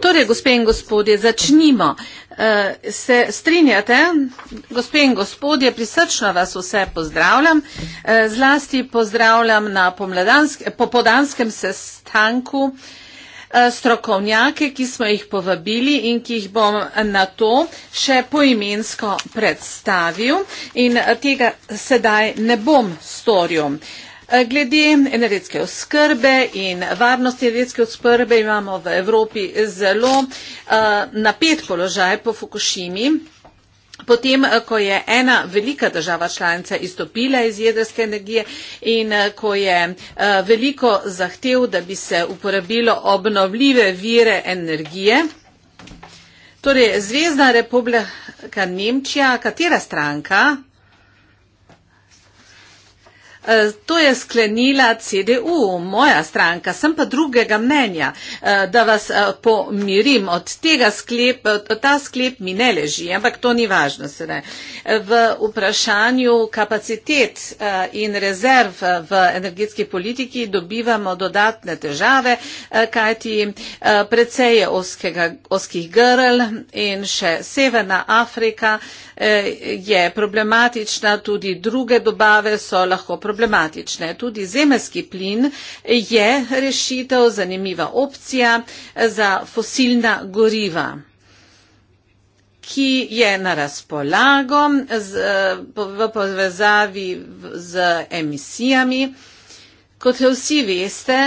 Torej, gospe in gospodje, začnimo. Eh, se strinjate? Gospe in gospodje, prisrčno vas vse pozdravljam. Eh, zlasti pozdravljam na popodanskem sestanku eh, strokovnjake, ki smo jih povabili in ki jih bom na to še poimensko predstavil in tega sedaj ne bom storil. Eh, glede energetske oskrbe in varnosti energetske oskrbe imamo v Evropi zelo eh, napet položaj po Fukushimi. Potem, eh, ko je ena velika država članica izstopila iz jedrske energije in ko je veliko zahtev, da bi se uporabilo obnovljive vire energije. Torej, Zvezdna republika Nemčija, katera stranka Eh, to je sklenila CDU, moja stranka, sem pa drugega mnenja, eh, da vas eh, pomirim, od tega sklep, ta sklep mi ne leži, ampak to ni važno sedaj. V vprašanju kapacitet in rezerv v energetski politiki dobivamo dodatne težave, kajti precej je oskega, oskih grl in še Severna Afrika je problematična, tudi druge dobave so lahko problematične problematične. Tudi zemeljski plin je rešitev, zanimiva opcija za fosilna goriva ki je na razpolago z, v povezavi z emisijami. Kot vsi veste,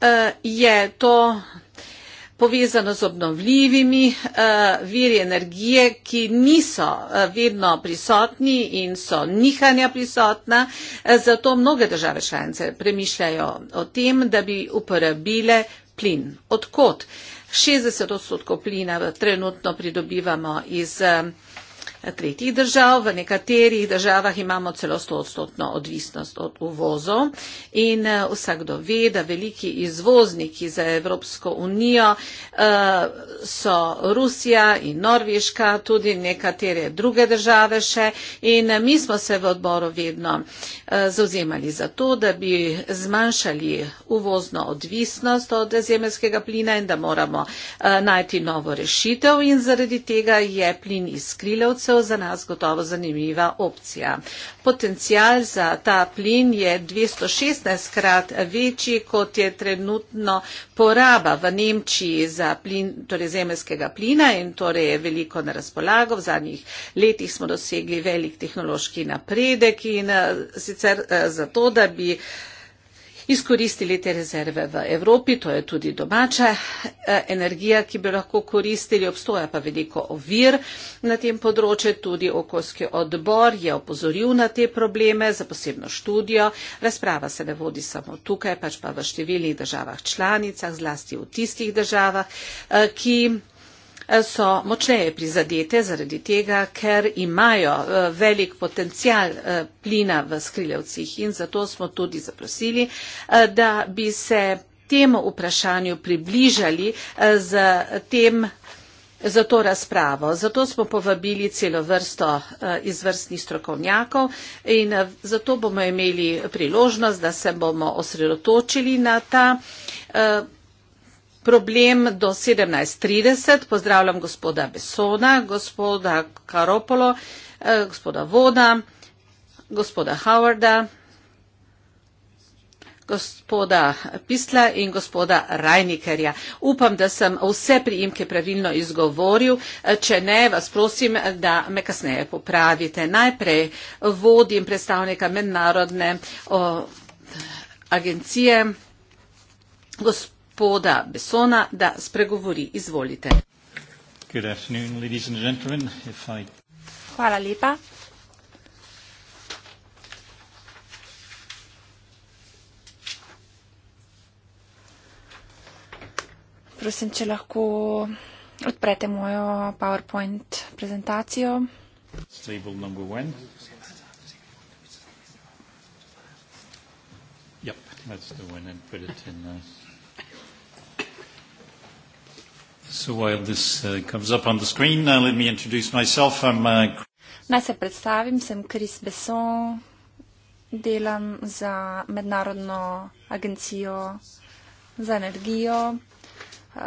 eh, je to povezano z obnovljivimi uh, viri energije, ki niso uh, vedno prisotni in so nihanja prisotna. Eh, zato mnoge države članice premišljajo o tem, da bi uporabile plin. Odkot? 60 odstotkov plina trenutno pridobivamo iz. Uh, tretjih držav. V nekaterih državah imamo celo 100-odstotno odvisnost od uvozov in eh, vsakdo ve, da veliki izvozniki za Evropsko unijo eh, so Rusija in Norveška, tudi nekatere druge države še in eh, mi smo se v odboru vedno zauzemali za to, da bi zmanjšali uvozno odvisnost od zemljskega plina in da moramo najti novo rešitev in zaradi tega je plin iz Krilovca Nemcev za nas gotovo zanimiva opcija. Potencial za ta plin je 216 krat večji, kot je trenutno poraba v Nemčiji za plin, torej zemeljskega plina in torej je veliko na razpolago. V zadnjih letih smo dosegli velik tehnološki napredek in eh, sicer eh, zato, da bi izkoristili te rezerve v Evropi, to je tudi domača eh, energija, ki bi lahko koristili, obstoja pa veliko ovir na tem področju, tudi okoljski odbor je opozoril na te probleme za posebno študijo. Razprava se ne vodi samo tukaj, pač pa v številnih državah članicah, zlasti v tistih državah, eh, ki so močneje prizadete zaradi tega, ker imajo eh, velik potencial eh, plina v skrilevcih in zato smo tudi zaprosili, eh, da bi se temu vprašanju približali z tem, za to razpravo. Zato smo povabili celo vrsto izvrstnih strokovnjakov in zato bomo imeli priložnost, da se bomo osredotočili na ta problem do 17.30. Pozdravljam gospoda Besona, gospoda Karopolo, eh, gospoda Voda, gospoda Howarda, gospoda Pisla in gospoda Rajnikerja. Upam, da sem vse priimke pravilno izgovoril. Eh, če ne, vas prosim, da me kasneje popravite. Najprej vodim predstavnika mednarodne agencije, gospoda gospoda Besona, da spregovori. Izvolite. Hvala lepa. Prosim, če lahko odprete mojo PowerPoint prezentacijo. Yep, that's the one and put it in there. Uh... while this uh, comes up on the screen, uh, let me introduce myself. I'm. Uh, Naj se predstavim, sem Kris Besson, delam za Mednarodno agencijo za energijo. Uh,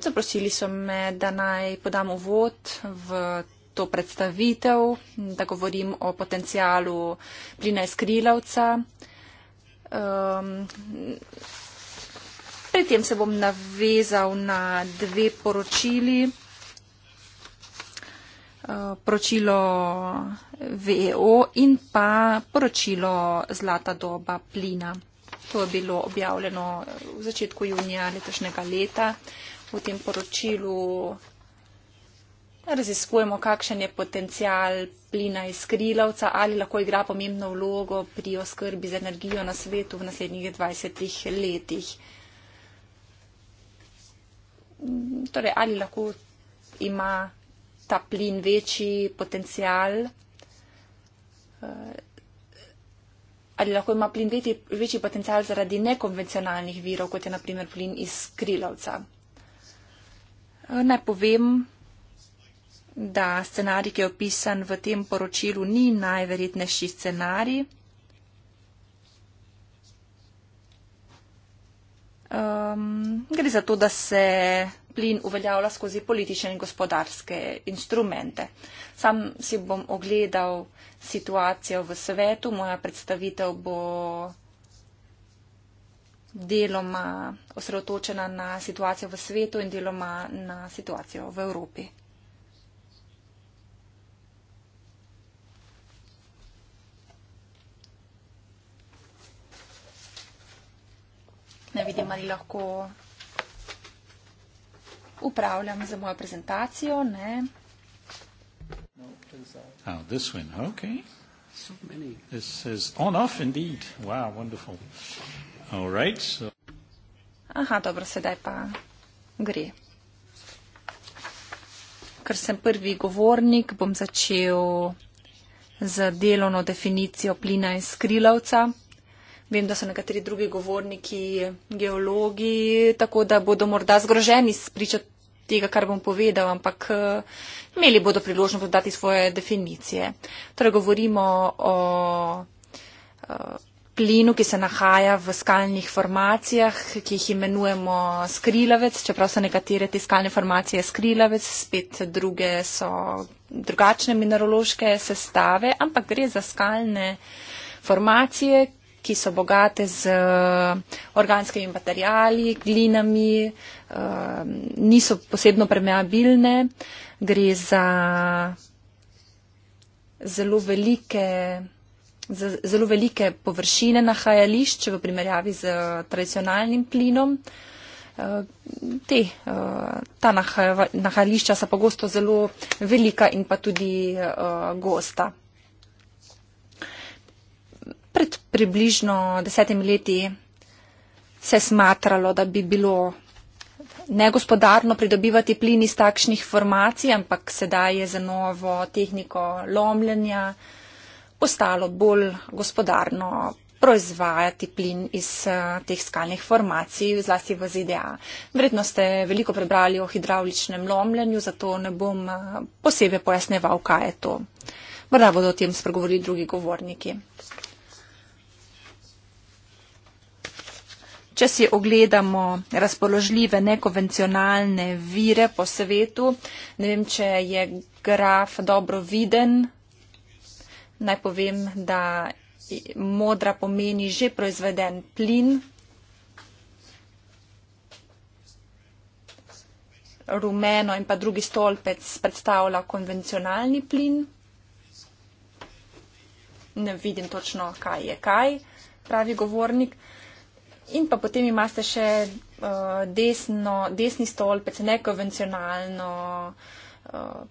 zaprosili so me, da naj podam uvod v to predstavitev, da govorim o potencijalu plina iz Krilovca. Um, pri tem se bom navezal na dve poročili. Eh, poročilo VEO in pa poročilo Zlata doba plina. To je bilo objavljeno v začetku junija letošnjega leta. V tem poročilu raziskujemo, kakšen je potencial plina iz krilovca, ali lahko igra pomembno vlogo pri oskrbi z energijo na svetu v naslednjih 20 letih torej ali lahko ima ta plin večji potencial, eh, ali lahko ima plin večji, večji potencial zaradi nekonvencionalnih virov, kot je naprimer plin iz skrilavca. Eh, naj povem, da scenarij, ki je opisan v tem poročilu, ni najverjetnejši scenarij. Um, gre za to, da se plin uveljavlja skozi politične in gospodarske instrumente. Sam si bom ogledal situacijo v svetu, moja predstavitev bo deloma osredotočena na situacijo v svetu in deloma na situacijo v Evropi. ne vidim, ali lahko upravljam za mojo prezentacijo. Ne. Oh, this one, okay. So many. This says on off indeed. Wow, wonderful. All right, so. Aha, dobro, sedaj pa gre. Ker sem prvi govornik, bom začel z delovno definicijo plina iz skrilovca. Vem, da so nekateri drugi govorniki geologi, tako da bodo morda zgroženi spričo tega, kar bom povedal, ampak eh, imeli bodo priložnost dodati svoje definicije. Torej, govorimo o, o eh, plinu, ki se nahaja v skalnih formacijah, ki jih imenujemo skrilavec, čeprav so nekatere te skalne formacije skrilavec, spet druge so drugačne mineraloške sestave, ampak gre za skalne formacije, ki so bogate z eh, organskimi materijali, glinami, eh, niso posebno premeabilne, gre za zelo velike, zelo velike površine nahajališč v primerjavi z eh, tradicionalnim plinom. Te, ta nahajališča so pogosto zelo velika in pa tudi gosta pred približno desetimi leti se smatralo, da bi bilo negospodarno pridobivati plin iz takšnih formacij, ampak sedaj je za novo tehniko lomljenja postalo bolj gospodarno proizvajati plin iz eh, teh skalnih formacij, zlasti v ZDA. Verjetno ste veliko prebrali o hidravličnem lomljenju, zato ne bom eh, posebej pojasneval, kaj je to. Morda bodo o tem spregovorili drugi govorniki. Če si ogledamo razpoložljive nekonvencionalne vire po svetu, ne vem, če je graf dobro viden, naj povem, da modra pomeni že proizveden plin, rumeno in pa drugi stolpec predstavlja konvencionalni plin. Ne vidim točno, kaj je kaj, pravi govornik. In pa potem imate še uh, desno, desni stolpec, nekonvencionalno, uh,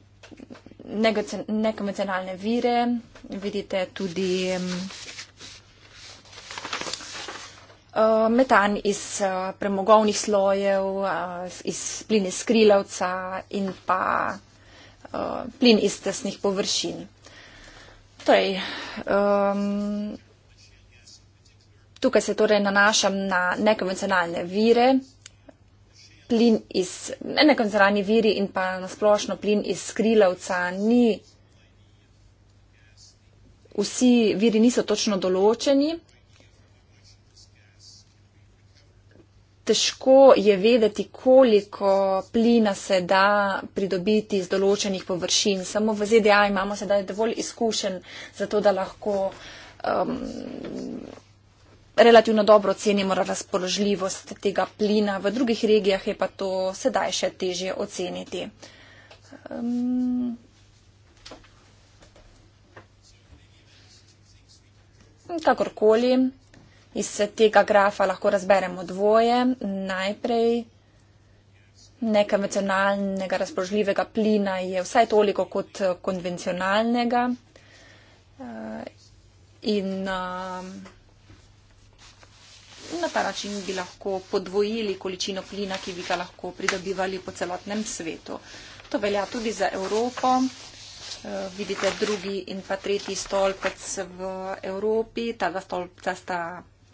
nekonvencionalne vire. Vidite tudi uh, metan iz uh, premogovnih slojev, uh, iz plin iz skrilavca in pa uh, plin iz tesnih površin. Torej, um, Tukaj se torej nanašam na nekonvencionalne vire, plin iz nekonvencionalni viri in pa nasplošno plin iz skrilavca. Ni, vsi viri niso točno določeni. Težko je vedeti, koliko plina se da pridobiti z določenih površin. Samo v ZDA imamo sedaj dovolj izkušen, zato da lahko. Um, relativno dobro ocenimo razpoložljivost tega plina, v drugih regijah je pa to sedaj še težje oceniti. Um, kakorkoli, iz tega grafa lahko razberemo dvoje. Najprej nekonvencionalnega razpoložljivega plina je vsaj toliko kot konvencionalnega. Uh, in, uh, in na ta način bi lahko podvojili količino plina, ki bi ga lahko pridobivali po celotnem svetu. To velja tudi za Evropo. Eh, vidite drugi in pa tretji stolpec v Evropi. Ta dva stolpca sta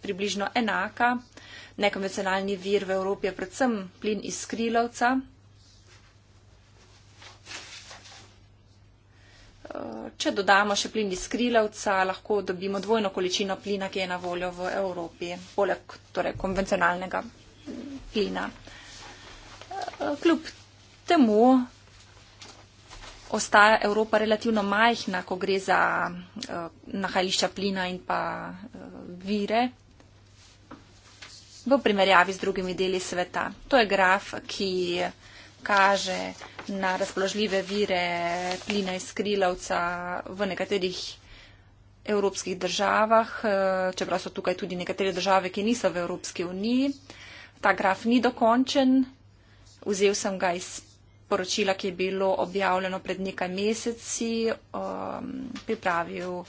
približno enaka. Nekonvencionalni vir v Evropi je predvsem plin iz skrilovca. če dodamo še plin iz krilavca, lahko dobimo dvojno količino plina, ki je na voljo v Evropi, poleg torej, konvencionalnega plina. Kljub temu ostaja Evropa relativno majhna, ko gre za eh, nahajišča plina in pa eh, vire v primerjavi z drugimi deli sveta. To je graf, ki kaže, na razpoložljive vire plina iz krilavca v nekaterih evropskih državah, eh, čeprav so tukaj tudi nekatere države, ki niso v Evropski uniji. Ta graf ni dokončen. Vzel sem ga iz poročila, ki je bilo objavljeno pred nekaj meseci. Ehm, pripravil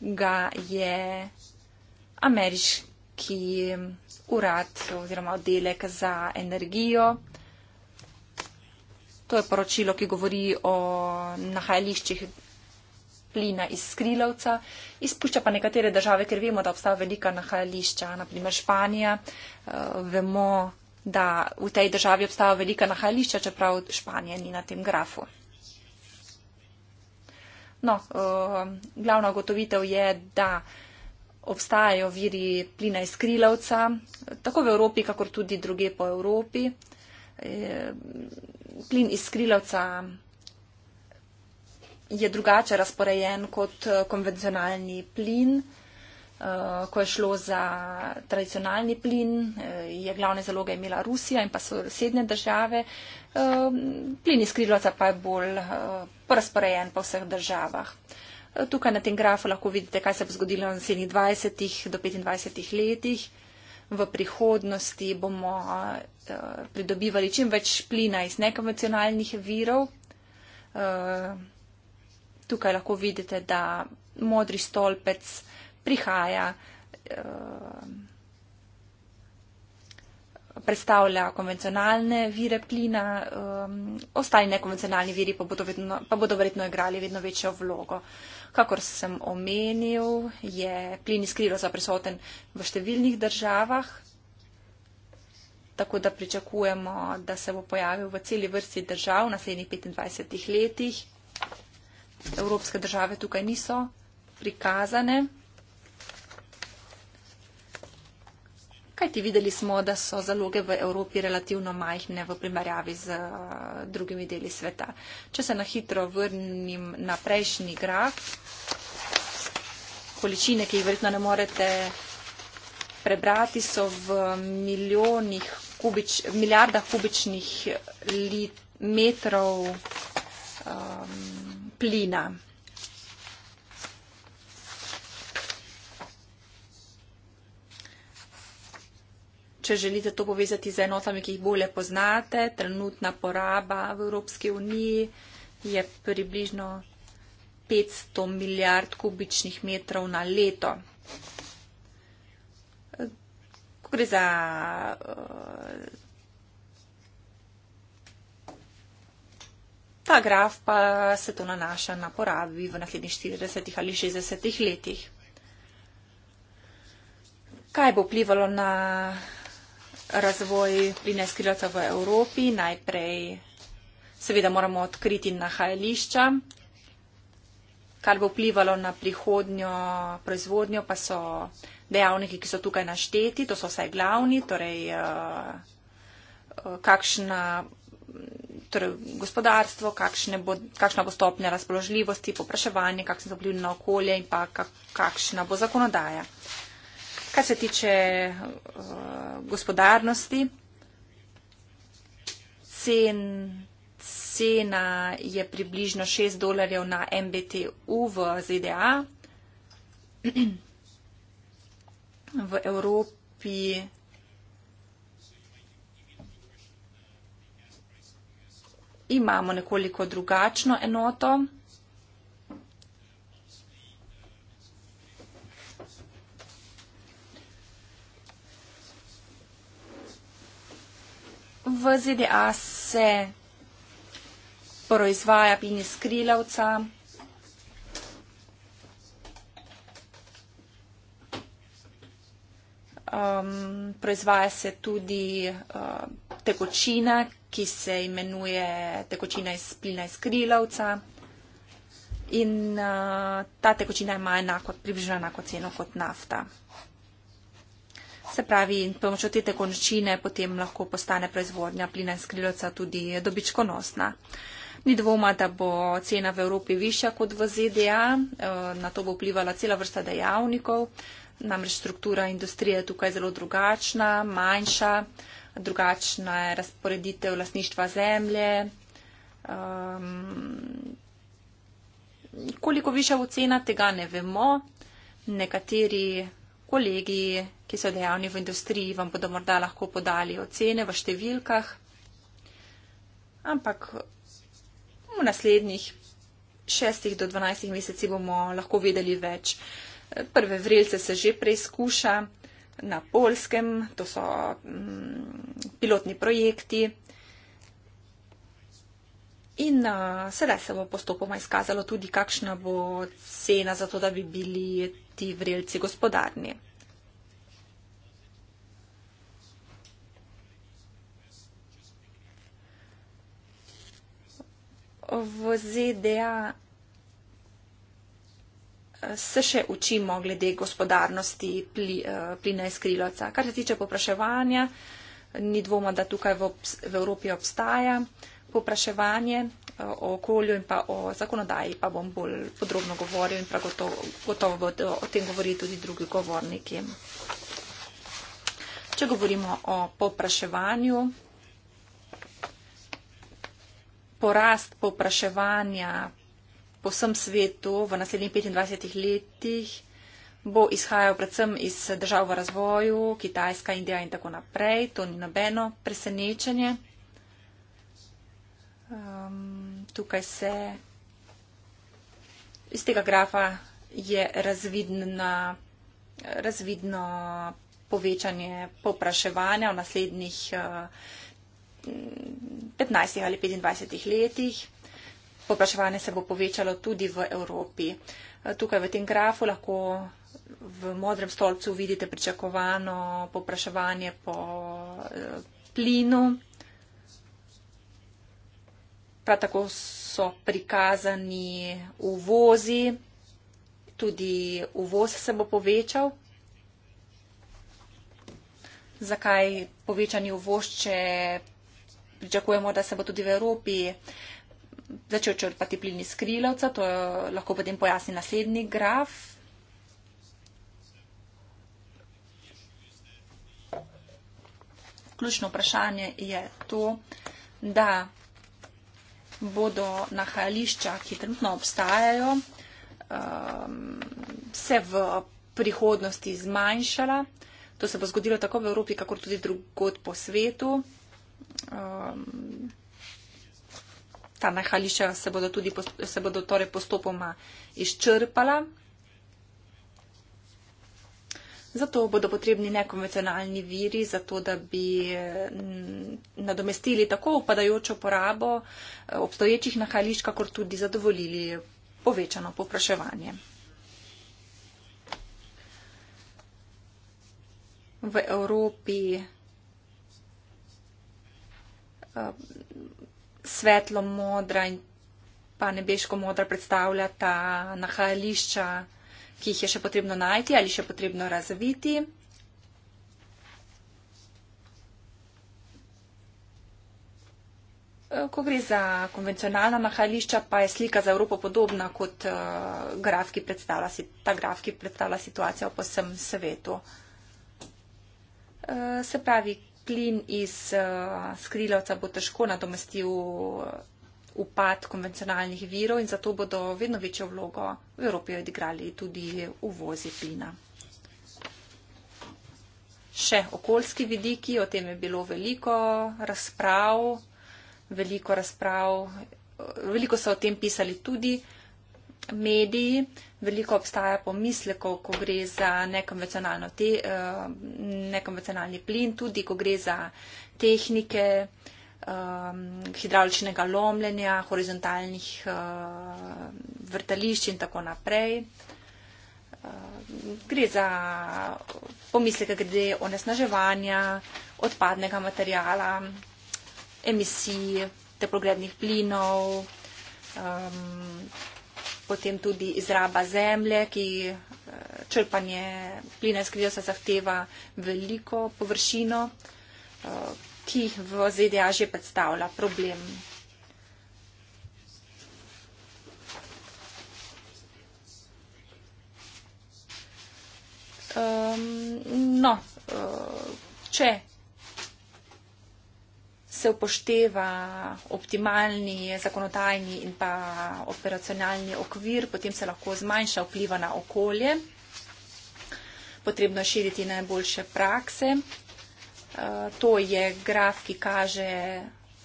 ga je ameriški urad oziroma oddelek za energijo. To je poročilo, ki govori o nahajališčih plina iz skrilovca, izpušča pa nekatere države, ker vemo, da obstaja velika nahajališča, naprimer Španija. Eh, vemo, da v tej državi obstaja velika nahajališča, čeprav Španija ni na tem grafu. No, eh, glavna ugotovitev je, da obstajajo viri plina iz skrilovca, tako v Evropi, kakor tudi druge po Evropi. Eh, plin iz skrilavca je drugače razporejen kot eh, konvencionalni plin. Eh, ko je šlo za tradicionalni plin, eh, je glavne zaloge imela Rusija in pa sosednje države. Plin iz skrilavca pa je bolj razporejen po vseh državah. Tukaj na tem grafu lahko vidite, kaj se bo zgodilo v naslednjih 20 do 25 letih v prihodnosti bomo eh, pridobivali čim več plina iz nekonvencionalnih virov. Eh, tukaj lahko vidite, da modri stolpec prihaja, eh, predstavlja konvencionalne vire plina, ostali nekonvencionalni viri pa bodo, vedno, pa bodo verjetno igrali vedno večjo vlogo. Kakor sem omenil, je plin iz kriroza prisoten v številnih državah, tako da pričakujemo, da se bo pojavil v celi vrsti držav v naslednjih 25 letih. Evropske države tukaj niso prikazane. kajti videli smo, da so zaloge v Evropi relativno majhne v primerjavi z eh, drugimi deli sveta. Če se na hitro vrnim na prejšnji graf, količine, ki jih verjetno ne morete prebrati, so v milijonih kubič, milijardah kubičnih lit, metrov um, plina. če želite to povezati z enotami, ki jih bolje poznate, trenutna poraba v Evropski uniji je približno 500 milijard kubičnih metrov na leto. Ko gre za eh, ta graf, pa se to nanaša na porabi v naslednjih 40 ali 60 letih. Kaj bo vplivalo na razvoj pline skrilca v Evropi. Najprej seveda moramo odkriti nahajališča, kar bo vplivalo na prihodnjo proizvodnjo, pa so dejavniki, ki so tukaj našteti, to so vse glavni, torej eh, eh, kakšna. Torej, gospodarstvo, bo, kakšna bo stopnja razpoložljivosti, popraševanje, kakšen bo vpliv na okolje in pa kakšna bo zakonodaja. Kar se tiče uh, gospodarnosti, cen, cena je približno 6 dolarjev na MBTU v ZDA. v Evropi. Imamo nekoliko drugačno enoto. V ZDA se proizvaja bini skrilavca. Um, proizvaja se tudi uh, tekočina, ki se imenuje tekočina iz plina iz krilovca. In uh, ta tekočina ima enako, približno enako ceno kot nafta. Se pravi, pomočjo te tekončine potem lahko postane proizvodnja plina iz krilca tudi dobičkonosna. Ni dvoma, da bo cena v Evropi višja kot v ZDA, eh, na to bo vplivala cela vrsta dejavnikov, namreč struktura industrije je tukaj zelo drugačna, manjša, drugačna je razporeditev lasništva zemlje. Um, koliko višja bo cena, tega ne vemo. Nekateri kolegi, ki so dejavni v industriji, vam bodo morda lahko podali ocene v številkah, ampak v naslednjih šestih do dvanajstih mesecih bomo lahko vedeli več. Prve vrelce se že preizkuša na polskem, to so mm, pilotni projekti. In uh, sedaj se bo postopoma izkazalo tudi, kakšna bo cena za to, da bi bili ti vrelci gospodarni. V ZDA eh, se še učimo glede gospodarnosti eh, plina iz krilovca. Kar se tiče popraševanja, ni dvoma, da tukaj v Evropi obstaja popraševanje eh, o okolju in pa o zakonodaji, pa bom bolj podrobno govoril in pragotovo gotovo bodo o tem govorili tudi drugi govorniki. Če govorimo o popraševanju, porast popraševanja po vsem svetu v naslednjih 25 letih bo izhajal predvsem iz držav v razvoju, Kitajska, Indija in tako naprej. To ni nobeno presenečenje. Um, tukaj se iz tega grafa je razvidna, razvidno povečanje popraševanja v naslednjih uh, eh, 15 ali 25 letih. Popraševanje se bo povečalo tudi v Evropi. Eh, tukaj v tem grafu lahko v modrem stolcu vidite pričakovano popraševanje po eh, plinu, Prav tako so prikazani uvozi, tudi uvoz se bo povečal. Zakaj povečanje uvoz, če pričakujemo, da se bo tudi v Evropi začel črpati plin iz krilovca, to lahko potem pojasni naslednji graf. Ključno vprašanje je to, da bodo nahajališča, ki trenutno obstajajo, um, se v prihodnosti zmanjšala. To se bo zgodilo tako v Evropi, kako tudi drugod po svetu. Um, ta nahajališča se bodo, tudi, se bodo torej postopoma izčrpala. Zato bodo potrebni nekonvencionalni viri, zato da bi mm, nadomestili tako upadajočo porabo eh, obstoječih nahališk, kakor tudi zadovoljili povečano popraševanje. V Evropi eh, svetlo modra in pa nebeško modra predstavlja ta nahališča ki jih je še potrebno najti ali še potrebno razviti. E, ko gre za konvencionalna nahajališča, pa je slika za Evropo podobna kot e, graf, ki predstavlja, ta graf, ki predstavlja situacijo po vsem svetu. E, se pravi, klin iz skrilovca bo težko nadomestil upad konvencionalnih virov in zato bodo vedno večjo vlogo v Evropi odigrali tudi uvozi plina. Še okoljski vidiki, o tem je bilo veliko razprav, veliko razprav, veliko so o tem pisali tudi mediji, veliko obstaja pomislekov, ko gre za te, eh, nekonvencionalni plin, tudi ko gre za tehnike, um, hidravličnega lomljenja, horizontalnih uh, vrtališč in tako naprej. Uh, gre za pomisleke glede onesnaževanja, odpadnega materijala, emisij teplogrednih plinov, um, potem tudi izraba zemlje, ki uh, črpanje plina iz krilja se zahteva veliko površino, uh, ti v ZDA že predstavlja problem? Um, no, uh, če se upošteva optimalni zakonodajni in pa operacionalni okvir, potem se lahko zmanjša vpliva na okolje. Potrebno je širiti najboljše prakse. Eh, to je graf, ki kaže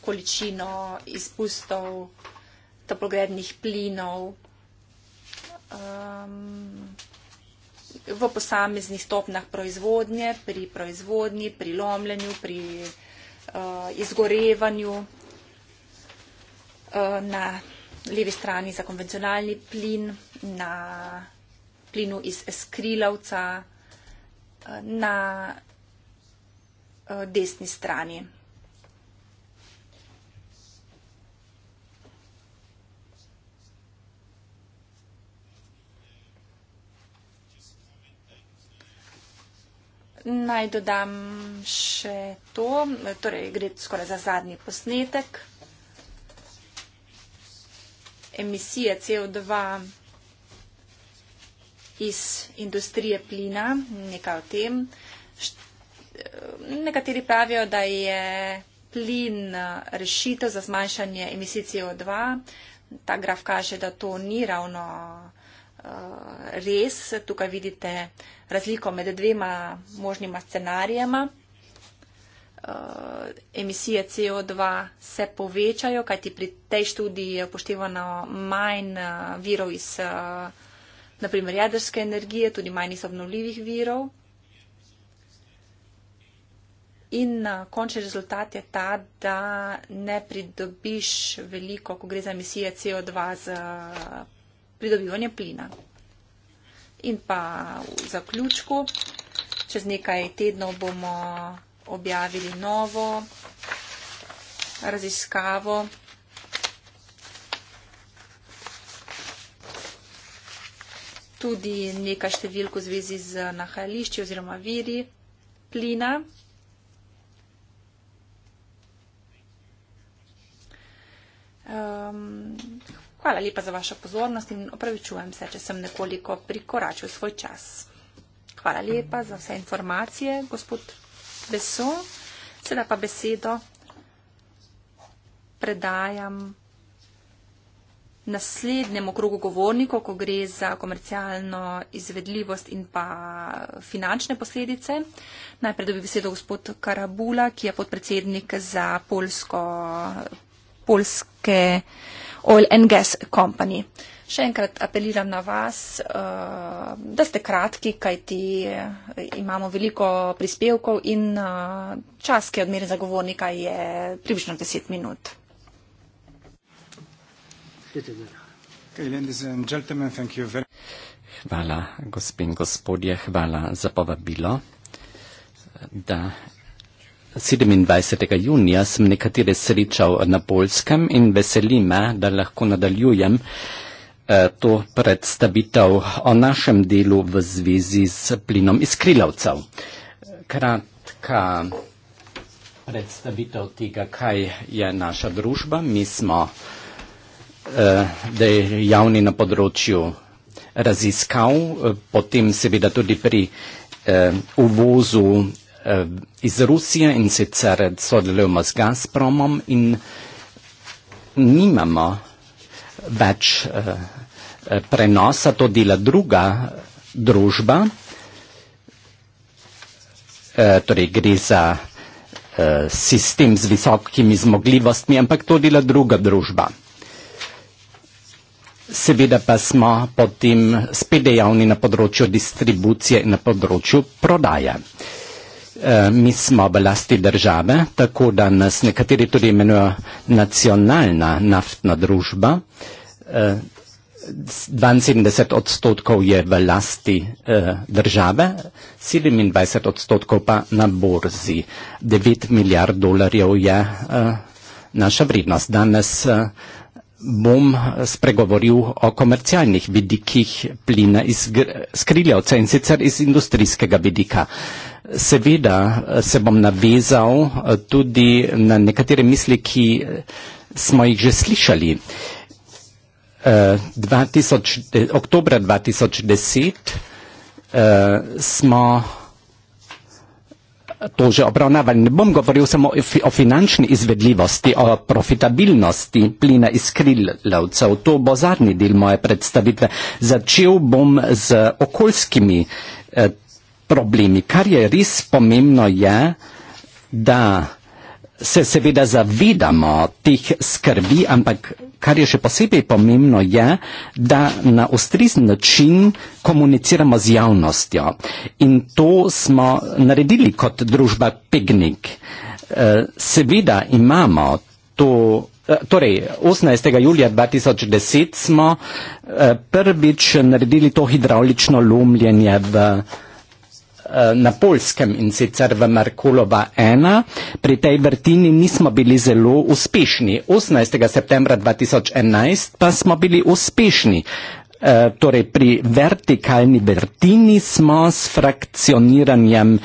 količino izpustov toplogrednih plinov um, v posameznih stopnjah proizvodnje, pri proizvodnji, pri lomljenju, pri uh, izgorevanju uh, na levi strani za konvencionalni plin, na plinu iz eskrilavca, na Eh, desni strani. Naj dodam še to, torej gre skoraj za zadnji posnetek. Emisije CO2 iz industrije plina, nekaj o tem nekateri pravijo, da je plin eh, rešitev za zmanjšanje emisij CO2. Ta graf kaže, da to ni ravno eh, res. Tukaj vidite razliko med dvema možnima scenarijema. Eh, emisije CO2 se povečajo, kajti pri tej študiji je upoštevano manj virov iz, naprimer, jedrske energije, tudi manj iz obnovljivih virov. In eh, končni rezultat je ta, da ne pridobiš veliko, ko gre za emisije CO2 z eh, pridobivanje plina. In pa v zaključku, čez nekaj tednov bomo objavili novo raziskavo. Tudi nekaj številk v zvezi z nahajališči oziroma viri plina. Um, hvala lepa za vašo pozornost in opravičujem se, če sem nekoliko prikoračil svoj čas. Hvala lepa za vse informacije, gospod Beso. Sedaj pa besedo predajam naslednjemu krugu govornikov, ko gre za komercialno izvedljivost in pa finančne posledice. Najprej dobi besedo gospod Karabula, ki je podpredsednik za polsko polske Oil and Gas Company. Še enkrat apeliram na vas, eh, da ste kratki, kajti eh, imamo veliko prispevkov in eh, čas, ki je odmeren zagovornika, je približno 10 minut. Hvala, gospod in gospodje, hvala za povabilo, da 27. junija sem nekatere srečal na Polskem in veseli me, da lahko nadaljujem eh, to predstavitev o našem delu v zvezi s plinom iz Krilavcev. Kratka predstavitev tega, kaj je naša družba. Mi smo eh, da je javni na področju raziskav, eh, potem seveda tudi pri uvozu Eh, iz Rusije in sicer sodelujemo z Gazpromom in nimamo več uh, prenosa, to dela druga družba, uh, torej gre za sistem z visokimi zmogljivostmi, ampak to dela druga družba. Seveda pa smo potem spet dejavni na področju distribucije in na področju prodaje. Uh, Eh, mi smo v lasti države, tako da nas nekateri tudi imenujejo nacionalna naftna družba. 72 eh, odstotkov je v lasti eh, države, 27 odstotkov pa na borzi. 9 milijard dolarjev je naša vrednost. Danes bom spregovoril o komercialnih vidikih plina iz skriljavca in sicer iz industrijskega vidika. Seveda eh, se bom navezal eh, tudi na nekatere misli, ki eh, smo jih že slišali. 2000, oktober 2010 smo to že obravnavali. Ne bom govoril samo o finančni izvedljivosti, o profitabilnosti plina iz krilovcev. To bo zadnji del moje predstavitve. Začel bom z okoljskimi problemi. Kar je res pomembno je, da se seveda zavedamo teh skrbi, ampak kar je še posebej pomembno je, da na ustrezen način komuniciramo z javnostjo. In to smo naredili kot družba Pignik. Eh, seveda imamo to. Eh, torej, 18. julija 2010 smo eh, prvič naredili to hidraulično lomljenje v Eh, na polskem in sicer v Merkulova 1. Pri tej vrtini nismo bili zelo uspešni. 18. septembra 2011 pa smo bili uspešni. E, torej pri vertikalni vrtini smo s frakcioniranjem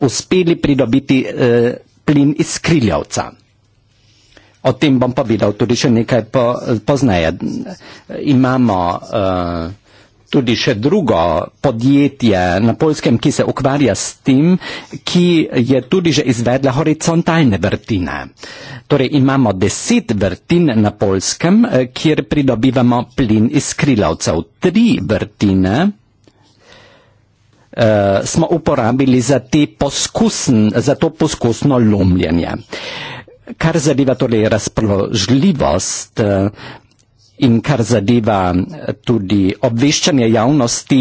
uspeli pridobiti e, plin iz kriljavca. O tem bom povedal tudi še nekaj po, poznaje. Imamo e, tudi še drugo podjetje na polskem, ki se ukvarja s tem, ki je tudi že izvedla horizontalne vrtine. Torej imamo deset vrtin na polskem, eh, kjer pridobivamo plin iz krilavcev. Tri vrtine eh, smo uporabili za, poskusn, za to poskusno lomljenje. Kar zadeva torej razpoložljivost. Eh, in kar zadeva eh, tudi obveščanje javnosti,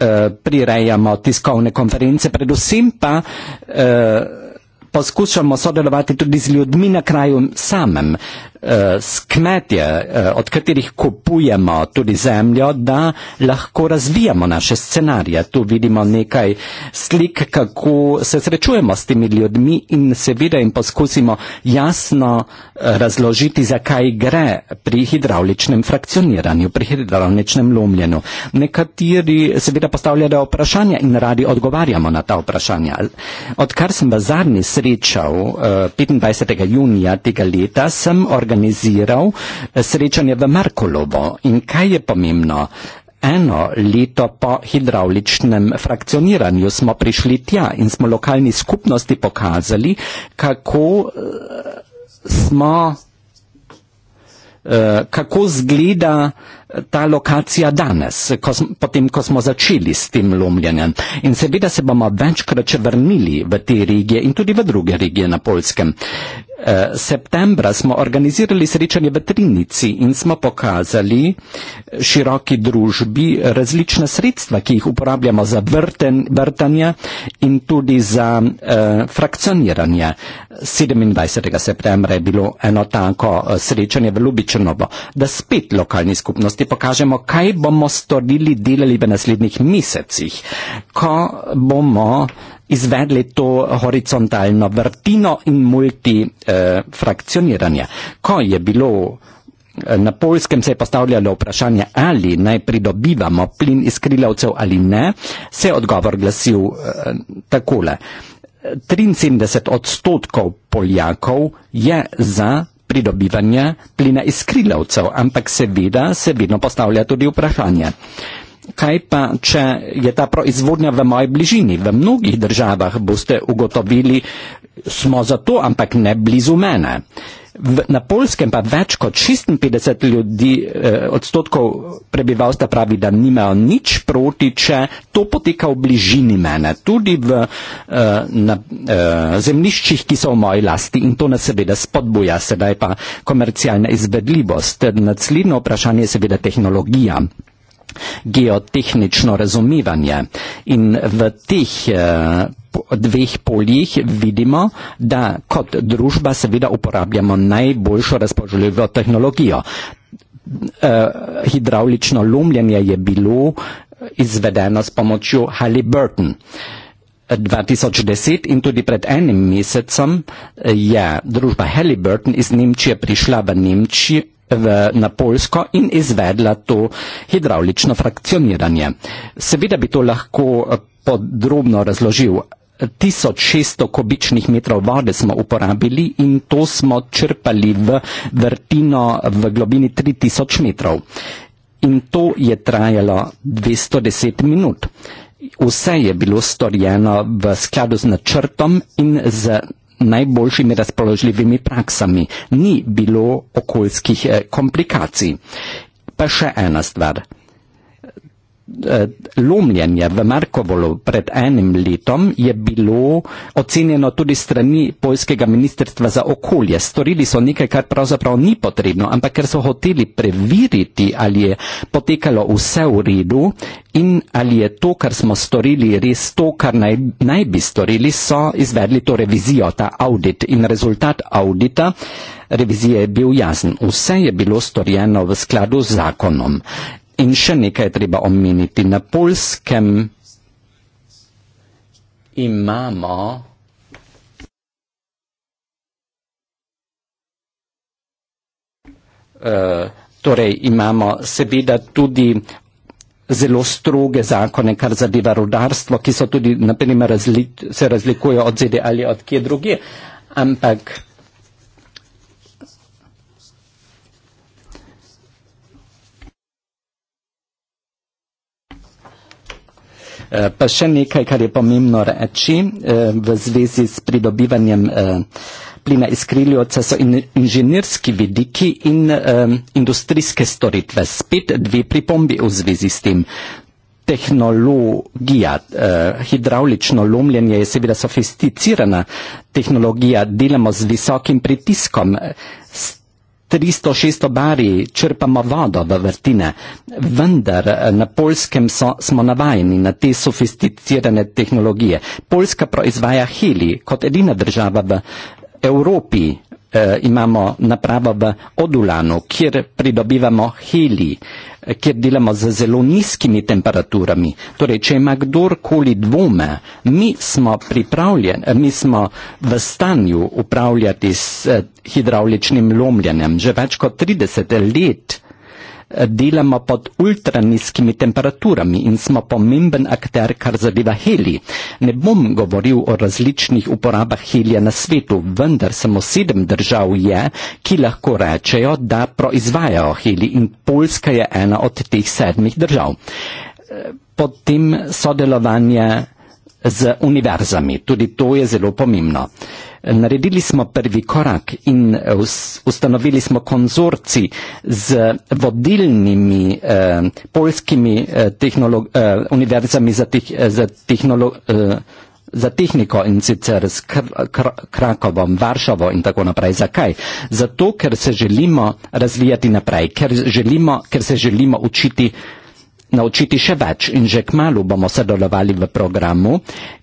eh, prirejamo tiskovne konference, predvsem pa eh, poskušamo sodelovati tudi z ljudmi na kraju samem, eh, s kmetje, eh, od katerih kupujemo tudi zemljo, da lahko razvijamo naše scenarije. Tu vidimo nekaj slik, kako se srečujemo s temi ljudmi in seveda jim poskusimo jasno eh, razložiti, zakaj gre pri hidrauličnem frakcioniranju, pri hidrauličnem lomljenju. Nekateri seveda postavljajo vprašanja in radi odgovarjamo na ta vprašanja. Odkar sem v zadnji se srečal 25. Eh, junija tega leta, sem organiziral eh, srečanje v Markolovo. In kaj je pomembno? Eno leto po hidrauličnem frakcioniranju smo prišli tja in smo lokalni skupnosti pokazali, kako eh, smo, kako zgleda ta lokacija danes, ko smo, potem ko smo začeli s tem lomljenjem. In seveda se bomo večkrat še vrnili v te regije in tudi v druge regije na Polskem. Eh, septembra smo organizirali srečanje v Trinici in smo pokazali široki družbi različna sredstva, ki jih uporabljamo za vrten, vrtanje in tudi za eh, frakcioniranje. 27. septembra je bilo eno tako eh, srečanje v Ljubičenovo, da spet lokalni skupnosti javnosti pokažemo, kaj bomo storili, delali v naslednjih mesecih, ko bomo izvedli to horizontalno vrtino in multifrakcioniranje. Eh, ko je bilo eh, Na polskem se je postavljalo vprašanje, ali naj pridobivamo plin iz krilavcev ali ne, se je odgovor glasil eh, takole. 73 odstotkov Poljakov je za pridobivanja plina iz krilavcev, ampak seveda se vedno postavlja tudi vprašanje kaj pa, če je ta proizvodnja v moji bližini, v mnogih državah boste ugotovili, smo zato, ampak ne blizu mene. V, na polskem pa več kot 56 ljudi, eh, odstotkov prebivalstva pravi, da nimajo nič proti, če to poteka v bližini mene, tudi v eh, na, eh, zemliščih, ki so v moji lasti in to nas seveda spodbuja, sedaj pa komercialna izvedljivost. Naslednje vprašanje je seveda tehnologija geotehnično razumivanje. In v teh eh, dveh poljih vidimo, da kot družba seveda uporabljamo najboljšo razpoložljivo tehnologijo. Eh, hidravlično lomljenje je bilo izvedeno s pomočjo Halliburton. 2010 in tudi pred enim mesecem je družba Halliburton iz Nemčije prišla v Nemčijo v, na Polsko in izvedla to hidraulično frakcioniranje. Seveda bi to lahko eh, podrobno razložil. 1600 kubičnih metrov vode smo uporabili in to smo črpali v vrtino v globini 3000 metrov. In to je trajalo 210 minut. Vse je bilo storjeno v skladu z načrtom in z najboljšimi razpoložljivimi praksami. Ni bilo okoljskih eh, komplikacij. Pa še ena stvar. Eh, lomljenje v Markovolu pred enim letom je bilo ocenjeno tudi strani Poljskega ministrstva za okolje. Storili so nekaj, kar pravzaprav ni potrebno, ampak ker so hoteli preveriti, ali je potekalo vse v redu in ali je to, kar smo storili, res to, kar naj, naj bi storili, so izvedli to revizijo, ta audit in rezultat audita. Revizija je bil jasen. Vse je bilo storjeno v skladu z zakonom. In še nekaj je treba omeniti. Na polskem imamo. Uh, torej imamo seveda tudi zelo stroge zakone, kar zadeva rodarstvo, ki so tudi, naprimer, razli se razlikujejo od ZDA ali od kje druge, ampak Eh, pa še nekaj, kar je pomembno reči eh, v zvezi s pridobivanjem eh, plina iz kriljoca so in, inženirski vidiki in um, industrijske storitve. Spet dve pripombi v zvezi s tem. Tehnologija, uh, hidraulično lomljenje je seveda sofisticirana tehnologija, delamo z visokim pritiskom. S 300-600 bari črpamo vodo v vrtine, vendar eh, na polskem so, smo navajeni na te sofisticirane tehnologije. Polska proizvaja heli kot edina država v Evropi, eh, imamo napravo v Odulanu, kjer pridobivamo heli, eh, kjer delamo z zelo nizkimi temperaturami. Torej, če ima kdorkoli dvome, mi smo pripravljeni, eh, mi smo v stanju upravljati s eh, hidrauličnim lomljenjem. Že več kot 30 let eh, delamo pod ultranizkimi temperaturami in smo pomemben akter, kar zadeva heli. Ne bom govoril o različnih uporabah helija na svetu, vendar samo sedem držav je, ki lahko rečejo, da proizvajajo heli in Poljska je ena od teh sedmih držav. Potem sodelovanje z univerzami. Tudi to je zelo pomembno. Naredili smo prvi korak in ustanovili smo konzorci z vodilnimi eh, polskimi eh, eh, univerzami za, teh, eh, za, eh, za tehniko in sicer s kr kr Krakovom, Varšavo in tako naprej. Zakaj? Zato, ker se želimo razvijati naprej, ker, želimo, ker se želimo učiti eh, naučiti še več in že kmalo bomo sodelovali v programu,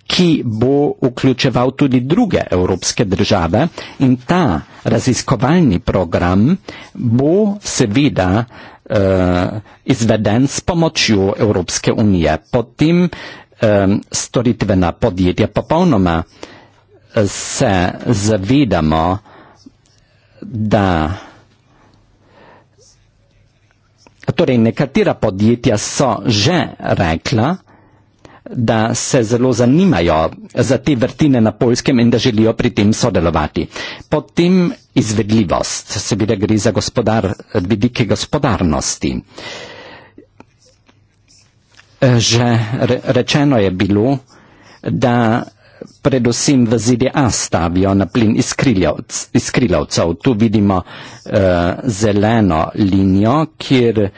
ki bo vključeval tudi druge evropske države in ta raziskovalni program bo seveda eh, izveden s pomočjo Evropske unije. Potem eh, storitvena podjetja popolnoma eh, se zavedamo, da torej nekatera podjetja so že rekla, da se zelo zanimajo za te vrtine na polskem in da želijo pri tem sodelovati. Potem izvedljivost, seveda gre za gospodar, vidike gospodarnosti. Eh, že rečeno je bilo, da predvsem v ZDA stavijo na plin iz krilovcev. Tu vidimo uh, zeleno linijo, kjer uh,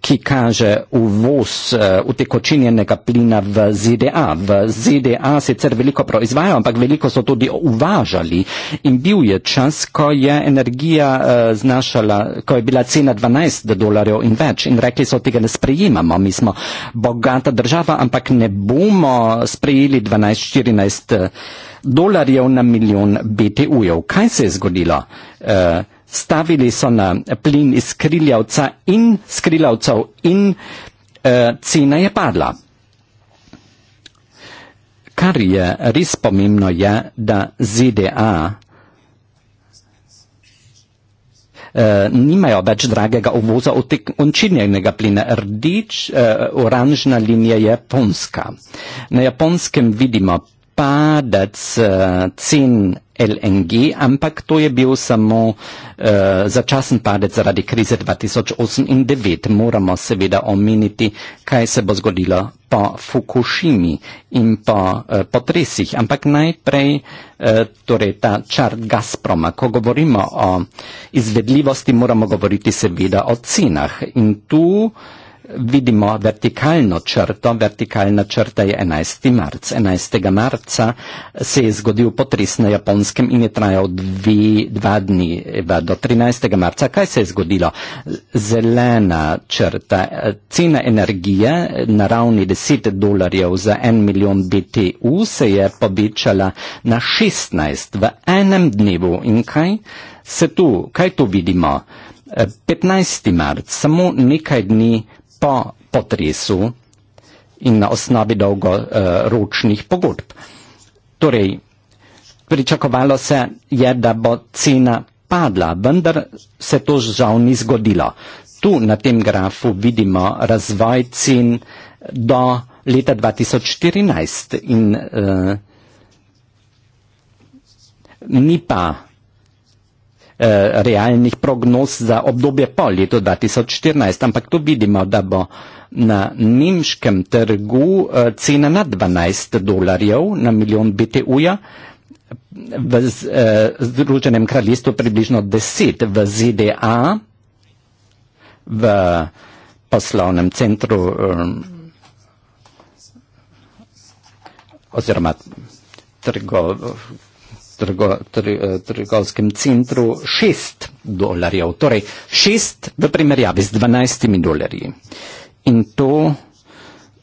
ki kaže uvoz eh, utekočinjenega plina v ZDA. V ZDA sicer veliko proizvajajo, ampak veliko so tudi uvažali in bil je čas, ko je energija eh, znašala, ko je bila cena 12 dolarjev in več in rekli so, tega ne sprejemamo, mi smo bogata država, ampak ne bomo sprejeli 12-14 eh, dolarjev na milijon BTU-jev. Kaj se je zgodilo? Uh, stavili so na plin iz skriljavca in skriljavcev in uh, cena je padla. Kar je res pomembno je, da ZDA Uh, eh, nimajo več dragega uvoza od končinjenega plina. Rdič, uh, eh, oranžna linija je japonska. Na japonskem vidimo padec uh, cen LNG, ampak to je bil samo uh, začasen padec zaradi krize 2008 in 2009. Moramo seveda omeniti, kaj se bo zgodilo po Fukushimi in po uh, potresih. Ampak najprej uh, torej ta čart Gazproma. Ko govorimo o izvedljivosti, moramo govoriti seveda o cenah. In tu uh, vidimo vertikalno črto, vertikalna črta je 11. marc. 11. marca se je zgodil potres na Japonskem in je trajal dvi, dva dni do 13. marca. Kaj se je zgodilo? Zelena črta, cena energije na ravni 10 dolarjev za 1 milijon BTU se je povečala na 16 v enem dnevu. In kaj se tu, kaj tu vidimo? 15. marc, samo nekaj dni po potresu in na osnovi dolgoročnih uh, pogodb. Torej, pričakovalo se je, da bo cena padla, vendar se to žal ni zgodilo. Tu na tem grafu vidimo razvoj cen do leta 2014 in uh, ni pa Eh, realnih prognoz za obdobje po letu 2014. Ampak tu vidimo, da bo na nemškem trgu eh, cena na 12 dolarjev na milijon BTU-ja, v eh, Združenem kraljestvu približno 10 v ZDA, v poslovnem centru oziroma trgov trgo, tr, eh, trgovskem centru 6 dolarjev, torej 6 v primerjavi z 12 dolarji. In to,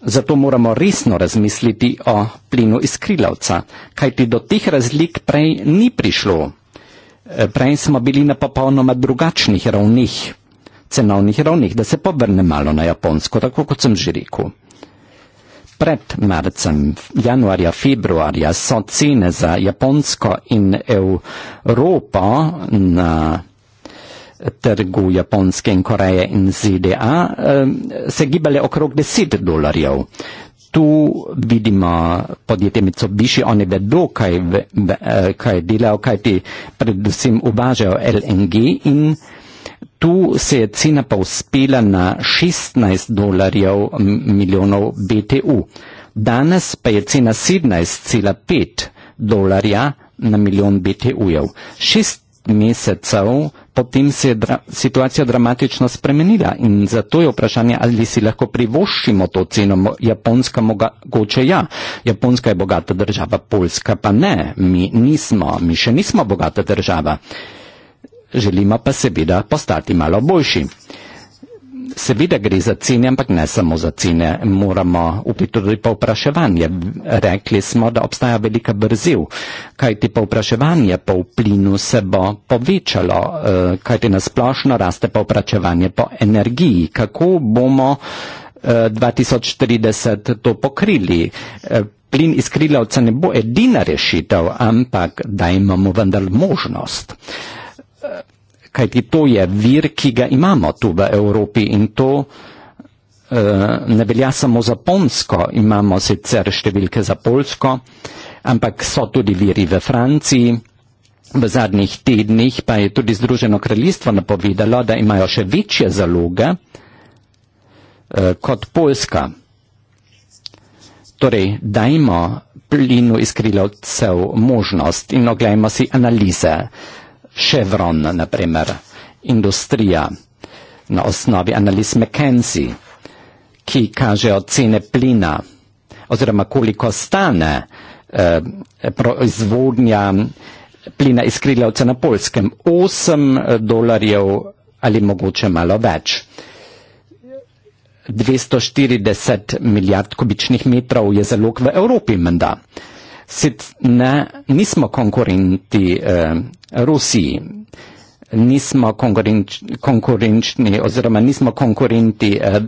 zato moramo resno razmisliti o plinu iz krilavca, kajti do teh razlik prej ni prišlo. Eh, prej smo bili na popolnoma drugačnih ravnih, cenovnih ravnih, da se povrne malo na Japonsko, tako kot sem že rekel pred marcem, januarja, februarja so cene za Japonsko in Evropo na trgu Japonske in Koreje in ZDA se gibale okrog 10 dolarjev. Tu vidimo podjetje Mitsubishi, oni vedo, kaj, eh, kaj delajo, kaj ti predvsem uvažajo LNG in tu se je cena pa uspela na 16 dolarjev milijonov BTU. Danes pa je cena 17,5 dolarja na milijon BTU-jev. Šest mesecev potem se je dra situacija dramatično spremenila in zato je vprašanje, ali si lahko privoščimo to ceno. Japonska mogoče ja, Japonska je bogata država, Poljska pa ne, mi nismo, mi še nismo bogata država. Uh, želimo pa seveda postati malo boljši. Seveda gre za cene, ampak ne samo za cene. Moramo upiti tudi pa vpraševanje. Rekli smo, da obstaja velika brzil, kajti pa vpraševanje po plinu se bo povečalo, eh, kajti nasplošno raste pa vpraševanje po energiji. Kako bomo 2030 eh, to pokrili? Eh, plin iz krilavca ne bo edina rešitev, ampak dajmo mu vendar možnost kajti to je vir, ki ga imamo tu v Evropi in to eh, ne velja samo za Ponsko, imamo sicer številke za Polsko, ampak so tudi viri v Franciji. V zadnjih tednih pa je tudi Združeno kraljestvo napovedalo, da imajo še večje zaloge eh, kot Poljska. Torej, dajmo plinu iskrilovcev možnost in oglejmo si analize. Uh, Chevron, na primer, industrija na osnovi analiz McKenzie, ki kažejo cene plina oziroma koliko stane eh, proizvodnja plina iz krilavca na polskem, 8 eh, dolarjev ali mogoče malo več. 240 milijard kubičnih metrov je zalog v Evropi, menda. Eh, sed ne, nismo konkurenti eh, Rusiji, nismo konkurenč, konkurenčni oziroma nismo konkurenti eh,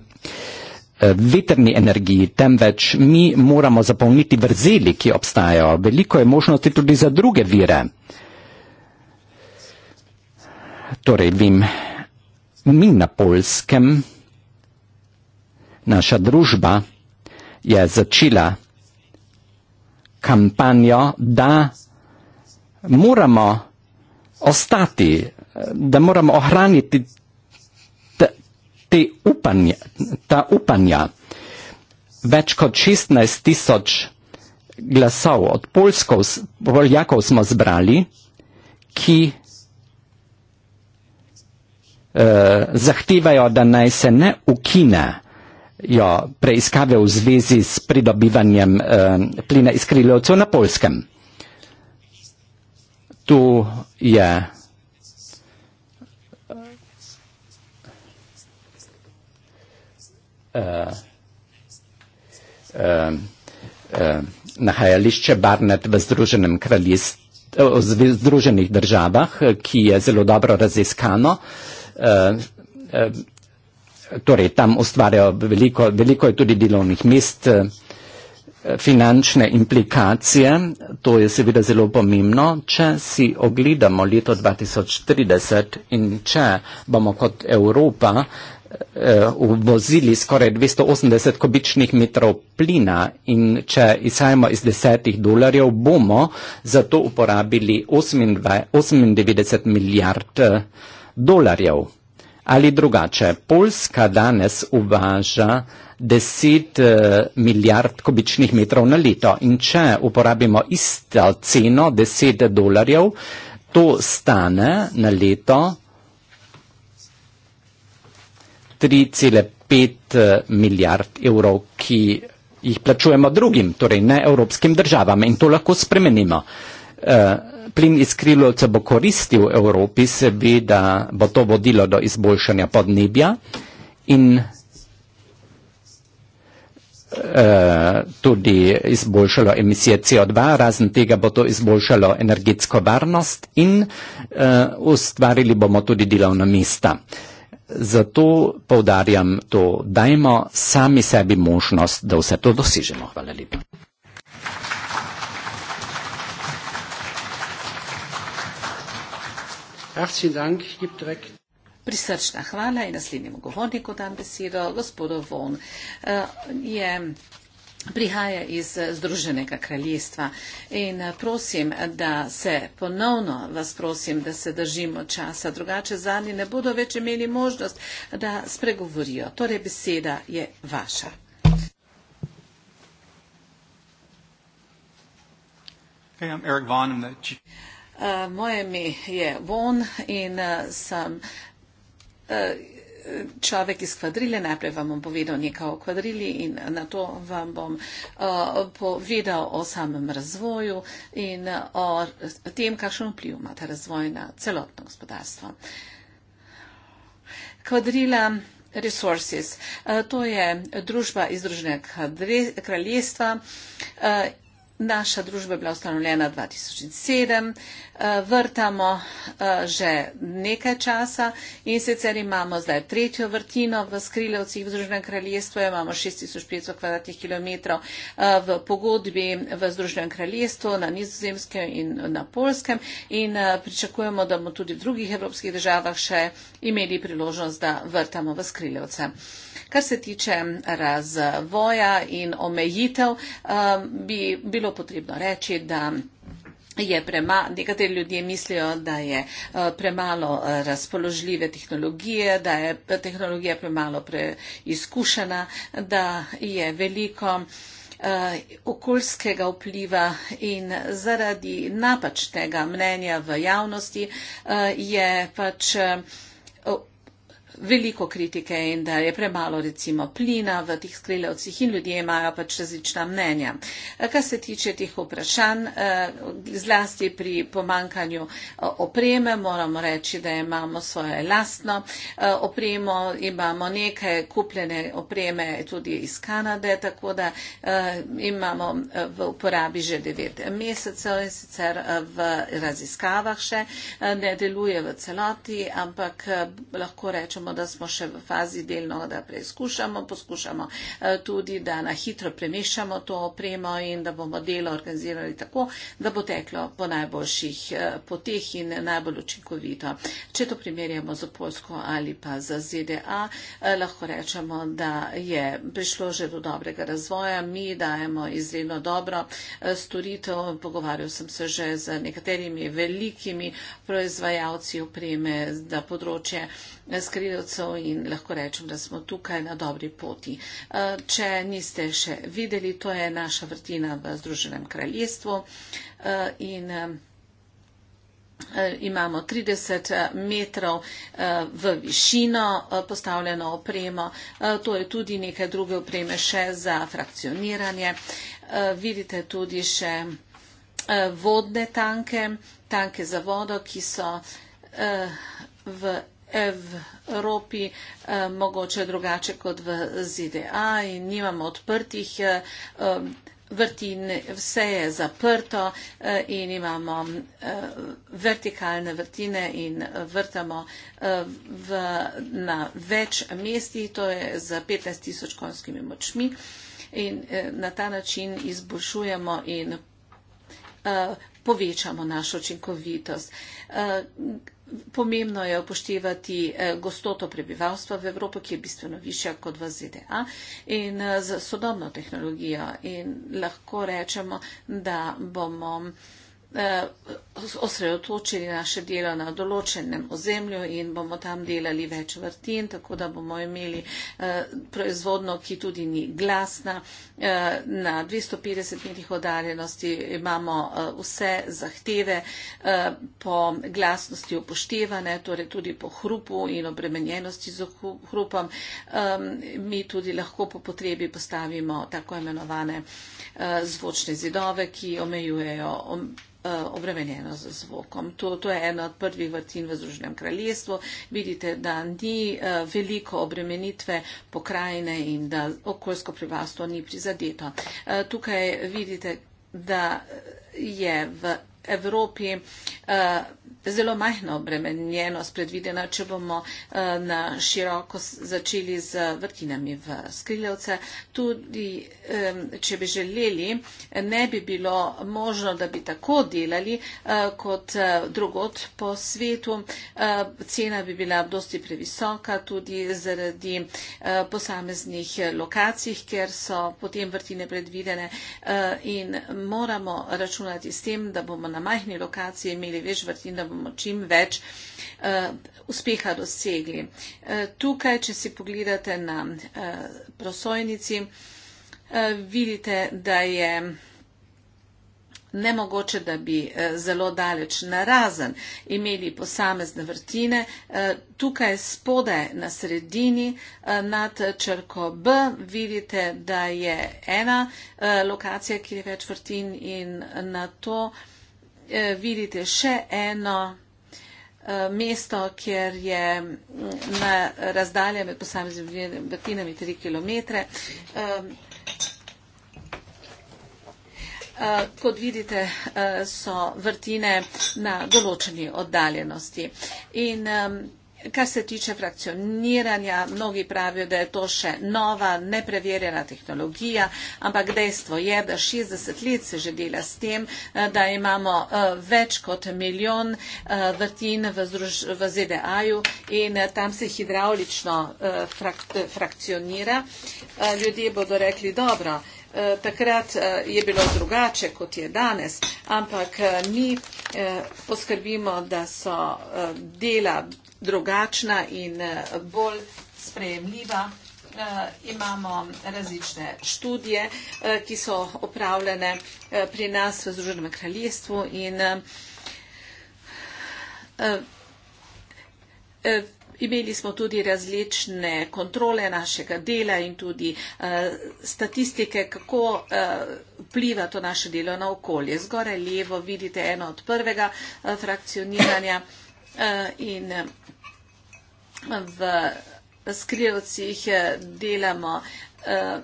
eh, vetrni energiji, temveč mi moramo zapolniti vrzeli, ki obstajajo. Veliko je možnosti tudi za druge vire. Torej, vem, mi na polskem, naša družba je začela kampanjo, da moramo ostati, da moramo ohraniti upanje, ta upanja. Več kot 16 tisoč glasov od Polskov, Poljakov smo zbrali, ki eh, zahtevajo, da naj se ne ukine jo preiskave v zvezi s pridobivanjem eh, plina iz krilovcev na Polskem. Tu je eh, eh, eh, nahajališče Barnet v Združenem kraljestvu eh, v Združenih državah, eh, ki je zelo dobro raziskano. Eh, torej tam ustvarjajo veliko, veliko je tudi delovnih mest, eh, finančne implikacije, to je seveda zelo pomembno, če si ogledamo leto 2030 in če bomo kot Evropa eh, uvozili skoraj 280 kubičnih metrov plina in če izhajamo iz 10 dolarjev, bomo za to uporabili 98 milijard eh, dolarjev. Ali drugače, Poljska danes uvaža 10 eh, milijard kubičnih metrov na leto in če uporabimo isto ceno 10 dolarjev, to stane na leto 3,5 eh, milijard evrov, ki jih plačujemo drugim, torej ne evropskim državam in to lahko spremenimo. Eh, plin iz krilovce bo koristil Evropi, se bi, da bo to vodilo do izboljšanja podnebja in eh, tudi izboljšalo emisije CO2, razen tega bo to izboljšalo energetsko varnost in eh, ustvarili bomo tudi delovna mesta. Zato povdarjam to, dajmo sami sebi možnost, da vse to dosežemo. Hvala lepa. Herzlichen Dank, ich gebe direkt. Prisrčna hvala in naslednjemu govorniku dan besedo, gospodu Von. Eh, je, prihaja iz eh, Združenega kraljestva in eh, prosim, da se ponovno vas prosim, da se držimo časa, drugače zadnji ne bodo več imeli možnost, da spregovorijo. Torej, beseda je vaša. Hey, moje ime je Von in uh, sem uh, človek iz kvadrile. Najprej vam bom povedal nekaj o kvadrili in na to vam bom uh, povedal o samem razvoju in uh, o tem, kakšen vpliv ima ta razvoj na celotno gospodarstvo. Kvadrila Resources. Uh, to je družba iz Združenega kraljestva uh, Naša družba je bila ustanovljena 2007, eh, vrtamo eh, že nekaj časa in sicer imamo zdaj tretjo vrtino v Skrilevcih v Združenem kraljestvu, imamo 6500 km2 eh, v pogodbi v Združenem kraljestvu, na nizozemskem in na polskem in pričakujemo, da bomo tudi v drugih evropskih državah še imeli priložnost, da vrtamo v Skrilevce. Kar se tiče razvoja in omejitev, eh, bi bilo potrebno reči, da. Prema, nekateri ljudje mislijo, da je eh, premalo eh, razpoložljive tehnologije, da je tehnologija premalo preizkušena, da je veliko okoljskega vpliva in zaradi napačnega mnenja v javnosti je pač veliko kritike in da je premalo recimo plina v teh skrilevcih in ljudje imajo pač različna mnenja. Kar se tiče teh vprašanj, eh, zlasti pri pomankanju eh, opreme, moramo reči, da imamo svojo lastno eh, opremo, imamo nekaj kupljene opreme tudi iz Kanade, tako da imamo v uporabi že devet mesecev in sicer v raziskavah še, ne deluje v celoti, ampak lahko rečemo, kažemo, da smo še v fazi delno, da preizkušamo, poskušamo eh, tudi, da na hitro premešamo to opremo in da bomo delo organizirali tako, da bo teklo po najboljših eh, poteh in najbolj učinkovito. Če to primerjamo z Polsko ali pa z ZDA, eh, lahko rečemo, da je prišlo že do dobrega razvoja, mi dajemo izredno dobro storitev. Pogovarjal sem se že z nekaterimi velikimi proizvajalci opreme za področje skrivcev in lahko rečem, da smo tukaj na dobri poti. Eh, če niste še videli, to je naša vrtina v Združenem kraljestvu eh, in eh, imamo 30 metrov v višino postavljeno opremo. To je tudi nekaj druge opreme še za frakcioniranje. Vidite tudi še vodne tanke, tanke za vodo, ki so v Evropi eh, mogoče drugače kot v ZDA in nimamo odprtih eh, vrtin, vse je zaprto eh, in imamo vertikalne vrtine in vrtamo v, na več mestih, to je z 15 tisoč konjskimi močmi in na ta način izboljšujemo in povečamo našo učinkovitost pomembno je upoštevati eh, gostoto prebivalstva v Evropi, ki je bistveno višja kot v ZDA in eh, z sodobno tehnologijo. In lahko rečemo, da bomo eh, osredotočili naše delo na določenem ozemlju in bomo tam delali več vrtin, tako da bomo imeli eh, proizvodno, ki tudi ni glasna. Eh, na 250 metrih oddaljenosti imamo eh, vse zahteve eh, po glasnosti upoštevane, torej tudi po hrupu in obremenjenosti z hrupom. Eh, mi tudi lahko po potrebi postavimo tako imenovane eh, zvočne zidove, ki omejujejo Eh, obremenjeno z zvokom. To, to je ena od prvih vrtin v Združenem kraljestvu. Vidite, da ni eh, veliko obremenitve pokrajine in da okoljsko prebivalstvo ni prizadeto. Eh, tukaj vidite, da je v Evropi eh, zelo majhno obremenjenost predvidena, če bomo eh, na široko začeli z vrtinami v skrilevce. Tudi, če bi želeli, ne bi bilo možno, da bi tako delali eh, kot drugot po svetu. Cena bi bila dosti previsoka tudi zaradi posameznih lokacij, ker so potem vrtine predvidene in moramo računati s tem, da bomo na majhni lokaciji imeli več vrtin, da bomo čim več uh, uspeha dosegli. Uh, tukaj, če si pogledate na uh, prosojnici, uh, vidite, da je nemogoče, da bi zelo daleč narazen imeli posamezne vrtine. Tukaj spode na sredini nad črko B vidite, da je ena lokacija, kjer je več vrtin in na to uh, Eh, vidite še eno eh, mesto, kjer je mm, na razdalje med posameznimi vrtinami 3 km. Kot vidite, eh, so vrtine na določeni oddaljenosti. In, ehm, Kar se tiče frakcioniranja, mnogi pravijo, da je to še nova, nepreverjena tehnologija, ampak dejstvo je, da 60 let se že dela s tem, eh, da imamo eh, več kot milijon eh, vrtin v ZDA-ju in tam se hidraulično frak frakcionira. Ljudje bodo rekli, dobro, takrat je bilo drugače, kot je danes, ampak mi poskrbimo, da so dela drugačna in eh, bolj sprejemljiva. Eh, imamo različne študije, eh, ki so opravljene pri nas v Združenem kraljestvu in imeli smo tudi različne kontrole našega dela in tudi statistike, kako vpliva to naše delo na okolje. Zgore levo vidite eno od prvega frakcioniranja in v skrivcih eh, delamo eh,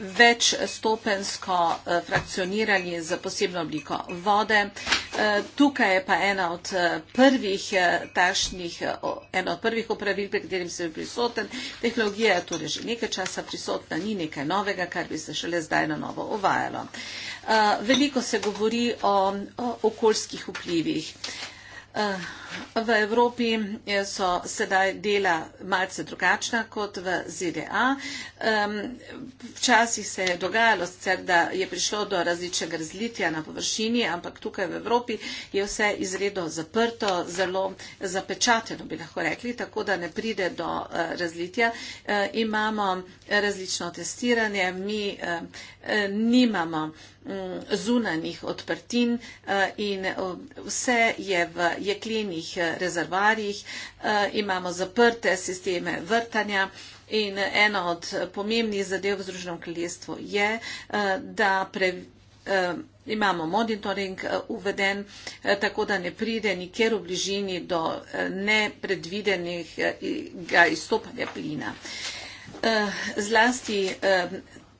več stopensko eh, frakcionirali za posebno obliko vode. Tukaj je pa ena od prvih tašnih, ena od prvih opravil, pri katerim sem prisoten. Tehnologija je torej že nekaj časa prisotna, ni nekaj novega, kar bi se šele zdaj na novo uvajalo. Veliko se govori o, o okoljskih vplivih. V Evropi so sedaj dela malce drugačna kot v ZDA. Včasih se je dogajalo sicer, da je prišlo do različnega razlitja na površini, ampak tukaj v Evropi je vse izredno zaprto, zelo zapečateno bi lahko rekli, tako da ne pride do eh, razlitja. Eh, imamo različno testiranje, mi eh, nimamo mm, zunanih odprtin in vse je v jekleni vodnih eh, rezervarjih, eh, imamo zaprte sisteme vrtanja. In ena od pomembnih zadev v Združenem kraljestvu je, eh, da pre, imamo monitoring uveden, tako da ne pride nikjer v bližini do nepredvidenih izstopanja plina. Zlasti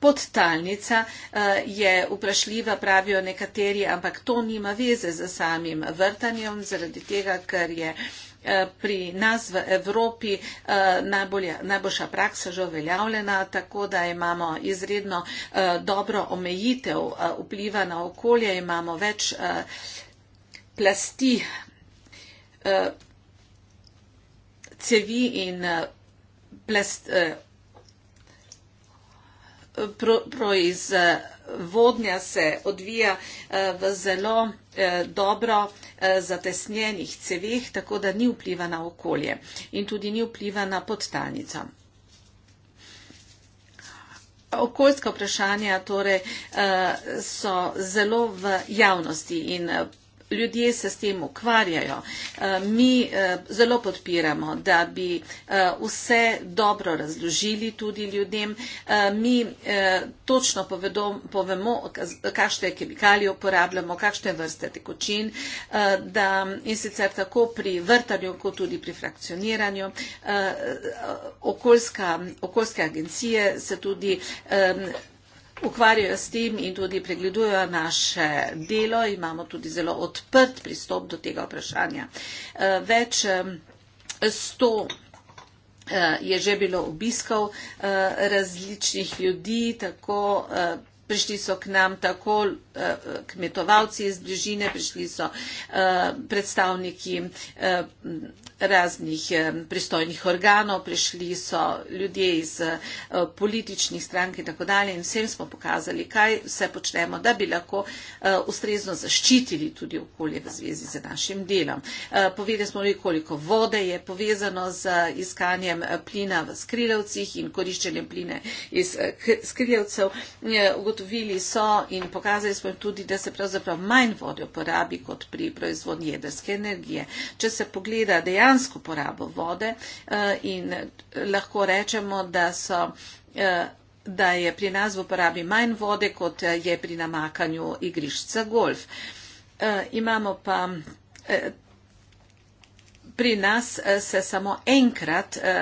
podtalnica eh, je vprašljiva, pravijo nekateri, ampak to nima veze z samim vrtanjem, zaradi tega, ker je eh, pri nas v Evropi eh, najbolja, najboljša praksa že uveljavljena, tako da imamo izredno dobro omejitev vpliva na okolje, imamo več plasti cevi in plasti pro, proizvodnja se odvija eh, v zelo eh, dobro eh, zatesnjenih cevih, tako da ni vpliva na okolje in tudi ni vpliva na podtalnico. Okoljska vprašanja torej, so zelo v javnosti in ljudje se s tem ukvarjajo. Eh, mi eh, zelo podpiramo, da bi eh, vse dobro razložili tudi ljudem. Mi točno povedo, povemo, kakšne kemikalije uporabljamo, kakšne vrste tekočin da, in sicer tako pri vrtanju, kot tudi pri frakcioniranju. Okoljska, okoljske agencije se tudi ukvarjajo s tem in tudi pregledujejo naše delo. Imamo tudi zelo odprt pristop do tega vprašanja. Eh, več eh, sto eh, je že bilo obiskov različnih ljudi, tako prišli so k nam tako eh, kmetovalci iz bližine, prišli so eh, predstavniki eh, raznih pristojnih organov, prišli so ljudje iz političnih strank in tako dalje in vsem smo pokazali, kaj vse počnemo, da bi lahko ustrezno zaščitili tudi okolje v zvezi z našim delom. Povedali smo tudi, koliko vode je povezano z iskanjem plina v skrilevcih in koriščenjem plina iz skrilevcev ugotovili so in pokazali smo tudi, da se pravzaprav manj vode uporabi kot pri proizvodnji jedrske energije. Če se pogleda dejansko porabo vode eh, in eh, lahko rečemo, da so eh, da je pri nas v uporabi manj vode, kot je pri namakanju igrišč za golf. E, imamo pa e, pri nas se samo enkrat e,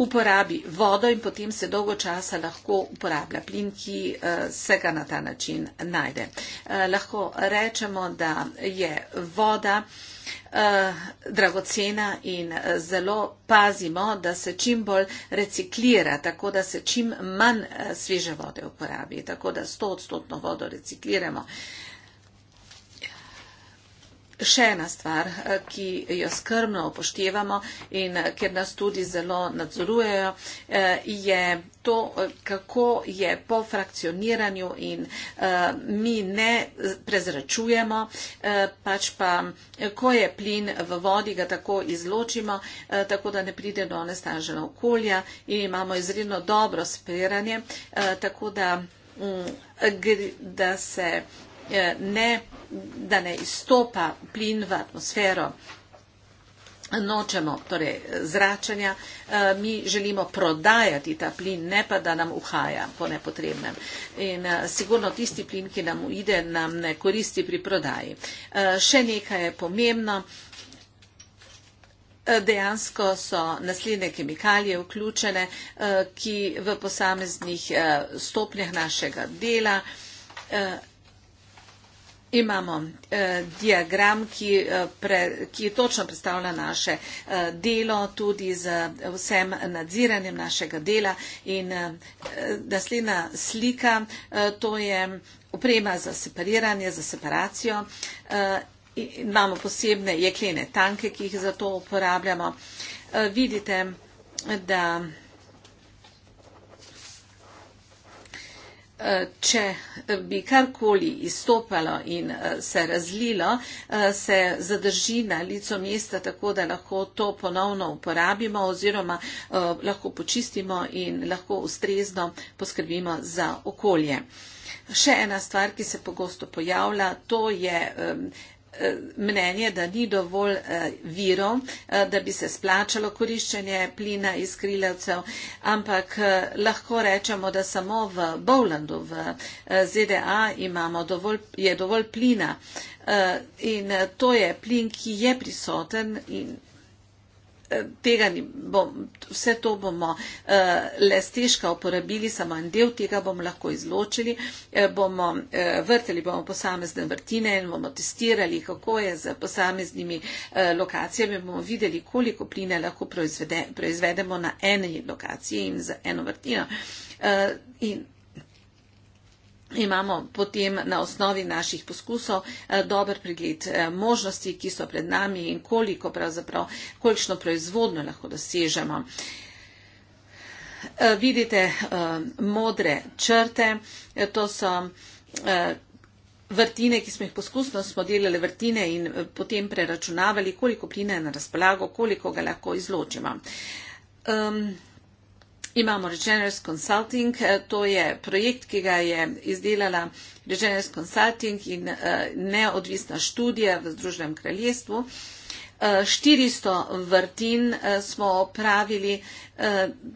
uporabi vodo in potem se dolgo časa lahko uporablja plin, ki eh, se ga na ta način najde. Eh, lahko rečemo, da je voda eh, dragocena in zelo pazimo, da se čim bolj reciklira, tako da se čim manj sveže vode uporabi, tako da 100 odstotno vodo recikliramo še ena stvar, eh, ki jo skrbno upoštevamo in eh, kjer nas tudi zelo nadzorujejo, eh, je to, kako je po frakcioniranju in mi ne prezračujemo, pač pa, ko je plin v vodi, ga tako izločimo, tako da ne pride do nestaženja okolja in imamo izredno dobro spiranje, tako da mm, da se Eh, ne, da ne izstopa plin v atmosfero. Nočemo torej, zračanja, eh, mi želimo prodajati ta plin, ne pa da nam uhaja po nepotrebnem. In eh, sigurno tisti plin, ki nam uide, nam ne koristi pri prodaji. Še nekaj je pomembno. Dejansko so naslednje kemikalije vključene, ki v posameznih stopnjah našega dela Imamo eh, diagram, ki, eh, pre, ki točno predstavlja naše eh, delo tudi z eh, vsem nadziranjem našega dela. In eh, naslednja slika, eh, to je oprema za separiranje, za separacijo. Eh, imamo posebne jeklene tanke, ki jih za to uporabljamo. Eh, vidite, da. Eh, če bi karkoli izstopalo in eh, se razlilo, eh, se zadrži na lico mesta, tako da lahko to ponovno uporabimo oziroma eh, lahko počistimo in lahko ustrezno poskrbimo za okolje. Še ena stvar, ki se pogosto pojavlja, to je mnenje, da ni dovolj eh, virov, eh, da bi se splačalo koriščenje plina iz krilavcev, ampak eh, lahko rečemo, da samo v Bowlandu, v ZDA imamo dovolj, je dovolj plina in to je plin, ki je prisoten in tega ni, bom, vse to bomo eh, le stežka uporabili, samo en del tega bomo lahko izločili, eh, bomo eh, vrteli bomo posamezne vrtine in bomo testirali, kako je z posameznimi eh, lokacijami, bomo videli, koliko plina lahko proizvede, proizvedemo na eni lokaciji in z eno vrtino. Eh, in, imamo potem na osnovi naših poskusov eh, dober pregled eh, možnosti, ki so pred nami in koliko pravzaprav, kolikšno proizvodno lahko dosežemo. Eh, vidite modre črte, to so vrtine, ki smo jih poskusno smo delali vrtine in potem preračunavali, koliko plina je na razpolago, koliko ga lahko izločimo. Ehm, imamo Regeneres Consulting, eh, to je projekt, ki ga je izdelala Regeneres Consulting in eh, neodvisna študija v Združenem kraljestvu. 400 eh, vrtin smo opravili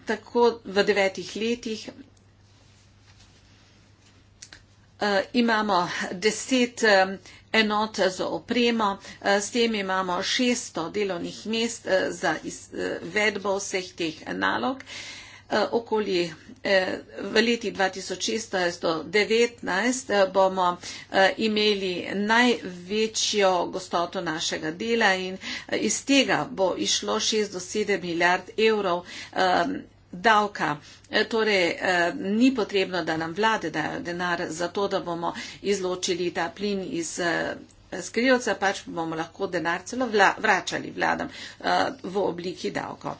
tako v devetih letih. Imamo deset enot za opremo, s tem imamo 600 delovnih mest za vedbo vseh teh nalog. Eh, okoli eh, v letih eh, 2016 bomo imeli največjo gostoto našega dela in iz tega bo išlo 6 do 7 milijard evrov davka. Torej, ni potrebno, da nam vlade dajo denar za to, da bomo izločili ta plin iz skrivca, pač bomo lahko denar celo vračali vladam v obliki davko.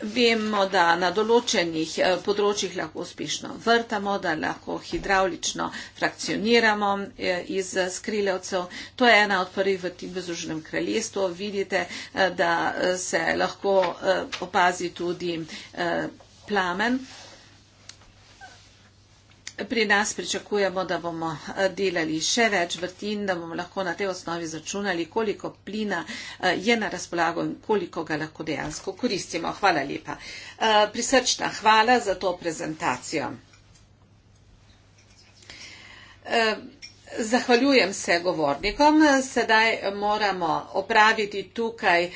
Vemo, da na določenih eh, področjih lahko uspešno vrtamo, da lahko hidravlično frakcioniramo eh, iz skrilevcev. To je ena od prvih vrtin v Združenem kraljestvu. Vidite, eh, da se lahko opazi tudi plamen pri nas pričakujemo, da bomo eh, delali še več vrtin, da bomo lahko na tej osnovi začunali, koliko plina eh, je na razpolago in koliko ga lahko dejansko koristimo. Hvala lepa. Eh, prisrčna hvala za to prezentacijo. Zahvaljujem se govornikom. Sedaj moramo opraviti tukaj eh,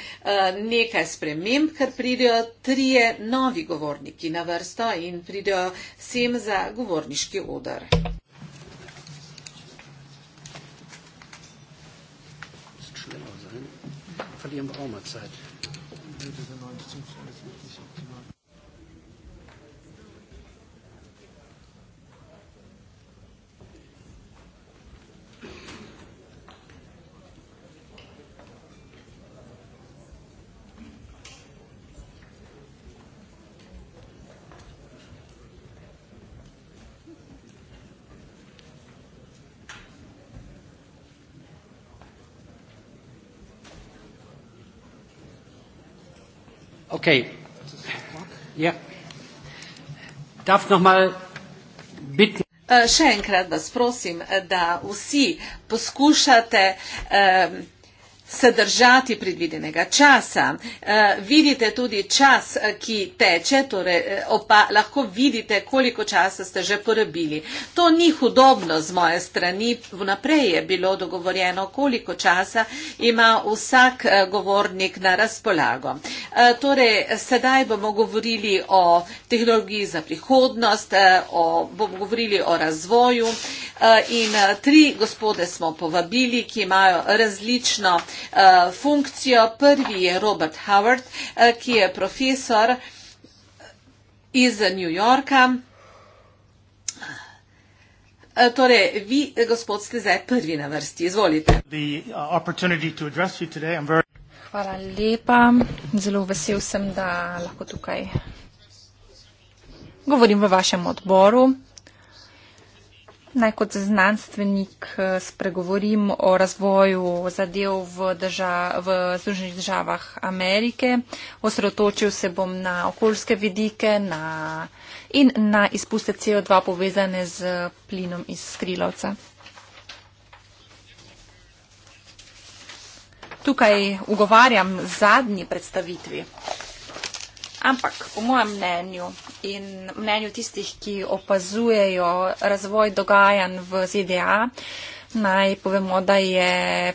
nekaj sprememb, ker pridejo trije novi govorniki na vrsto in pridejo sem za govorniški odr. Zdaj, Okay. Ja. Darf noch mal bitten. Äh, še enkrat vas prosim, da vsi poskušate eh, se držati predvidenega časa. Eh, vidite tudi čas, eh, ki teče, torej eh, opa, lahko vidite, koliko časa ste že porabili. To ni hudobno z moje strani. Vnaprej je bilo dogovorjeno, koliko časa ima vsak govornik na razpolago. Torej, sedaj bomo govorili o tehnologiji za prihodnost, o, bomo govorili o razvoju in tri gospode smo povabili, ki imajo različno Eh, funkcijo. Prvi je Robert Howard, eh, ki je profesor iz New Yorka. Eh, torej, vi, gospod, ste zdaj prvi na vrsti. Izvolite. Uh, Hvala lepa. Zelo vesel sem, da lahko tukaj govorim v vašem odboru. Naj kot znanstvenik eh, spregovorim o razvoju zadev v, drža, v Združenih državah Amerike. Osredotočil se bom na okoljske vidike na, in na izpuste CO2 povezane z plinom iz skrilovca. Tukaj ugovarjam zadnji predstavitvi. Ampak po mojem mnenju in mnenju tistih, ki opazujejo razvoj dogajanj v ZDA, naj povemo, da je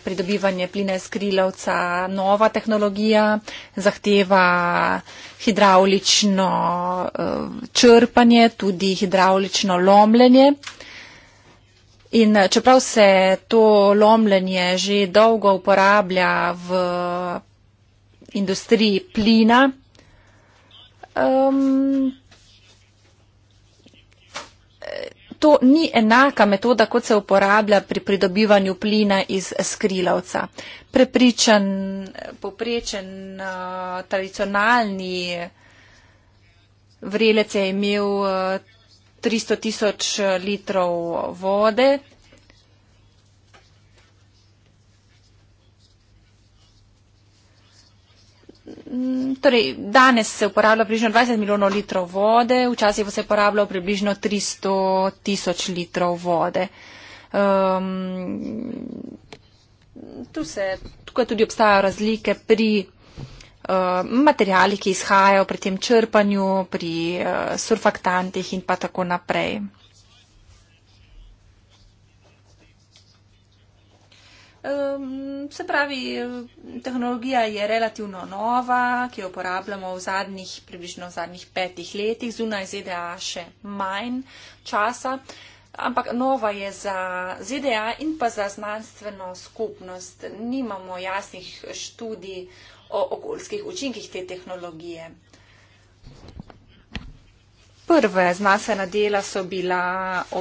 pridobivanje plina iz krilovca nova tehnologija, zahteva hidraulično eh, črpanje, tudi hidraulično lomljenje. In eh, čeprav se to lomljenje že dolgo uporablja v industriji plina, Um, to ni enaka metoda, kot se uporablja pri pridobivanju plina iz skrilavca. Prepričan, poprečen, uh, eh, tradicionalni vrelec je imel uh, eh, 300 tisoč litrov vode, Mm, torej, danes se uporablja približno 20 milijonov litrov vode, včasih se je uporabljalo približno 300 tisoč litrov vode. Um, tu se, tukaj tudi obstajajo razlike pri uh, materijalih, ki izhajajo pri tem črpanju, pri uh, surfaktantih in pa tako naprej. Se pravi, tehnologija je relativno nova, ki jo uporabljamo v zadnjih, približno v zadnjih petih letih, zunaj ZDA še manj časa, ampak nova je za ZDA in pa za znanstveno skupnost. Nimamo jasnih študij o okoljskih učinkih te tehnologije. Prve znanstvena dela so bila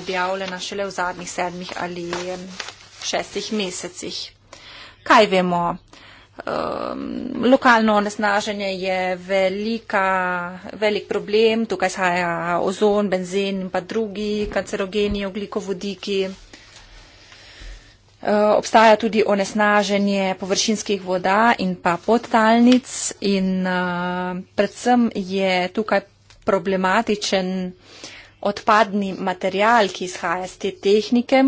objavljena šele v zadnjih sedmih ali šestih mesecih. Kaj vemo? Um, lokalno onesnaženje je velika, velik problem, tukaj shaja ozon, benzen in pa drugi kancerogeni oglikovodiki. Ehm, obstaja tudi onesnaženje površinskih voda in pa podtalnic in ehm, predvsem je tukaj problematičen odpadni material, ki izhaja iz te tehnike,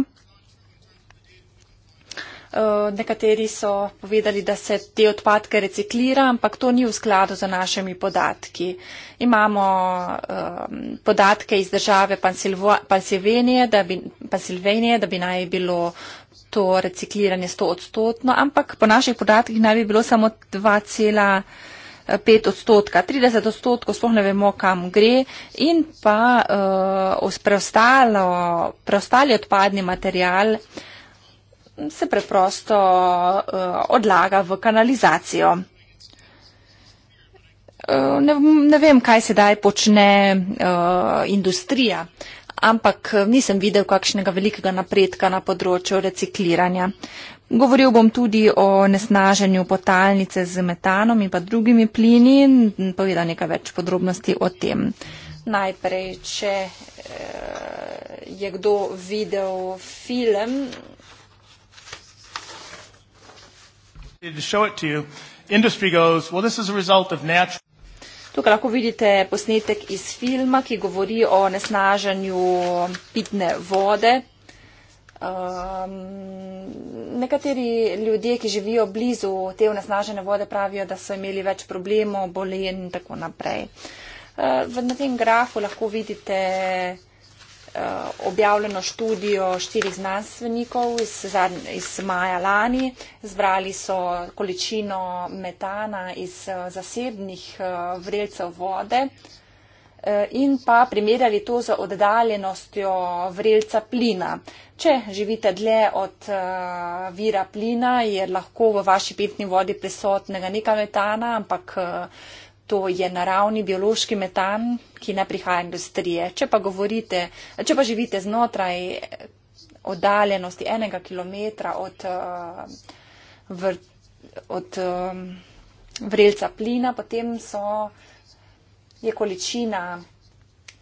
Eh, nekateri so povedali, da se te odpadke reciklira, ampak to ni v skladu z našimi podatki. Imamo ehm, podatke iz države Pennsylvania, da bi naj bilo to recikliranje 100 odstotno, ampak po naših podatkih naj bi bilo samo 2,5 eh, odstotka. 30 odstotkov sploh ne vemo, kam gre in pa uh, preostali odpadni material uh, se preprosto eh, odlaga v kanalizacijo. Eh, ne, ne vem, kaj sedaj počne eh, industrija, ampak nisem videl kakšnega velikega napredka na področju recikliranja. Govoril bom tudi o nesnaženju potalnice z metanom in pa drugimi plini in povedal nekaj več podrobnosti o tem. Najprej, če je kdo videl film Tukaj lahko vidite posnetek iz filma, ki govori o nesnaženju pitne vode. Um, nekateri ljudje, ki živijo blizu te onesnažene vode, pravijo, da so imeli več problemov, bolen in tako naprej. Uh, na tem grafu lahko vidite Eh, objavljeno študijo štirih znanstvenikov iz, iz maja lani. Zbrali so količino metana iz eh, zasebnih eh, vrelcev vode in pa primerjali to z oddaljenostjo vrelca plina. Če živite dlje od vira plina, je lahko v vaši pitni vodi prisotnega nekaj metana, ampak to je naravni biološki metan, ki ne prihaja industrije. Če pa, govorite, če pa živite znotraj eh, oddaljenosti enega kilometra od, uh, vr, od um, vrelca plina, potem so, je količina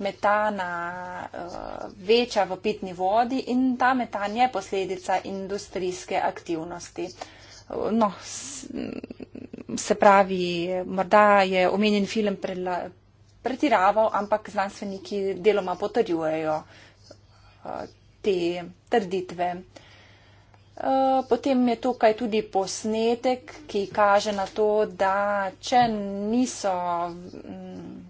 metana uh, večja v pitni vodi in ta metan je posledica industrijske aktivnosti. Uh, no, se pravi, morda je omenjen film pretiraval, ampak znanstveniki deloma potrjujejo eh, te trditve. Eh, potem je tukaj tudi posnetek, ki kaže na to, da če niso. Mm,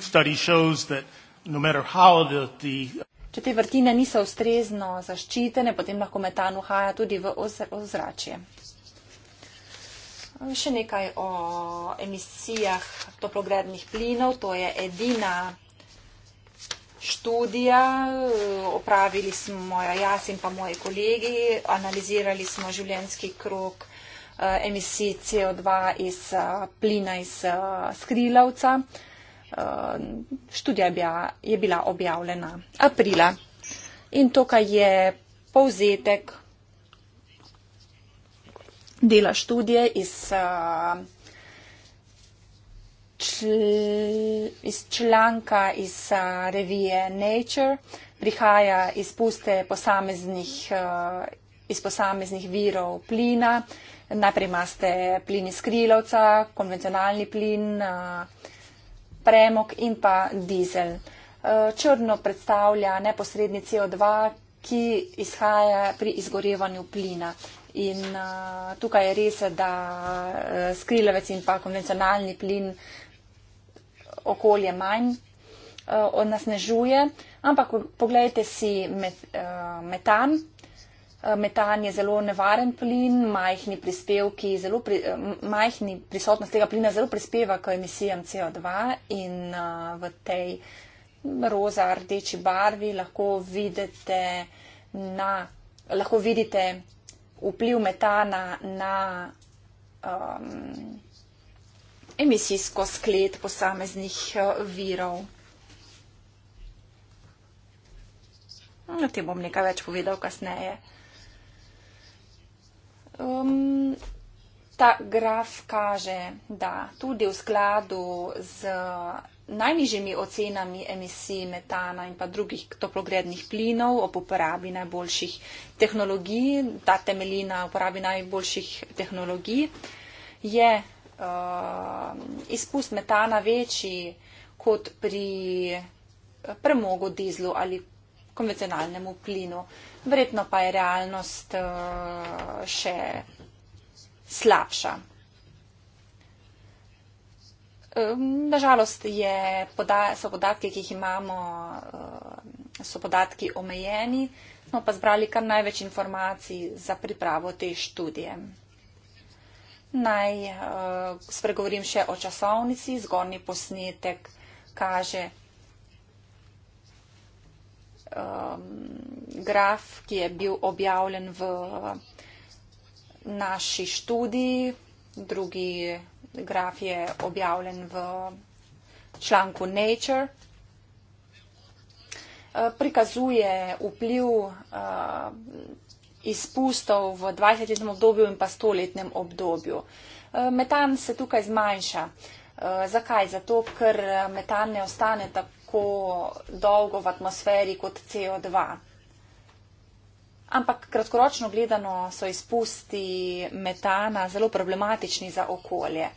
Study shows that no matter how the, the Če te vrtine niso ustrezno zaščitene, potem lahko metan uhaja tudi v ozračje. Ehm, še nekaj o emisijah toplogrednih plinov. To je edina študija. Opravili smo jo jaz in pa moji kolegi. Analizirali smo življenjski krok eh, emisij CO2 iz eh, plina iz eh, skrilavca. Eh, študija je bila objavljena aprila. In tukaj je povzetek dela študije iz, eh, čl iz članka iz eh, revije Nature. Prihaja izpuste posameznih, iz posameznih virov plina. Najprej imate plin iz krilovca, konvencionalni plin premog in pa dizel. Eh, črno predstavlja neposredni CO2, ki izhaja pri izgorevanju plina. In eh, tukaj je res, da eh, skrilavec in pa konvencionalni plin okolje manj onasnežuje, ampak poglejte si metan, Eh, metan je zelo nevaren plin, majhni prispevki, zelo pri, eh, majhni prisotnost tega plina zelo prispeva k emisijam CO2 in uh, v tej roza rdeči barvi lahko vidite, na, lahko vidite vpliv metana na um, emisijsko sklet posameznih virov. O tem bom nekaj več povedal kasneje. Um, ta graf kaže, da tudi v skladu z najnižjimi ocenami emisij metana in pa drugih toplogrednih plinov ob uporabi najboljših tehnologij, ta temelji na uporabi najboljših tehnologij, je uh, izpust metana večji kot pri premogu dizlu ali konvencionalnemu plinu. Verjetno pa je realnost eh, še slabša. Nažalost je, so podatki, ki jih imamo, eh, so podatki omejeni, smo pa zbrali kar največ informacij za pripravo te študije. Naj eh, spregovorim še o časovnici, zgornji posnetek kaže um, graf, ki je bil objavljen v naši študiji, drugi graf je objavljen v članku Nature. Uh, prikazuje vpliv uh, izpustov v 20-letnem obdobju in pa 100-letnem obdobju. Uh, metan se tukaj zmanjša. Uh, zakaj? Zato, ker metan ne ostane tako tako dolgo v atmosferi kot CO2. Ampak kratkoročno gledano so izpusti metana zelo problematični za okolje.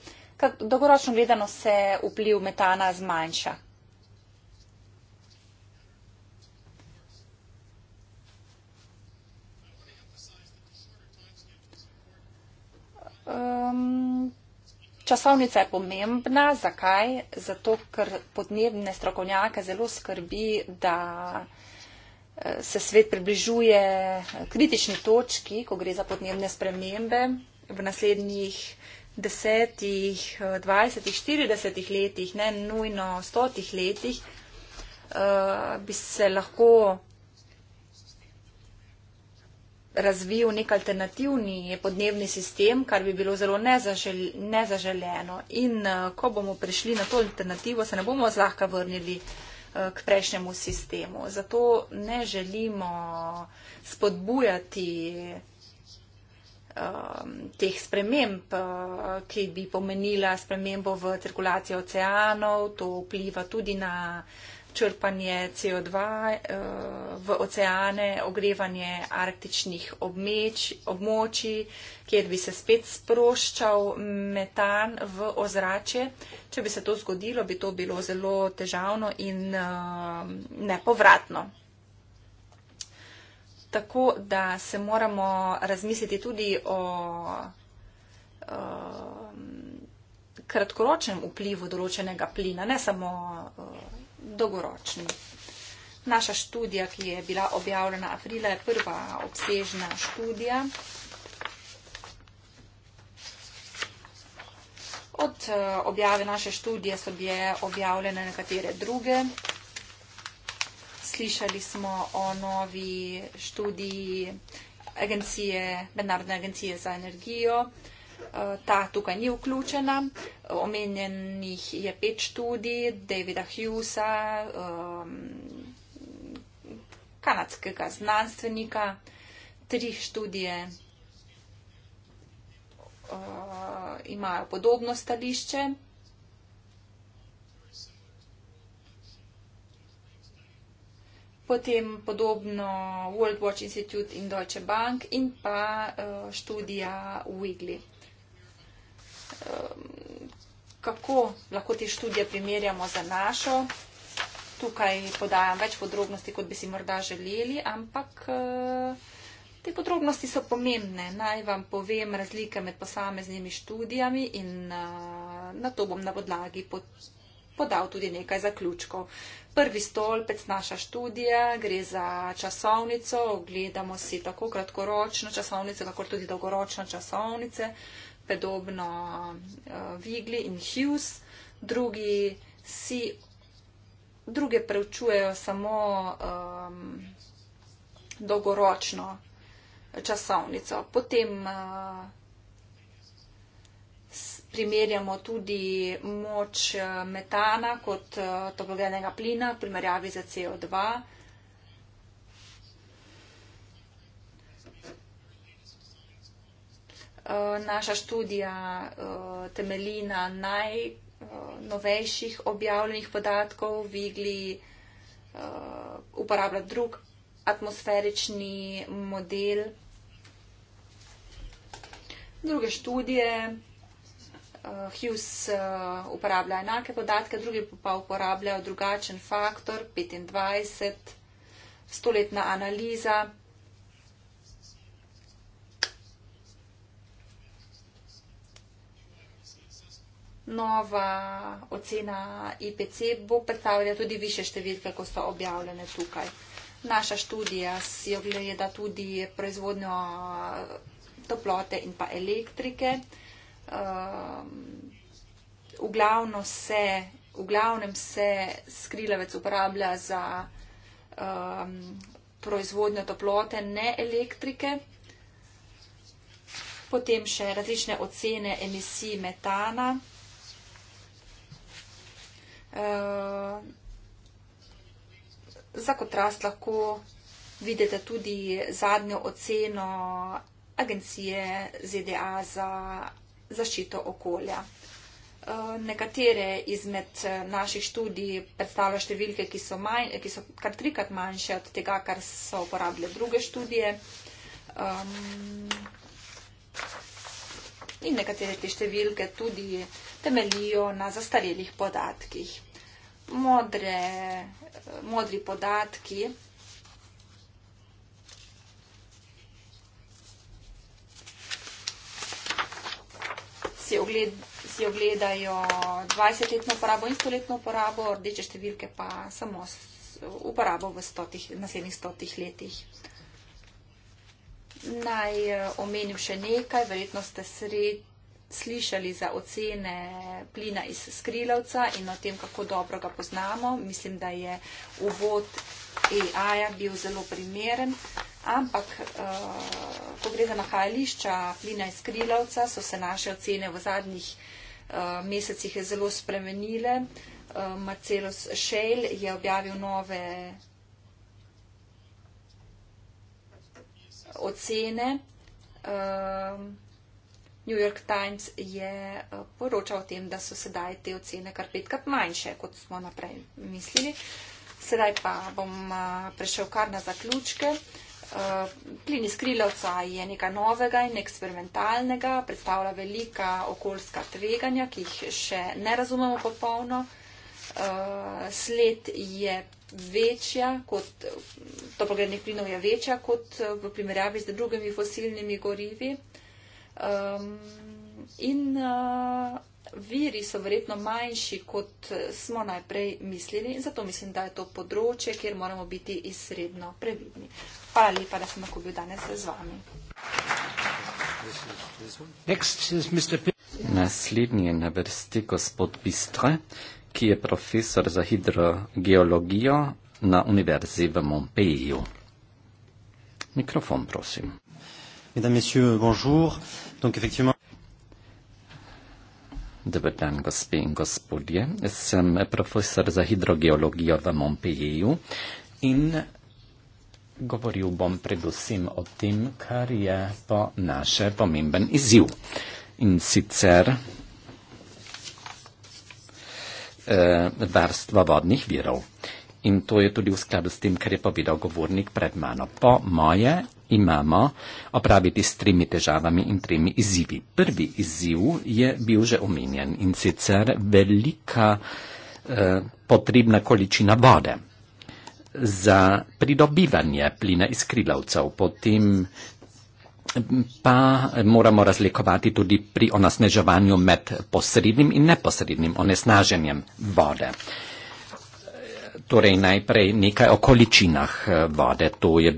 Dolgoročno gledano se vpliv metana zmanjša. Um, Časovnica je pomembna. Zakaj? Zato, ker podnebne strokovnjake zelo skrbi, da eh, se svet približuje eh, kritični točki, ko gre za podnebne spremembe v naslednjih desetih, eh, dvajsetih, štiridesetih letih, ne nujno stotih letih, bi se lahko razvil nek alternativni podnebni sistem, kar bi bilo zelo nezažel, nezaželeno. In uh, ko bomo prišli na to alternativo, se ne bomo zlahka vrnili uh, k prejšnjemu sistemu. Zato ne želimo spodbujati ehm, teh sprememb, eh, ki bi pomenila spremembo v cirkulacijo oceanov, to vpliva tudi na uh, črpanje CO2 eh, v oceane, ogrevanje arktičnih obmeč, območij, kjer bi se spet sproščal metan v ozračje. Če bi se to zgodilo, bi to bilo zelo težavno in eh, nepovratno. Tako da se moramo razmisliti tudi o eh, kratkoročnem vplivu določenega plina, ne samo dolgoročni. Naša študija, ki je bila objavljena aprila, je prva obsežna študija. Od eh, objave naše študije so bile objavljene nekatere druge. Slišali smo o novi študiji agencije, Mednarodne agencije za energijo. Eh, ta tukaj ni vključena. Omenjenih je pet študij Davida Hughesa, kanadskega znanstvenika, tri študije eh, imajo podobno stališče. Potem podobno World Watch Institute in Deutsche Bank in pa eh, študija Wigley kako lahko te študije primerjamo za našo. Tukaj podajam več podrobnosti, kot bi si morda želeli, ampak eh, te podrobnosti so pomembne. Naj vam povem razlike med posameznimi študijami in eh, na to bom na podlagi podal tudi nekaj zaključkov. Prvi stolpec naša študija gre za časovnico. Ogledamo si tako kratkoročno časovnico, kakor tudi dolgoročno časovnice podobno uh, Vigli in Hughes, drugi si, druge preučujejo samo um, dolgoročno časovnico. Potem uh, primerjamo tudi moč eh, metana kot uh, toplogrednega plina v primerjavi za CO2. Uh, Eh, naša študija eh, temelji na najnovejših objavljenih podatkov, Vigli eh, uporablja drug atmosferični model, druge študije, Hughes uporablja enake podatke, drugi pa uporabljajo drugačen faktor, 25, stoletna analiza. nova ocena IPC bo predstavila tudi više številke, ko so objavljene tukaj. Naša študija si ogleda tudi proizvodnjo eh, toplote in pa elektrike. Ehm, v, se, v glavnem se skrilavec uporablja za um, proizvodnjo toplote, ne elektrike. Potem še različne ocene emisij metana. Eh, za kontrast lahko vidite tudi zadnjo oceno agencije ZDA za zaščito okolja. Eh, nekatere izmed eh, naših študij predstavljajo številke, ki so, manj, ki so kar trikrat manjše od tega, kar so uporabljali druge študije. Um, in nekatere te številke tudi uh, temeljijo na zastarelih podatkih. Modre, modri podatki si, ogled, si ogledajo 20-letno uporabo in 100-letno uporabo, rdeče številke pa samo uporabo v stotih, naslednjih stotih letih. Naj omenim še nekaj, verjetno ste sredi slišali za ocene plina iz Skrilovca in o tem, kako dobro ga poznamo. Mislim, da je uvod AI-ja bil zelo primeren, ampak eh, ko gre za nahajališča plina iz Skrilovca, so se naše ocene v zadnjih eh, mesecih zelo spremenile. Eh, Marcelos Šejl je objavil nove ocene. New York Times je eh, poročal o tem, da so sedaj te ocene kar petkrat manjše, kot smo naprej mislili. Sedaj pa bom eh, prešel kar na zaključke. Eh, Plin iz krilovca je nekaj novega in eksperimentalnega, predstavlja velika okoljska tveganja, ki jih še ne razumemo popolno. Sled je večja, kot, to pogrednih plinov je večja kot v primerjavi z drugimi fosilnimi gorivi. Um, in uh, viri so verjetno manjši, kot smo najprej mislili, in zato mislim, da je to področje, kjer moramo biti izredno previdni. Hvala lepa, da sem lahko bil danes z vami. Naslednji je na vrsti gospod Bistre, ki je profesor za hidrogeologijo na Univerzi v Montpeju. Mikrofon, prosim. Mesdames, Messieurs, bonjour. Donc effectivement. Dobar dan, gospe in gospodje. Sem profesor za hidrogeologijo v Montpellieru in govoril bom predvsem o tem, kar je po naše pomemben izziv. In sicer eh, varstvo vodnih virov. In to je tudi v skladu s tem, kar je povedal govornik pred mano. Po moje imamo opraviti s trimi težavami in trimi izzivi. Prvi izziv je bil že omenjen in sicer velika eh, potrebna količina vode. Za pridobivanje plina iz krilavcev potem pa moramo razlikovati tudi pri onasneževanju med posrednim in neposrednim onesnaženjem vode. Eh, torej najprej nekaj o količinah eh, vode. To je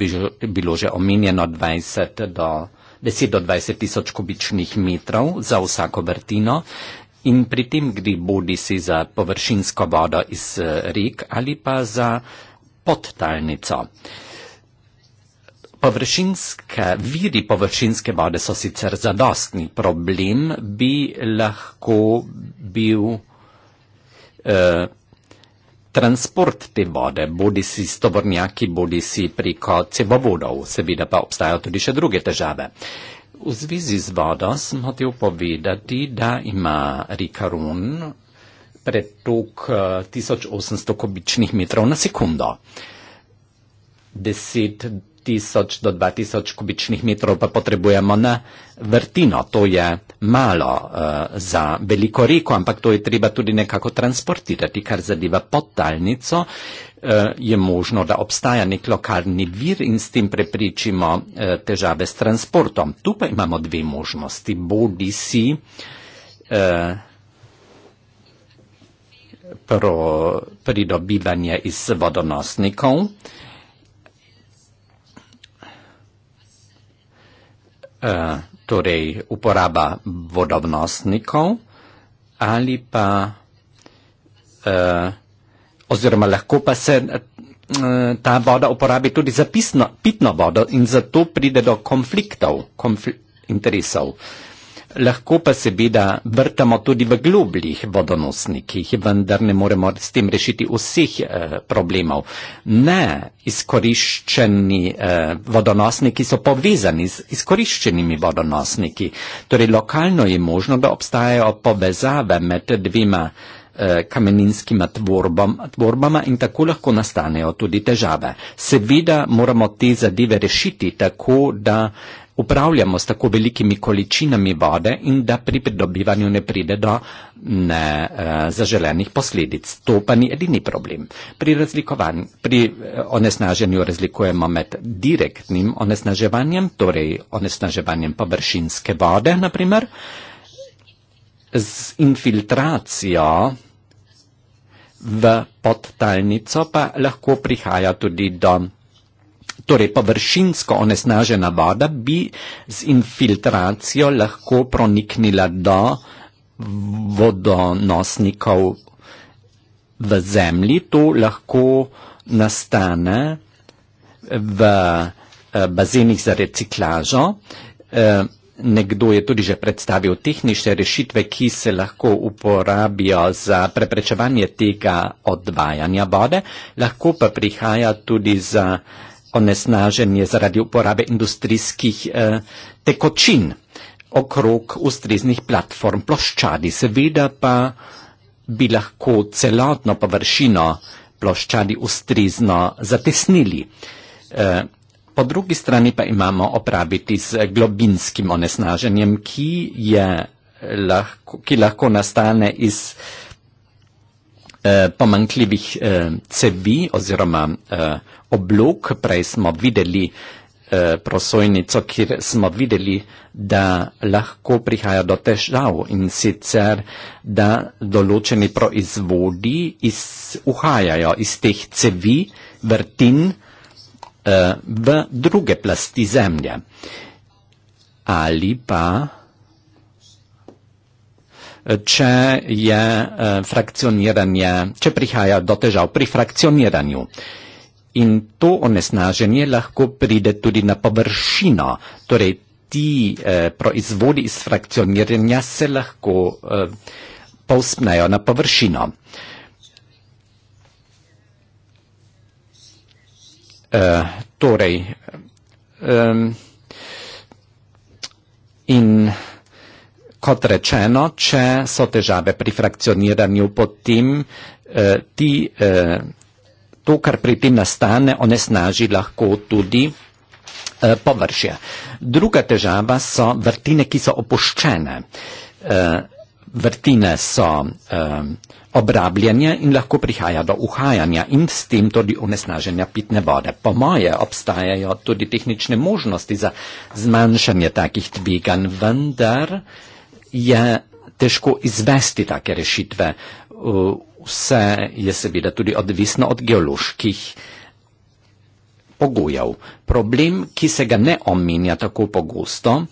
bilo že omenjeno 20 do, 10 do 20 tisoč kubičnih metrov za vsako vrtino. In pri tem gre bodi si za površinsko vodo iz eh, rek ali pa za podtalnico. Površinske, viri površinske vode so sicer zadostni. Problem bi lahko bil eh, transport te vode, bodi si s tovornjaki, bodi si preko cevovodov, seveda pa obstajajo tudi še druge težave. V zvezi z vodo sem hotel povedati, da ima Rikarun pretok 1800 eh, kubičnih metrov na sekundo. 10 tisoč do dva tisoč kubičnih metrov pa potrebujemo na vrtino. To je malo uh, za veliko reko, ampak to je treba tudi nekako transportirati, kar zadeva podtalnico. Eh, je možno, da obstaja nek lokalni vir in s tem prepričimo eh, težave s transportom. Tu pa imamo dve možnosti. Bodi si eh, pridobivanje iz vodonosnikov, eh, Eh, torej uporaba vodonosnikov ali pa uh, oziroma lahko pa se uh, ta voda uporabi tudi za pisno, pitno vodo in zato pride do konfliktov, konfl interesov. Uh, Lahko pa seveda vrtamo tudi v globljih vodonosnikih, vendar ne moremo s tem rešiti vseh eh, problemov. Ne izkoriščeni eh, vodonosniki so povezani z izkoriščenimi vodonosniki. Torej lokalno je možno, da obstajajo povezave med dvema eh, kameninskima tvorbama, tvorbama in tako lahko nastanejo tudi težave. Seveda moramo te zadeve rešiti tako, da upravljamo s tako velikimi količinami vode in da pri pridobivanju ne pride do ne, eh, zaželenih posledic. To pa ni edini problem. Pri, pri eh, onesnaženju razlikujemo med direktnim onesnaževanjem, torej onesnaževanjem površinske vode, naprimer, z infiltracijo v podtalnico pa lahko prihaja tudi do Torej, površinsko onesnažena voda bi z infiltracijo lahko proniknila do vodonosnikov v zemlji. To lahko nastane v eh, bazenih za reciklažo. Eh, nekdo je tudi že predstavil tehnične rešitve, ki se lahko uporabijo za preprečevanje tega odvajanja vode. Lahko pa prihaja tudi za uh, onesnažen je zaradi uporabe industrijskih eh, tekočin okrog ustriznih platform ploščadi. Seveda pa bi lahko celotno površino ploščadi ustrizno zatesnili. Eh, po drugi strani pa imamo opraviti z globinskim onesnaženjem, ki, je, lahko, ki lahko nastane iz eh, Eh, pomankljivih eh, cevi oziroma eh, oblog. Prej smo videli prosojnico, kjer smo videli, da lahko prihaja do težav in sicer, da določeni proizvodi uhajajo iz teh cevi vrtin v druge plasti zemlje. Ali pa če je eh, frakcioniranje, če prihaja do težav pri frakcioniranju. In to onesnaženje lahko pride tudi na površino, torej ti eh, proizvodi iz frakcioniranja se lahko eh, povspnejo na površino. Eh, torej, eh, in kot rečeno, če so težave pri frakcioniranju, potem eh, ti, eh, to, kar pri tem nastane, onesnaži lahko tudi eh, površje. Druga težava so vrtine, ki so opuščene. Eh, vrtine so eh, obrabljene in lahko prihaja do uhajanja in s tem tudi onesnaženja pitne vode. Po moje obstajajo tudi tehnične možnosti za zmanjšanje takih tveganj, vendar je težko izvesti take rešitve. Uh, vse je seveda tudi odvisno od geoloških pogojev. Problem, ki se ga ne omenja tako pogosto,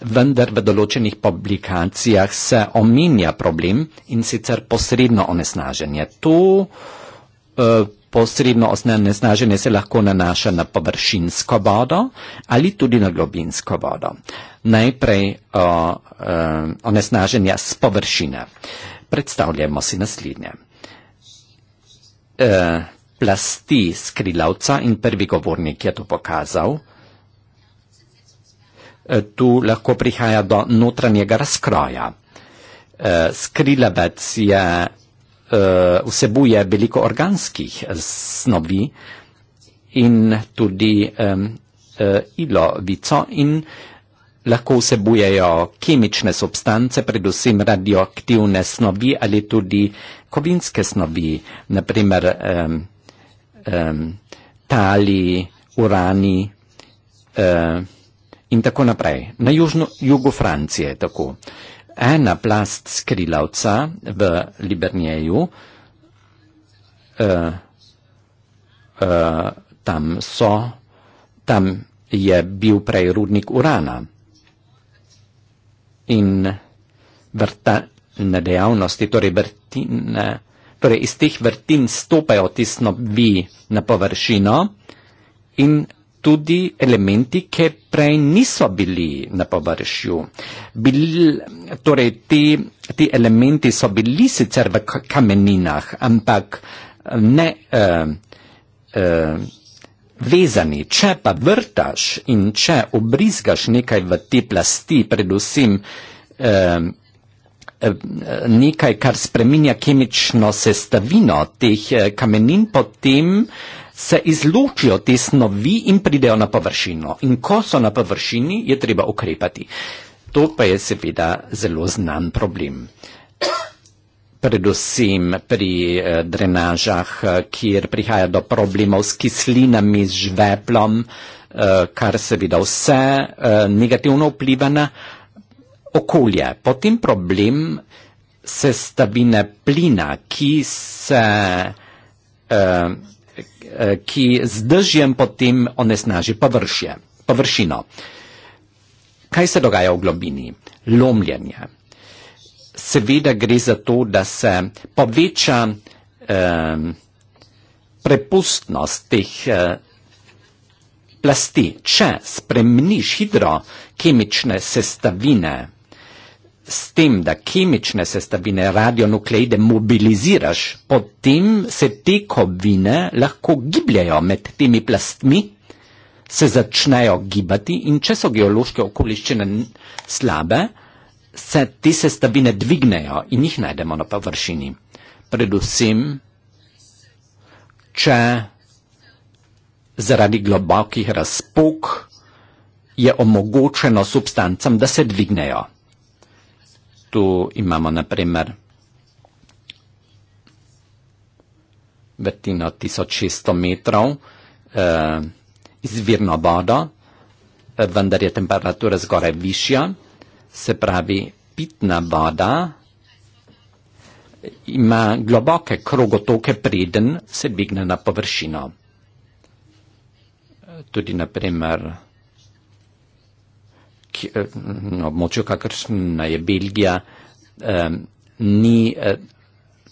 vendar v določenih publikacijah se omenja problem in sicer posredno onesnaženje. To uh, posredno osnaženje se lahko nanaša na površinsko vodo ali tudi na globinsko vodo. Najprej o, o nesnaženja z površine. Predstavljamo si naslednje. E, plasti skrilavca in prvi govornik je to pokazal. E, tu lahko prihaja do notranjega razkroja. E, skrilavec je Eh, vsebuje veliko organskih snovi in tudi um, uh, ilovico in lahko vsebujejo kemične substance, predvsem radioaktivne snovi ali tudi kovinske snovi, naprimer um, um, tali, urani uh, in tako naprej. Na južno, jugu Francije je tako. Uh, ena plast skrilavca v Liberneju, uh, eh, uh, eh, tam, so, tam je bil prej rudnik urana in vrtalne dejavnosti, torej, vrtine, torej iz teh vrtin stopajo tisno vi na površino in tudi elementi, ki prej niso bili na površju. Bil, torej, ti, ti elementi so bili sicer v kameninah, ampak ne uh, uh, vezani. Če pa vrtaš in če obrizgaš nekaj v te plasti, predvsem uh, nekaj, kar spreminja kemično sestavino teh kamenin, potem uh, se izlučijo te snovi in pridejo na površino. In ko so na površini, je treba ukrepati. To pa je seveda zelo znan problem. Predvsem pri eh, drenažah, eh, kjer prihaja do problemov s kislinami, z žveplom, eh, kar seveda vse negativno vpliva na okolje. Potem problem sestavine plina, ki se. Eh, ki z dežjem potem onesnaži površje, površino. Kaj se dogaja v globini? Lomljenje. Seveda gre za to, da se poveča eh, prepustnost teh eh, plasti. Če spremeniš hidrokemične sestavine, s tem, da kemične sestavine radionukleide mobiliziraš, potem se te kovine lahko gibljajo med temi plastmi, se začnejo gibati in če so geološke okoliščine slabe, se te sestavine dvignejo in jih najdemo na površini. Predvsem, če zaradi globokih razpok je omogočeno substancam, da se dvignejo tu imamo na primer vrtino 1600 metrov eh, izvirno vodo, eh, vendar je temperatura zgoraj višja, se pravi pitna voda ima globoke krogotoke preden se dvigne na površino. Eh, tudi na primer Eh, na območju, kakršna je Belgija, eh, ni eh,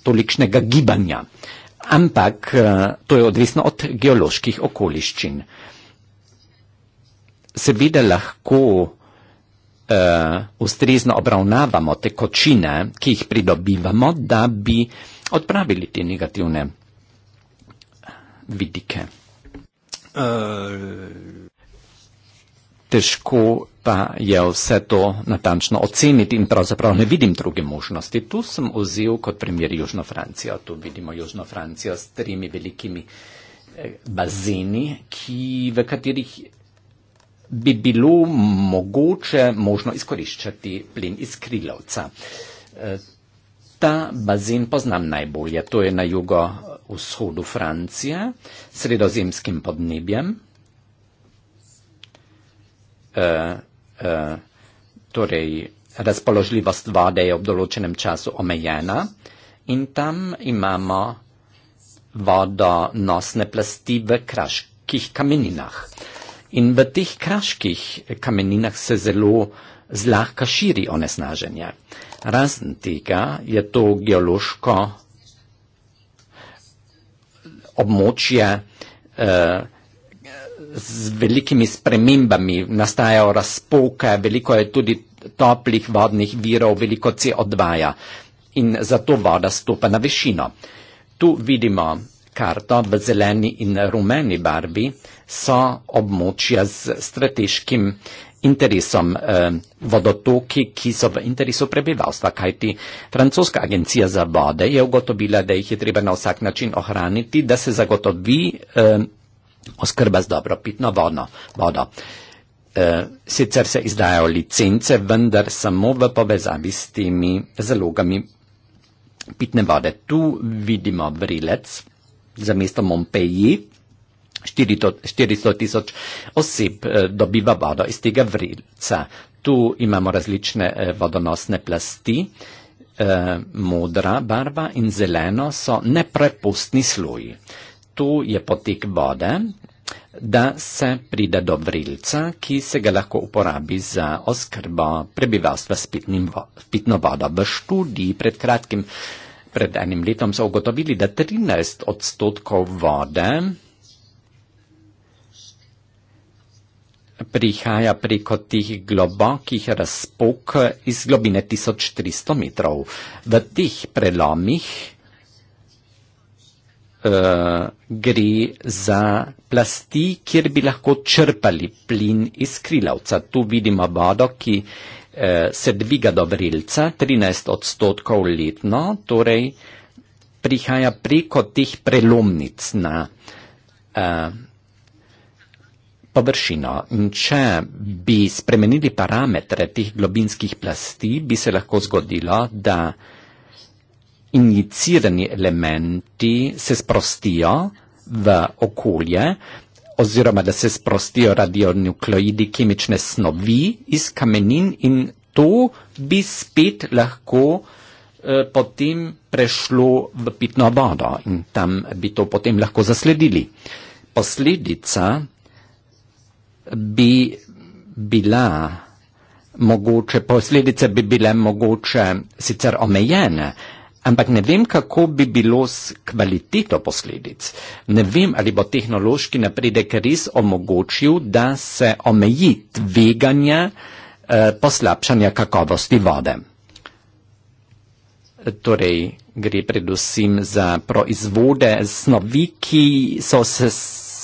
tolikšnega gibanja. Ampak eh, to je odvisno od geoloških okoliščin. Seveda lahko eh, ustrezno obravnavamo te kočine, ki jih pridobivamo, da bi odpravili te negativne vidike. Uh težko pa je vse to natančno oceniti in pravzaprav ne vidim druge možnosti. Tu sem vzel kot primer Južno Francijo. Tu vidimo Južno Francijo s tremi velikimi eh, bazeni, ki, v katerih bi bilo mogoče možno izkoriščati plin iz krilovca. Eh, ta bazen poznam najbolje. To je na jugo vzhodu Francije, sredozemskim podnebjem, uh, torej razpoložljivost vode je ob določenem času omejena in tam imamo vodonosne plasti v kraških kameninah. In v teh kraških kameninah se zelo zlahka širi onesnaženje. Razen tega je to geološko območje, uh, z velikimi spremembami, nastajajo razpoke, veliko je tudi toplih vodnih virov, veliko se odvaja in zato voda stopa na višino. Tu vidimo karto v zeleni in rumeni barvi, so območja z strateškim interesom eh, vodotoki, ki so v interesu prebivalstva, kajti francoska agencija za vode je ugotovila, da jih je treba na vsak način ohraniti, da se zagotovi eh, oskrba z dobro pitno vodno, vodo. E, sicer se izdajo licence, vendar samo v povezavi s temi zalogami pitne vode. Tu vidimo vrilec za mesto Montpellier. 400 tisoč oseb e, dobiva vodo iz tega vrilca. Tu imamo različne e, vodonosne plasti. E, modra barva in zeleno so neprepustni sloji tu je potek vode, da se pride do vrilca, ki se ga lahko uporabi za oskrbo prebivalstva s vo pitno vodo. V študiji pred kratkim, pred enim letom, so ugotovili, da 13 odstotkov vode prihaja preko tih globokih razpok iz globine 1300 metrov. V teh prelomih uh, gre za plasti, kjer bi lahko črpali plin iz krilavca. Tu vidimo vodo, ki uh, se dviga do vrilca 13 odstotkov letno, torej prihaja preko teh prelomnic na uh, površino. In če bi spremenili parametre teh globinskih plasti, bi se lahko zgodilo, da uh, injicirani elementi se sprostijo v okolje, oziroma da se sprostijo radionukleidi, kemične snovi iz kamenin in to bi spet lahko eh, potem prešlo v pitno vodo in tam bi to potem lahko zasledili. Posledica bi bila mogoče, posledice bi bile mogoče sicer omejene, Ampak ne vem, kako bi bilo s kvaliteto posledic. Ne vem, ali bo tehnološki napredek res omogočil, da se omeji tveganja eh, poslabšanja kakovosti vode. Torej, gre predvsem za proizvode snovi, ki so se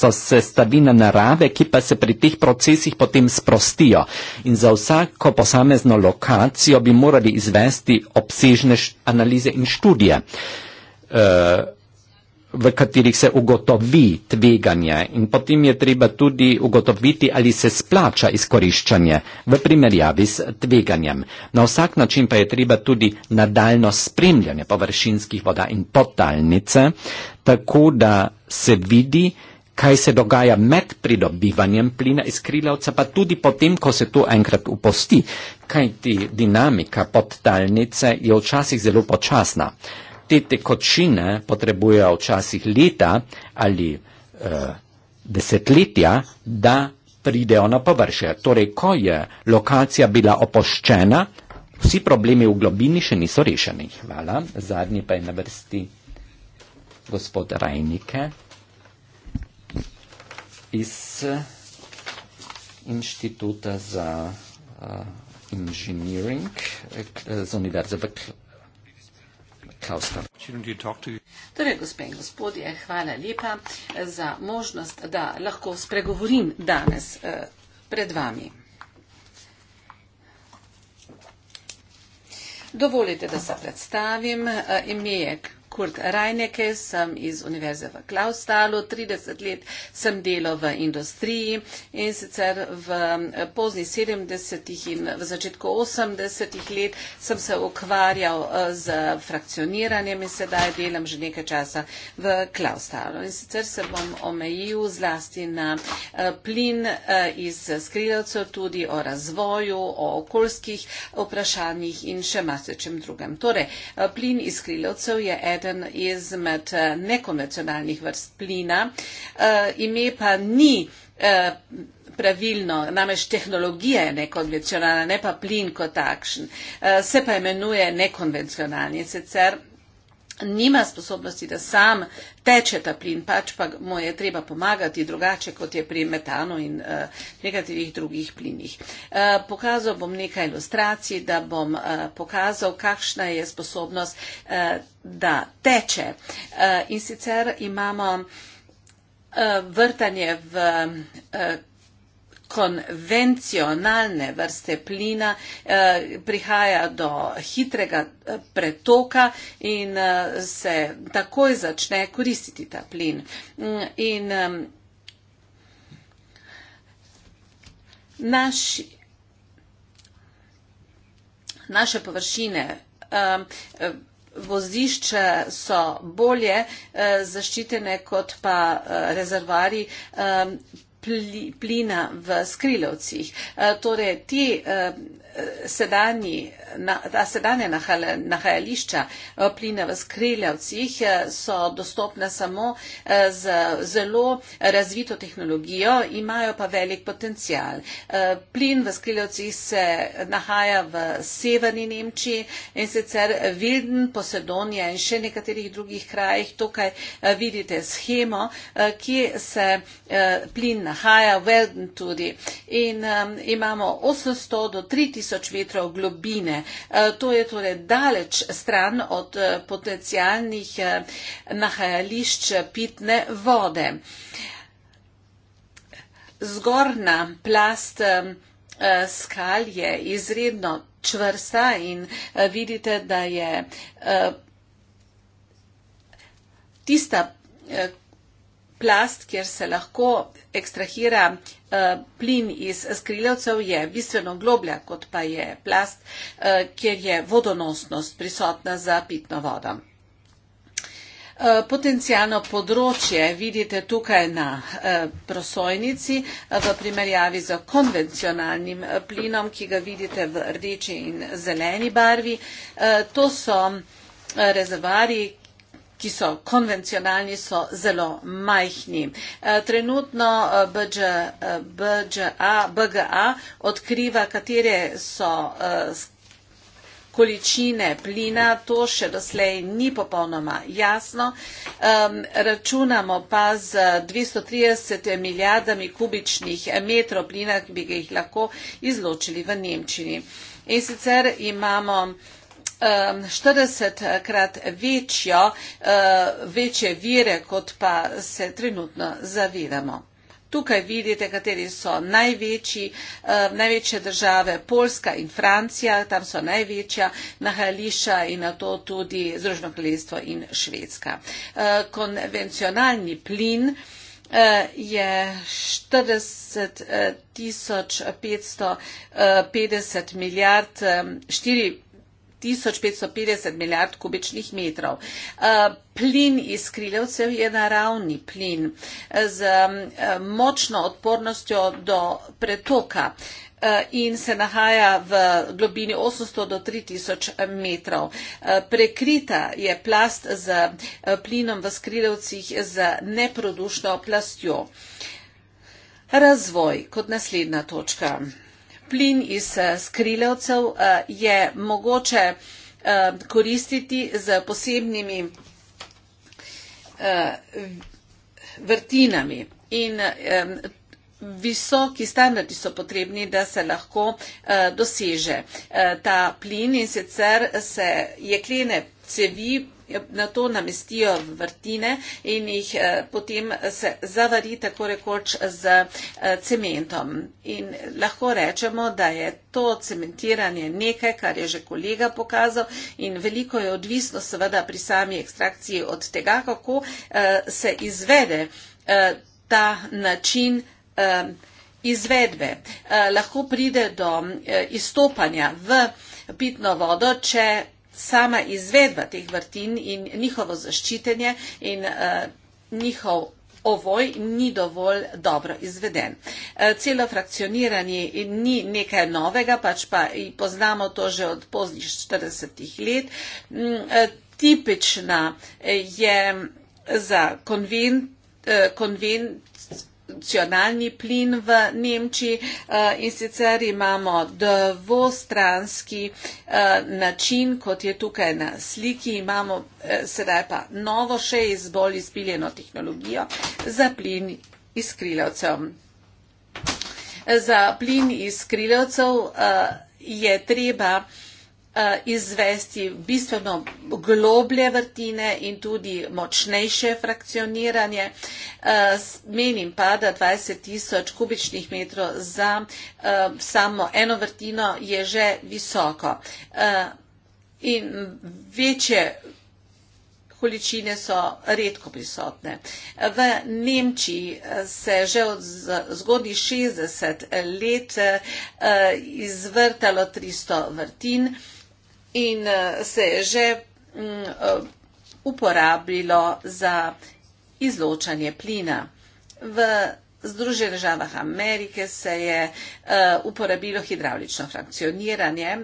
so sestavine narave, ki pa se pri teh procesih potem sprostijo. In za vsako posamezno lokacijo bi morali izvesti obsežne analize in študije, eh, v katerih se ugotovi tveganje. In potem je treba tudi ugotoviti, ali se splača izkoriščanje v primerjavi s tveganjem. Na vsak način pa je treba tudi nadaljno spremljanje površinskih voda in potalnice, tako da se vidi, kaj se dogaja med pridobivanjem plina iz krilavca, pa tudi potem, ko se to enkrat upusti, kaj ti dinamika podtalnice je včasih zelo počasna. Te tekočine potrebujejo včasih leta ali eh, desetletja, da pridejo na površje. Torej, ko je lokacija bila opoščena, vsi problemi v globini še niso rešeni. Hvala. Zadnji pa je na vrsti gospod Rajnike iz inštituta za uh, eh, inženiring eh, z univerze v Klaustra. Torej, gospe in gospodje, hvala lepa eh, za možnost, da lahko spregovorim danes eh, pred vami. Dovolite, da se predstavim. Eh, ime je Kurt Rajneke, sem iz Univerze v Klaustalu, 30 let sem delal v industriji in sicer v eh, pozni 70-ih in v začetku 80-ih let sem se ukvarjal eh, z frakcioniranjem in sedaj delam že nekaj časa v Klaustalu. In sicer se bom omejil zlasti na eh, plin iz skrilavcev, tudi o razvoju, o okoljskih vprašanjih in še masečem drugem. Torej, plin iz skrilavcev je eden eden izmed eh, nekonvencionalnih vrst plina. Eh, ime pa ni eh, pravilno, namreč tehnologija je nekonvencionalna, ne pa plin kot takšen. Se pa imenuje nekonvencionalni, sicer nima sposobnosti, da sam teče ta plin, pač pa mu je treba pomagati drugače, kot je pri metanu in uh, nekaterih drugih plinih. Uh, pokazal bom nekaj ilustracij, da bom uh, pokazal, kakšna je sposobnost, uh, da teče. Uh, in sicer imamo uh, vrtanje v. Uh, konvencionalne vrste plina eh, prihaja do hitrega eh, pretoka in eh, se takoj začne koristiti ta plin. Mm, in eh, naši, naše površine eh, Vozišče so bolje eh, zaščitene kot pa eh, rezervari. Eh, plina v skrilovcih. Eh, torej, ti eh, eh, sedanji na, sedanja nahal, nahajališča eh, plina v skriljavcih eh, so dostopna samo eh, z zelo razvito tehnologijo, imajo pa velik potencial. Plin v skriljavcih se nahaja v severni Nemčiji in sicer Vilden, Posedonija in še nekaterih drugih krajih. Tukaj vidite schemo, ki se plin nahaja, Vilden tudi. In imamo 800 do 3000 metrov globine Eh, to je torej daleč stran od eh, potencijalnih eh, nahajališč pitne vode. Zgorna plast skal je izredno čvrsta in vidite, da je tista plast, kjer se lahko ekstrahira uh, plin iz skrilavcev, je bistveno globlja, kot pa je plast, uh, kjer je vodonosnost prisotna za pitno vodo. Eh, Potencijalno področje vidite tukaj na prosojnici v primerjavi z konvencionalnim plinom, ki ga vidite v rdeči in zeleni barvi. To so rezervari, ki so konvencionalni, so zelo majhni. Eh, trenutno eh, BGA, eh, BGA, BGA odkriva, katere so količine plina, to še doslej ni popolnoma jasno. Um, računamo pa z 230 milijardami kubičnih metrov plina, ki bi jih lahko izločili v Nemčini. In sicer imamo 40krat um, večjo, uh, večje vire, kot pa se trenutno zavedamo. Tukaj vidite, kateri so največji, um, največje države, Poljska in Francija, tam so največja nahajališča in na to tudi Združeno kraljestvo in Švedska. Uh, konvencionalni plin uh, je 40 tisoč 550 milijard 4 um, 1550 milijard kubičnih metrov. Eh, plin iz krilevcev je naravni plin eh, z eh, močno odpornostjo do pretoka in se nahaja v globini 800 do 3000 metrov. Prekrita je plast z plinom v skrilovcih z neprodušno plastjo. Razvoj kot naslednja točka plin iz eh, skrilevcev eh, je mogoče eh, koristiti z posebnimi vrtinami in visoki standardi so potrebni, da se lahko doseže ta plin in sicer se jeklene plin cevi eh, na to namestijo vrtine in jih eh, potem se zavari tako rekoč z eh, cementom. In lahko rečemo, da je to cementiranje nekaj, kar je že kolega pokazal in veliko je odvisno seveda pri sami ekstrakciji od tega, kako se izvede ta način izvedbe. Lahko pride do izstopanja v pitno vodo, če sama izvedba teh vrtin in njihovo zaščitenje in uh, njihov ovoj ni dovolj dobro izveden. Eh, celo frakcioniranje ni nekaj novega, pač pa poznamo to že od poznih 40 let. Mm, eh, tipična je za konvent, konvent tradicionalni plin v Nemčiji eh, in sicer imamo dvostranski eh, način, kot je tukaj na sliki, imamo eh, sedaj pa novo, še izbolj izpiljeno tehnologijo za plin iz krilovcev. Za plin iz krilovcev je treba Eh, izvesti bistveno globlje vrtine in tudi močnejše frakcioniranje. Eh, menim pa, da 20 tisoč kubičnih metrov za eh, samo eno vrtino je že visoko. In večje količine so redko prisotne. V Nemčiji se že od zgodnjih 60 let izvrtalo 300 vrtin in eh, se je že mm, eh, uporabilo za izločanje plina. V Združenih državah Amerike se je eh, uporabilo hidravlično frakcioniranje.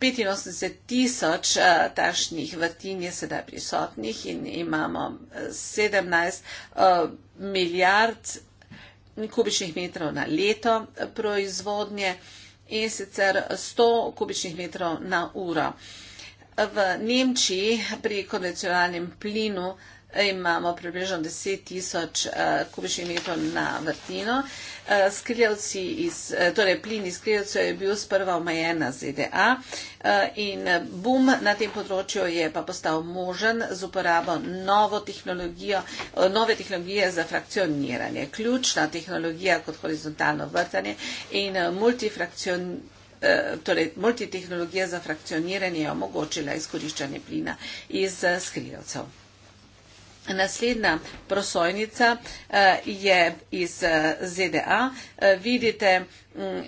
85 tisoč tašnih vrtin je sedaj prisotnih in imamo 17 milijard kubičnih metrov na leto proizvodnje in sicer 100 kubičnih metrov na uro. V Nemčiji pri konvencionalnem plinu imamo približno 10 tisoč uh, kubičnih metrov na vrtino. Uh, iz, uh, torej plin iz skrijevcev je bil sprva omejen na ZDA uh, in boom na tem področju je pa postal možen z uporabo tehnologijo, uh, nove tehnologije za frakcioniranje. Ključna tehnologija kot horizontalno vrtanje in multifrakcioniranje. Torej, multitehnologija za frakcioniranje je omogočila izkoriščanje plina iz skrilcev. Naslednja prosojnica eh, je iz eh, ZDA. Eh, vidite, mm,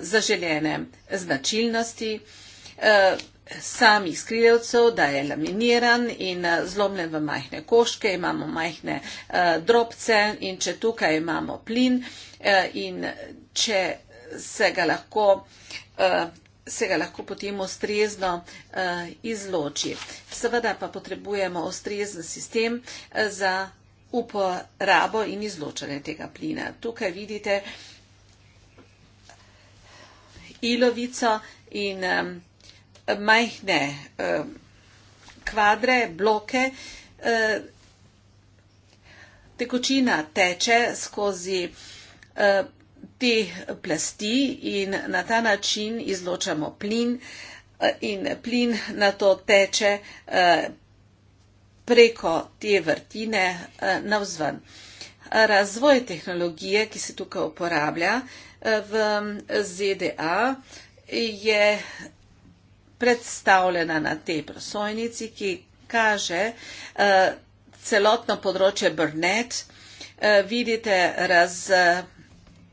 zaželjene značilnosti samih skrivcev, da je laminiran in zlomljen v majhne koške, imamo majhne drobce in če tukaj imamo plin in če se ga lahko se ga lahko potem ustrezno uh, izloči. Seveda pa potrebujemo ustrezen sistem eh, za uporabo in izločanje tega plina. Tukaj vidite ilovico in um, majhne um, kvadre, bloke. Uh, tekočina teče skozi uh, te plasti in na ta način izločamo plin eh, in plin na to teče eh, preko te vrtine eh, navzven. Razvoj tehnologije, ki se tukaj uporablja v ZDA, je predstavljena na tej prosojnici, ki kaže celotno področje Burnett. Vidite razpravljanje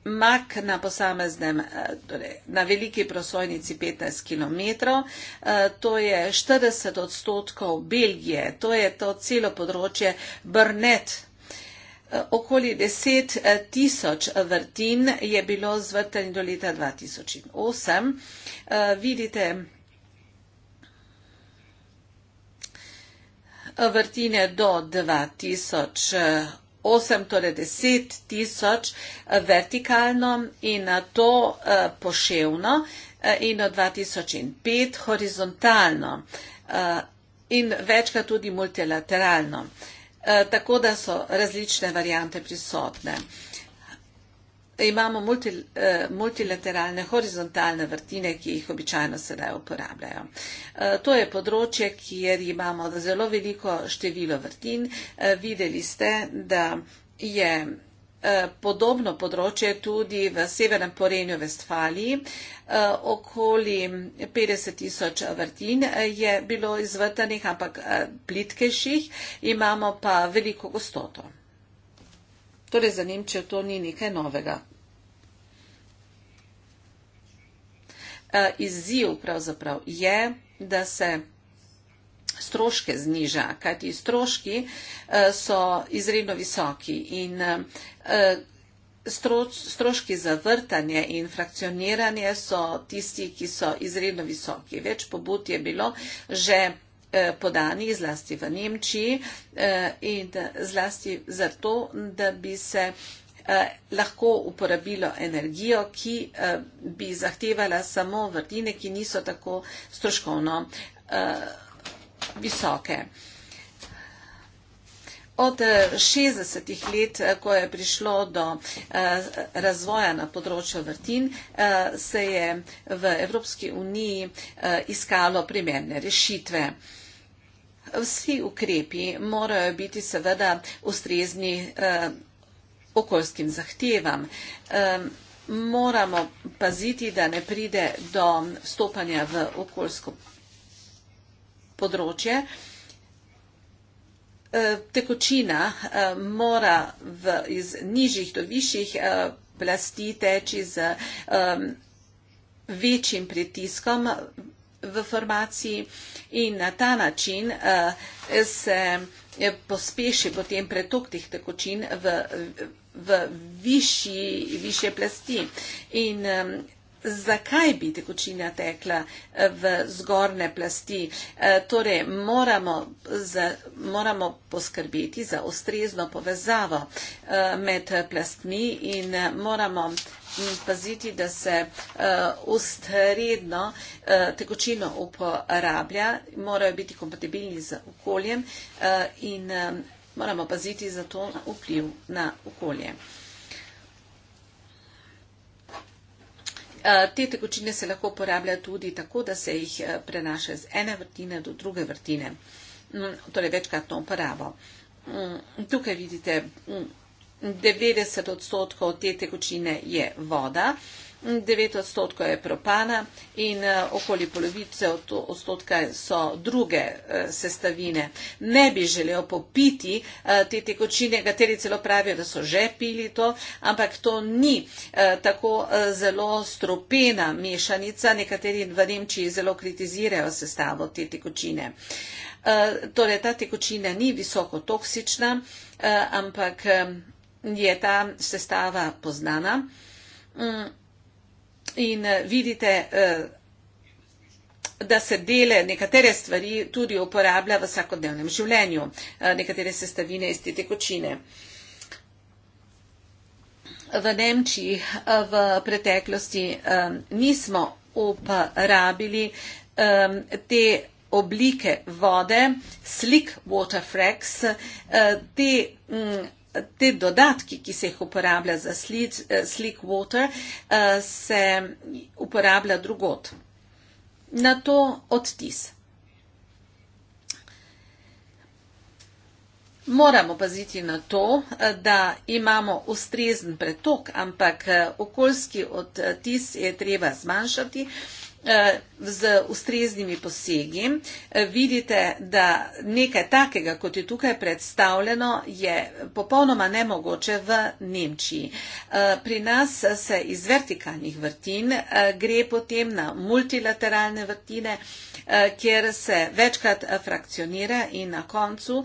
Mak na posameznem, eh, torej na veliki prosojnici 15 km, eh, to je 40 odstotkov Belgije, to je to celo področje Brnet. Eh, okoli 10 tisoč vrtin je bilo zvrteni do leta 2008. Vidite vrtine do 2008 8, torej 10 tisoč eh, vertikalno in eh, to eh, poševno in 2005 horizontalno in večkrat tudi multilateralno. Tako da so različne variante prisotne imamo multi, uh, multilateralne horizontalne vrtine, ki jih običajno sedaj uporabljajo. Uh, to je področje, kjer imamo zelo veliko število vrtin. Uh, videli ste, da je podobno področje tudi v severnem porenju Vestfaliji. Okoli 50 tisoč vrtin je bilo izvrtanih, ampak plitkejših imamo pa veliko gostoto. Torej za Nemčijo to ni nekaj novega. Eh, izziv pravzaprav je, da se stroške zniža, kajti stroški eh, so izredno visoki in eh, stroški za vrtanje in frakcioniranje so tisti, ki so izredno visoki. Več pobud je bilo že podani zlasti v Nemčiji in zlasti zato, da bi se vrtanje Eh, lahko uporabilo energijo, ki eh, bi zahtevala samo vrtine, ki niso tako stroškovno eh, visoke. Od 60. let, ko je prišlo do razvoja na področju vrtin, se je v Evropski uniji iskalo primerne rešitve. Vsi ukrepi morajo biti seveda ustrezni okoljskim zahtevam. Moramo paziti, da ne pride do stopanja v okoljsko področje. E, tekočina e, mora v, iz nižjih do višjih e, plasti teči z um, večjim pritiskom v formaciji in na ta način uh, se pospeši potem pretok teh tekočin v, v v višji, višje plasti. In um, zakaj bi tekočina tekla eh, v zgorne plasti? E, torej, moramo, za, moramo poskrbeti za ustrezno povezavo e, med plastmi in moramo mm, paziti, da se e, ustredno e, tekočino uporablja, morajo biti kompatibilni z okoljem e, in e, moramo paziti za to na vpliv na okolje. Eh, te tekočine se lahko uporabljajo tudi tako, da se jih eh, prenaša z ene vrtine do druge vrtine, mm, torej večkratno uporabo. Mm, tukaj vidite, 90 mm, odstotkov te tekočine je voda, 9 odstotkov je propana in eh, okoli polovice odstotka so druge eh, sestavine. Ne bi želel popiti eh, te tekočine, kateri celo pravijo, da so že pili to, ampak to ni tako zelo stropena mešanica. Nekateri v Nemčiji zelo kritizirajo sestavo te tekočine. Torej, ta tekočina ni visoko toksična, ampak je ta sestava poznana. Mm, in eh, vidite, eh, da se dele nekatere stvari tudi uporablja v vsakodnevnem življenju, eh, nekatere sestavine iz te tekočine. V Nemčiji v preteklosti nismo uporabili te oblike vode, slik water frags, te mm, te dodatki, ki se jih uporablja za slik, eh, slik water, eh, se uporablja drugot. Na to odtis. Moramo paziti na to, eh, da imamo ustrezen pretok, ampak okoljski odtis je treba zmanjšati. Uh, Eh, z ustreznimi posegi. Eh, vidite, da nekaj takega, kot je tukaj predstavljeno, je popolnoma nemogoče v Nemčiji. Eh, pri nas se iz vertikalnih vrtin gre potem na multilateralne vrtine, kjer se večkrat frakcionira in na koncu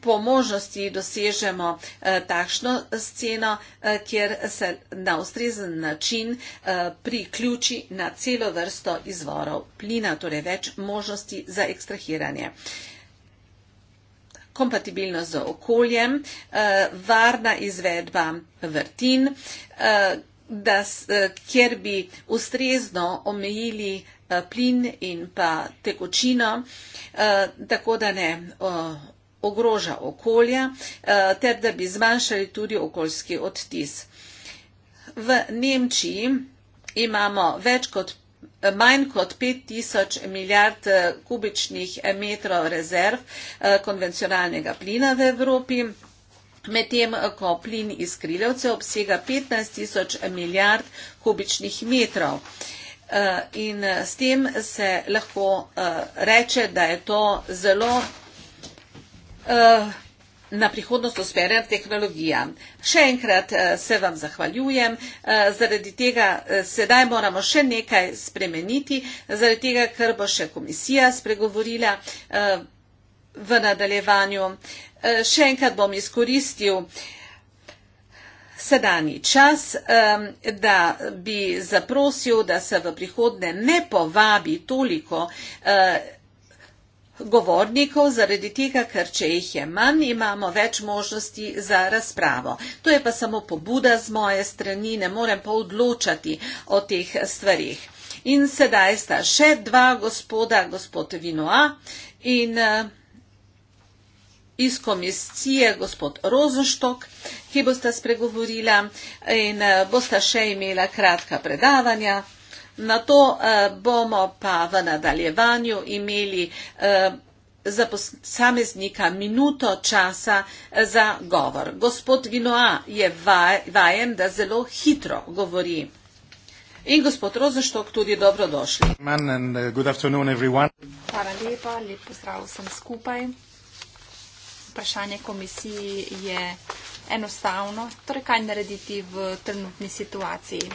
po možnosti dosežemo eh, takšno sceno, eh, kjer se na ustrezen način eh, priključi na celo vrsto izvorov plina, torej več možnosti za ekstrahiranje. Kompatibilnost z okoljem, varna izvedba vrtin, da, kjer bi ustrezno omejili plin in pa tekočino, tako da ne ogroža okolje eh, ter da bi zmanjšali tudi okoljski odtis. V Nemčiji imamo več kot eh, manj kot 5000 milijard eh, kubičnih metrov rezerv konvencionalnega plina v Evropi. Medtem, ko plin iz krilovce obsega 15 tisoč milijard kubičnih metrov. In s tem se lahko reče, da je to zelo Eh, na prihodnost osfere tehnologija. Še enkrat eh, se vam zahvaljujem, eh, zaradi tega sedaj moramo še nekaj spremeniti, zaradi tega, ker bo še komisija spregovorila v nadaljevanju. Še enkrat bom izkoristil sedanji čas, da bi zaprosil, da se v prihodne ne povabi toliko govornikov, zaradi tega, ker če jih je manj, imamo več možnosti za razpravo. To je pa samo pobuda z moje strani, ne morem pa odločati o teh stvarih. In sedaj sta še dva gospoda, gospod Vinoa in eh, iz komisije gospod Rozenštok, ki bosta spregovorila in eh, bosta še imela kratka predavanja. Na to uh, bomo pa v nadaljevanju imeli uh, za posameznika minuto časa eh, za govor. Gospod Vinoa je vajen, da zelo hitro govori. In gospod Rozeštok, tudi dobrodošli. Uh, Hvala lepa, lep pozdrav vsem skupaj. Vprašanje komisiji je enostavno, torej kaj narediti v trenutni situaciji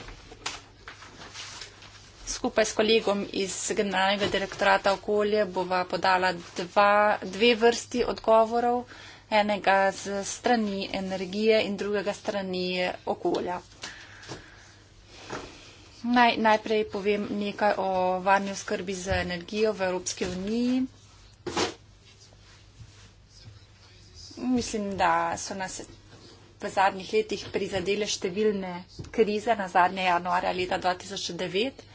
skupaj s kolegom iz Generalnega direktorata okolje bova podala dva, dve vrsti odgovorov, enega z strani energije in drugega strani okolja. Naj, najprej povem nekaj o varni oskrbi z energijo v Evropski uniji. Mislim, da so nas v zadnjih letih prizadele številne krize, na zadnje januarja leta 2009.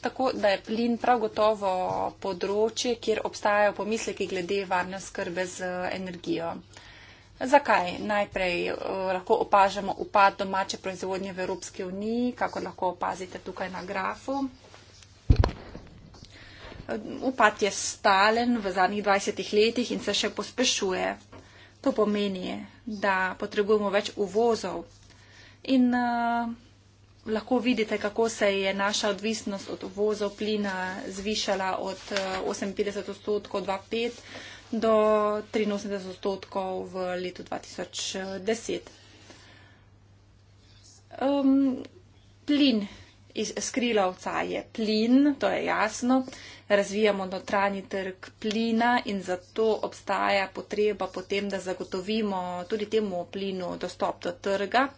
Tako da je plin prav gotovo področje, kjer obstajajo pomisleki glede varne skrbe z eh, energijo. Zakaj? Najprej eh, lahko opažamo upad domače proizvodnje v Evropski uniji, kako lahko opazite tukaj na grafu. Upad je stalen v zadnjih 20 letih in se še pospešuje. To pomeni, da potrebujemo več uvozov. In uh, lahko vidite, kako se je naša odvisnost od vozov plina zvišala od 58 eh, odstotkov 2005 do 83 odstotkov v letu 2010. Um, eh, plin iz skrilavca je plin, to je jasno. Razvijamo notranji trg plina in zato obstaja potreba potem, da zagotovimo tudi temu plinu dostop do trga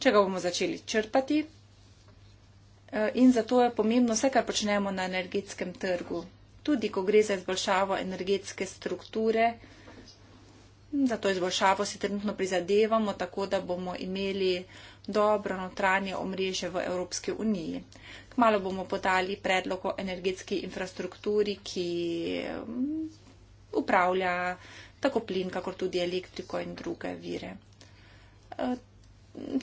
če ga bomo začeli črpati. Eh, in zato je pomembno vse, kar počnemo na energetskem trgu. Tudi, ko gre za izboljšavo energetske strukture, za to izboljšavo si trenutno prizadevamo, tako da bomo imeli dobro notranje omrežje v Evropski uniji. Kmalo bomo podali predlog o energetski infrastrukturi, ki eh, upravlja tako plin, kako tudi elektriko in druge vire. Eh,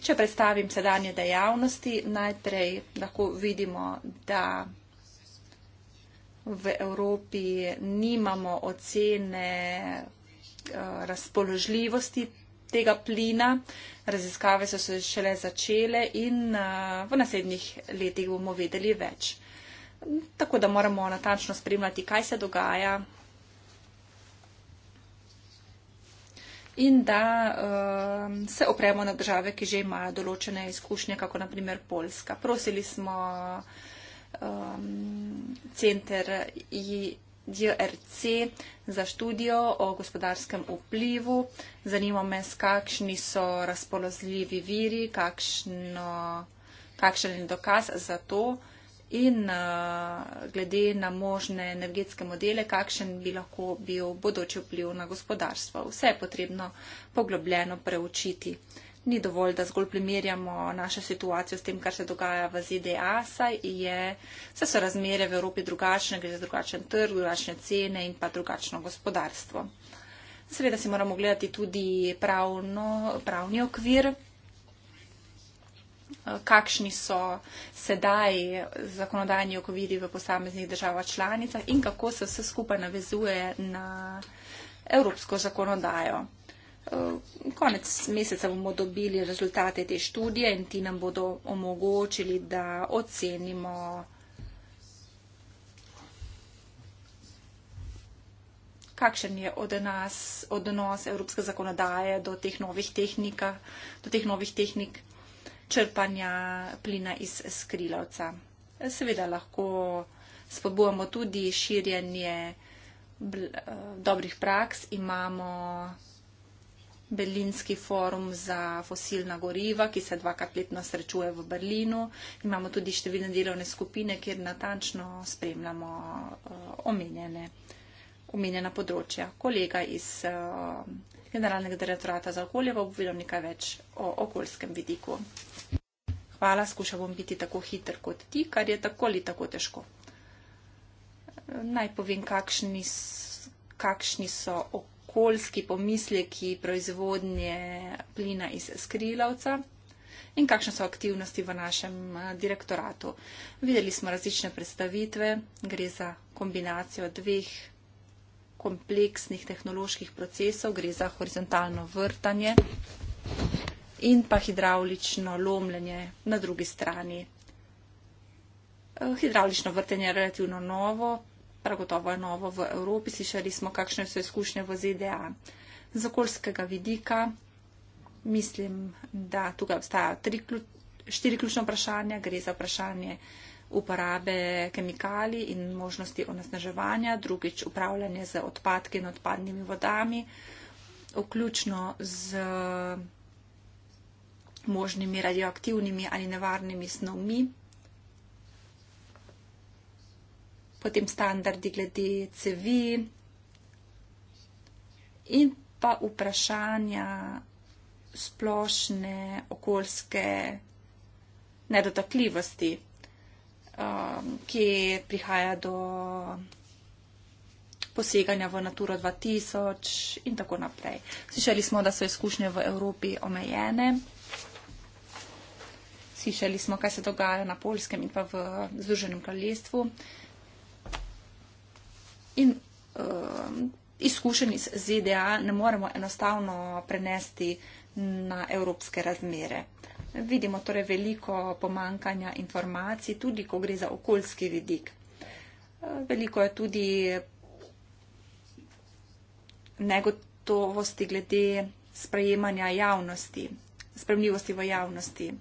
če predstavim sedanje dejavnosti, najprej lahko vidimo, da v Evropi nimamo ocene eh, razpoložljivosti tega plina. Raziskave so se šele začele in eh, v naslednjih letih bomo vedeli več. Tako da moramo natančno spremljati, kaj se dogaja, in da uh, se opremo na države, ki že imajo določene izkušnje, kako naprimer Poljska. Prosili smo um, center JRC za študijo o gospodarskem vplivu. Zanima me, kakšni so razpoložljivi viri, kakšno, kakšen je dokaz za to. Uh, in uh, glede na možne energetske modele, kakšen bi lahko bil bodoči vpliv na gospodarstvo. Vse je potrebno poglobljeno preučiti. Ni dovolj, da zgolj primerjamo našo situacijo s tem, kar se dogaja v ZDA, saj je, se so razmere v Evropi drugačne, gre za drugačen trg, drugačne cene in pa drugačno gospodarstvo. Seveda si moramo gledati tudi pravno, pravni okvir kakšni so sedaj zakonodajni okoviri v posameznih državah članicah in kako se vse skupaj navezuje na evropsko zakonodajo. Eh, konec meseca bomo dobili rezultate te študije in ti nam bodo omogočili, da ocenimo kakšen je od nas odnos evropske zakonodaje do teh novih tehnik, do teh novih tehnik črpanja plina iz skrilavca. Seveda lahko spodbujamo tudi širjenje eh, dobrih praks. Imamo Berlinski forum za fosilna goriva, ki se dvakrat letno srečuje v Berlinu. Imamo tudi številne delovne skupine, kjer natančno spremljamo eh, omenjene, omenjena področja. Kolega iz eh, Generalnega direktorata za okolje bo povedal nekaj več o okoljskem vidiku hvala, skušal bom biti tako hiter kot ti, kar je tako ali tako težko. Naj povem, kakšni, kakšni so okoljski pomisleki proizvodnje plina iz skrilavca. In kakšne so aktivnosti v našem direktoratu? Videli smo različne predstavitve, gre za kombinacijo dveh kompleksnih tehnoloških procesov, gre za horizontalno vrtanje, in pa hidravlično lomljenje na drugi strani. Eh, hidravlično vrtenje je relativno novo, prav gotovo je novo v Evropi, slišali smo, kakšne so izkušnje v ZDA. Z okoljskega vidika mislim, da tukaj obstajajo tri, štiri ključne vprašanja. Gre za vprašanje uporabe kemikalij in možnosti onesnaževanja, drugič upravljanje z odpadki in odpadnimi vodami, vključno z možnimi radioaktivnimi ali nevarnimi snovmi. Potem standardi glede cevi in pa vprašanja splošne okoljske nedotakljivosti, um, ki prihaja do poseganja v Natura 2000 in tako naprej. Slišali smo, da so izkušnje v Evropi omejene slišali smo, kaj se dogaja na Polskem in pa v Združenem kraljestvu. In uh, um, izkušen iz ZDA ne moremo enostavno prenesti na evropske razmere. Vidimo torej veliko pomankanja informacij, tudi ko gre za okoljski vidik. Veliko je tudi negotovosti glede sprejemanja javnosti, spremljivosti v javnosti.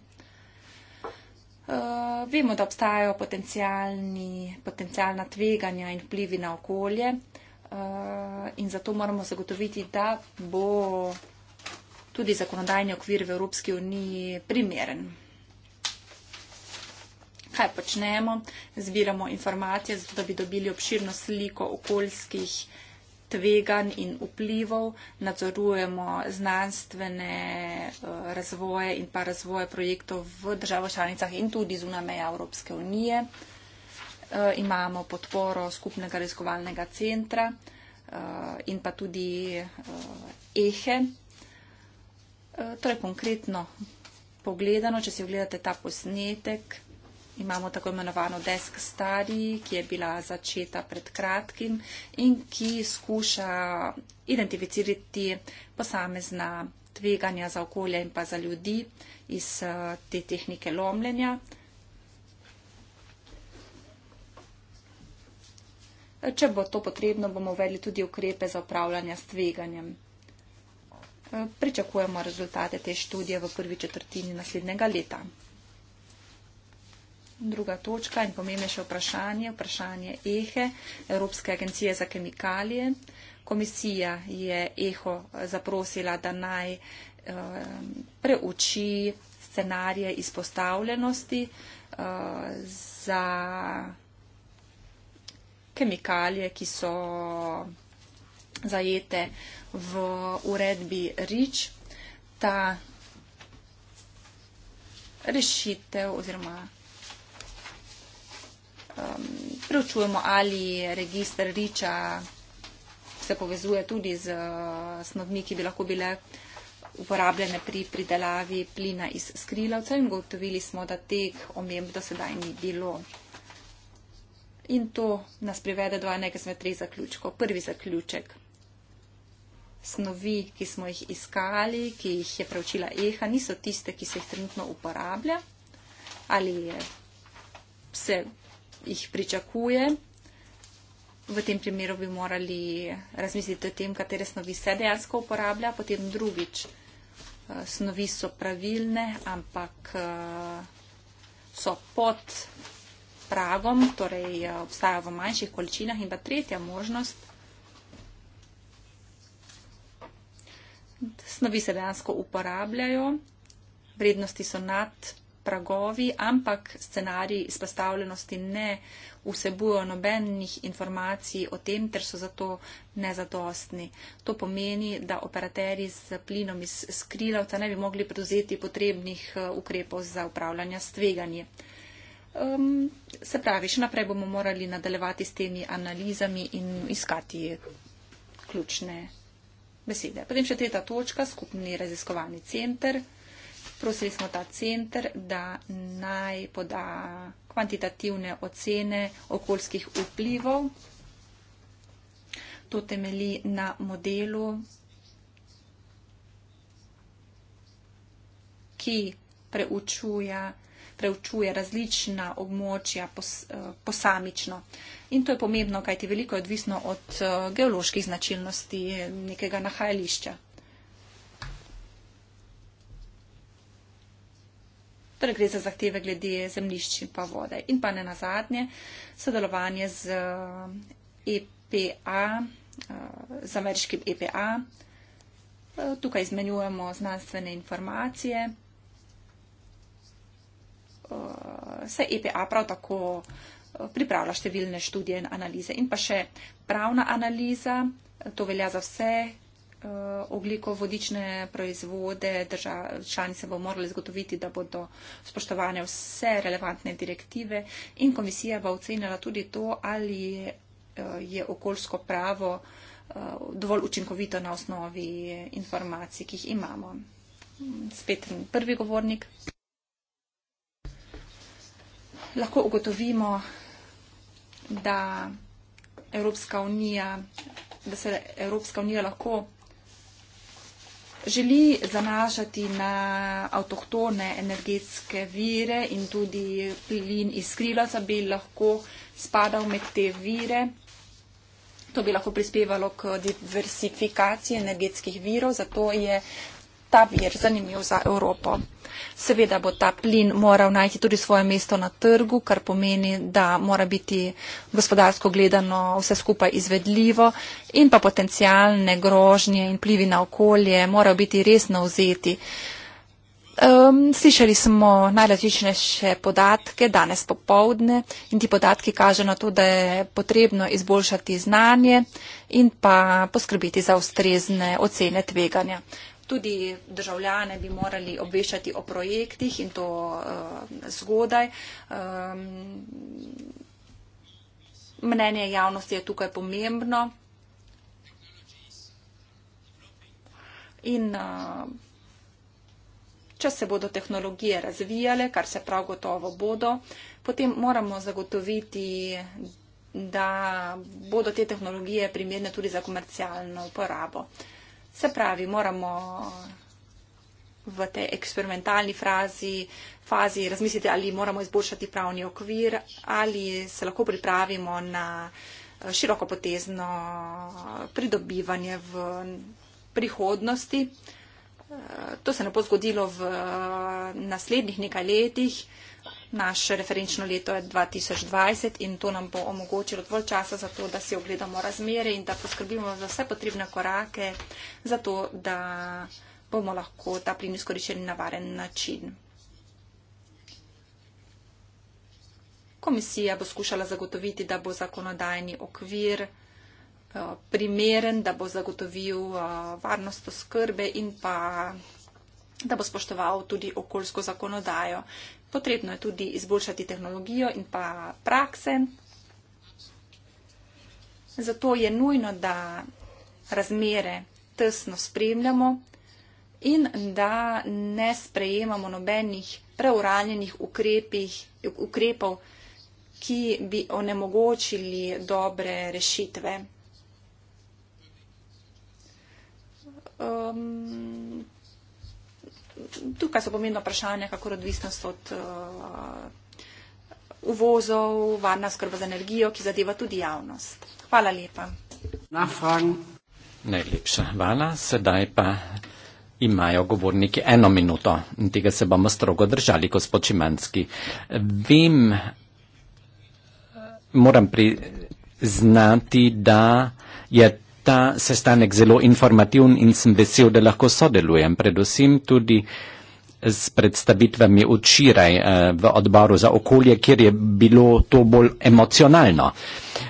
Uh, vemo, da obstajajo potencijalna tveganja in vplivi na okolje uh, in zato moramo zagotoviti, da bo tudi zakonodajni okvir v Evropski uniji primeren. Kaj počnemo? Zbiramo informacije, zato da bi dobili obširno sliko okoljskih uh, tvegan in vplivov, nadzorujemo znanstvene eh, razvoje in pa razvoje projektov v državah članicah in tudi zunaj meja Evropske unije. Eh, imamo podporo skupnega raziskovalnega centra eh, in pa tudi EHE. Torej konkretno pogledano, če si ogledate ta posnetek, imamo tako imenovano desk stari, ki je bila začeta pred kratkim in ki skuša identificirati posamezna tveganja za okolje in pa za ljudi iz eh, te tehnike lomljenja. Če bo to potrebno, bomo uvedli tudi ukrepe za upravljanje s tveganjem. Eh, pričakujemo rezultate te študije v prvi četrtini naslednjega leta druga točka in pomembnejše vprašanje, vprašanje EHE, Evropske agencije za kemikalije. Komisija je EHO zaprosila, da naj eh, preuči scenarije izpostavljenosti eh, za kemikalije, ki so zajete v uredbi REACH. Ta rešitev oziroma um, preučujemo, ali registr riča se povezuje tudi z uh, snovmi, ki bi lahko bile uporabljene pri pridelavi plina iz skrilavca in gotovili smo, da teh omemb do sedaj ni bilo. In to nas privede do enega izmed treh zaključkov. Prvi zaključek. Snovi, ki smo jih iskali, ki jih je preučila EHA, niso tiste, ki se jih trenutno uporablja ali se jih pričakuje. V tem primeru bi morali razmisliti o tem, katere snovi se dejansko uporablja, potem drugič. Eh, snovi so pravilne, ampak eh, so pod pragom, torej eh, obstajajo v manjših količinah. In pa tretja možnost, snovi se dejansko uporabljajo, vrednosti so nad pragovi, ampak scenariji izpostavljenosti ne vsebujo nobenih informacij o tem, ter so zato nezadostni. To pomeni, da operateri z plinom iz skrilavca ne bi mogli prevzeti potrebnih eh, ukrepov za upravljanje s tveganji. Um, se pravi, še naprej bomo morali nadaljevati s temi analizami in iskati ključne besede. Potem še tretja točka, skupni raziskovalni center. Prosili smo ta centr, da naj poda kvantitativne ocene okoljskih vplivov. To temeli na modelu, ki preučuje, preučuje različna območja pos, eh, posamično. In to je pomembno, kajti veliko je odvisno od eh, geoloških značilnosti nekega nahajališča. torej gre za zahteve glede zemljišč in pa vode. In pa ne nazadnje sodelovanje z EPA, eh, e eh, z ameriškim EPA. Eh, tukaj izmenjujemo znanstvene informacije. Se EPA prav tako pripravlja številne študije in analize. In pa še pravna analiza, to velja za vse Eh, oglikovodične proizvode, članice se bo morali zagotoviti, da bodo spoštovane vse relevantne direktive in komisija bo ocenila tudi to, ali eh, je okoljsko pravo eh, dovolj učinkovito na osnovi informacij, ki jih imamo. Spet prvi govornik. Lahko ugotovimo, da, Evropska unija, da se Evropska unija lahko želi zanašati na avtohtone energetske vire in tudi plin iz krilaca bi lahko spadal med te vire. To bi lahko prispevalo k diversifikaciji energetskih virov, zato je ta vir zanimiv za Evropo. Seveda bo ta plin moral najti tudi svoje mesto na trgu, kar pomeni, da mora biti gospodarsko gledano vse skupaj izvedljivo in pa potencijalne grožnje in plivi na okolje morajo biti resno vzeti. Um, slišali smo najrazličnejše podatke danes popovdne in ti podatki kaže na to, da je potrebno izboljšati znanje in pa poskrbiti za ustrezne ocene tveganja. Tudi državljane bi morali obveščati o projektih in to uh, zgodaj. Um, mnenje javnosti je tukaj pomembno. In uh, če se bodo tehnologije razvijale, kar se prav gotovo bodo, potem moramo zagotoviti, da bodo te tehnologije primerne tudi za komercialno uporabo. Uh, Se pravi, moramo v tej eksperimentalni frazi, fazi razmisliti, ali moramo izboljšati pravni okvir, ali se lahko pripravimo na eh, širokopotezno pridobivanje v prihodnosti. Eh, to se ne bo zgodilo v eh, naslednjih nekaj letih, naše referenčno leto je 2020 in to nam bo omogočilo dovolj časa za to, da si ogledamo razmere in da poskrbimo za vse potrebne korake, zato da bomo lahko ta plin izkoriščali na varen način. Komisija bo skušala zagotoviti, da bo zakonodajni okvir eh, primeren, da bo zagotovil eh, varnost oskrbe in pa da bo spoštoval tudi okoljsko zakonodajo potrebno je tudi izboljšati tehnologijo in pa prakse. Zato je nujno, da razmere tesno spremljamo in da ne sprejemamo nobenih preuranjenih ukrepov, ki bi onemogočili dobre rešitve. Um, tukaj so pomembno vprašanje, kako odvisnost od uh, uvozov, varna skrba za energijo, ki zadeva tudi javnost. Hvala lepa. Najlepša hvala. Sedaj pa imajo govorniki eno minuto in tega se bomo strogo držali, gospod Čimanski. Vem, moram priznati, da je ta sestanek zelo informativen in sem vesel, da lahko sodelujem, predvsem tudi s predstavitvami včeraj eh, v odboru za okolje, kjer je bilo to bolj emocionalno.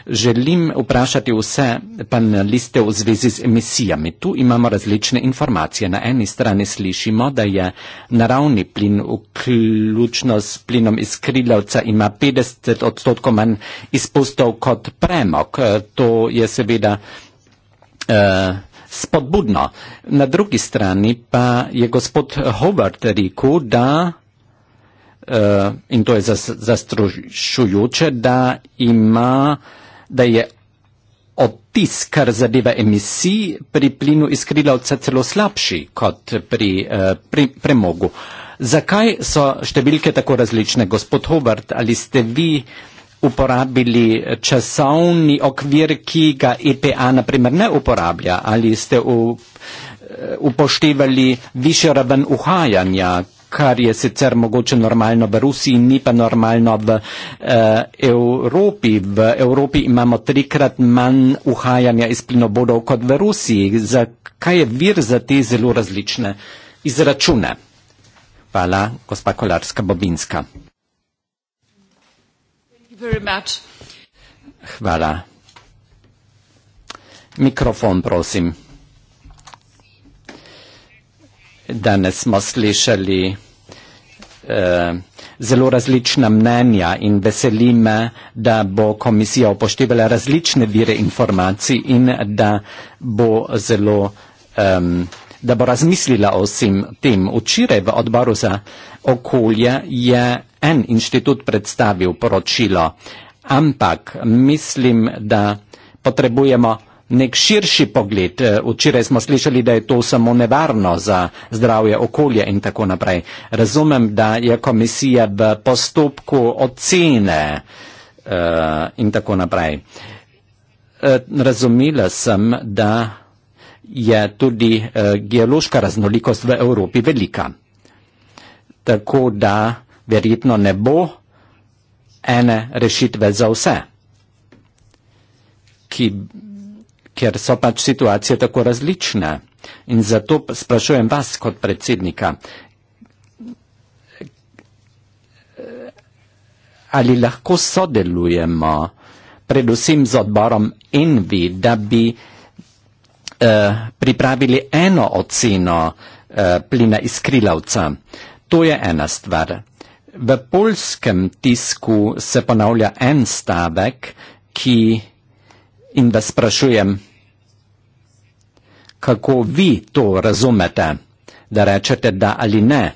Želim vprašati vse panaliste v zvezi z emisijami. Tu imamo različne informacije. Na eni strani slišimo, da je naravni plin vključno s plinom iz krilovca ima 50 odstotkov manj izpustov kot premok. Eh, to je seveda Eh, spodbudno. Na drugi strani pa je gospod Howard rekel, da eh, in to je zastrušujoče, da ima, da je odtis, kar zadeva emisij pri plinu iz krilavca celo slabši kot pri, eh, pri premogu. Zakaj so številke tako različne, gospod Hubert, ali ste vi uh, uporabili časovni okvir, ki ga EPA naprimer ne uporablja? Ali ste eh, upoštevali više raven uhajanja, kar je sicer mogoče normalno v Rusiji, ni pa normalno v eh, Evropi. V Evropi imamo trikrat manj uhajanja iz plinobodov kot v Rusiji. Kaj je vir za te zelo različne izračune? Hvala, gospa Kolarska Bobinska. Hvala. Mikrofon, prosim. Danes smo slišali eh, zelo različna mnenja in veselime, da bo komisija upoštevala različne vire informacij in da bo zelo, da bo razmislila o vsem tem. Včeraj v odboru za okolja je en inštitut predstavil poročilo, ampak mislim, da potrebujemo nek širši pogled. E, včeraj smo slišali, da je to samo nevarno za zdravje okolja in tako naprej. Razumem, da je komisija v postopku ocene uh, in tako naprej. E, razumela sem, da je tudi geološka raznolikost v Evropi velika tako da verjetno ne bo ene rešitve za vse, ki, ker so pač situacije tako različne. In zato sprašujem vas kot predsednika, ali lahko sodelujemo predvsem z odborom Envi, da bi eh, pripravili eno oceno eh, plina iz krilavca. Eh, To je ena stvar. V polskem tisku se ponavlja en stavek, ki in vas sprašujem, kako vi to razumete, da rečete da ali ne.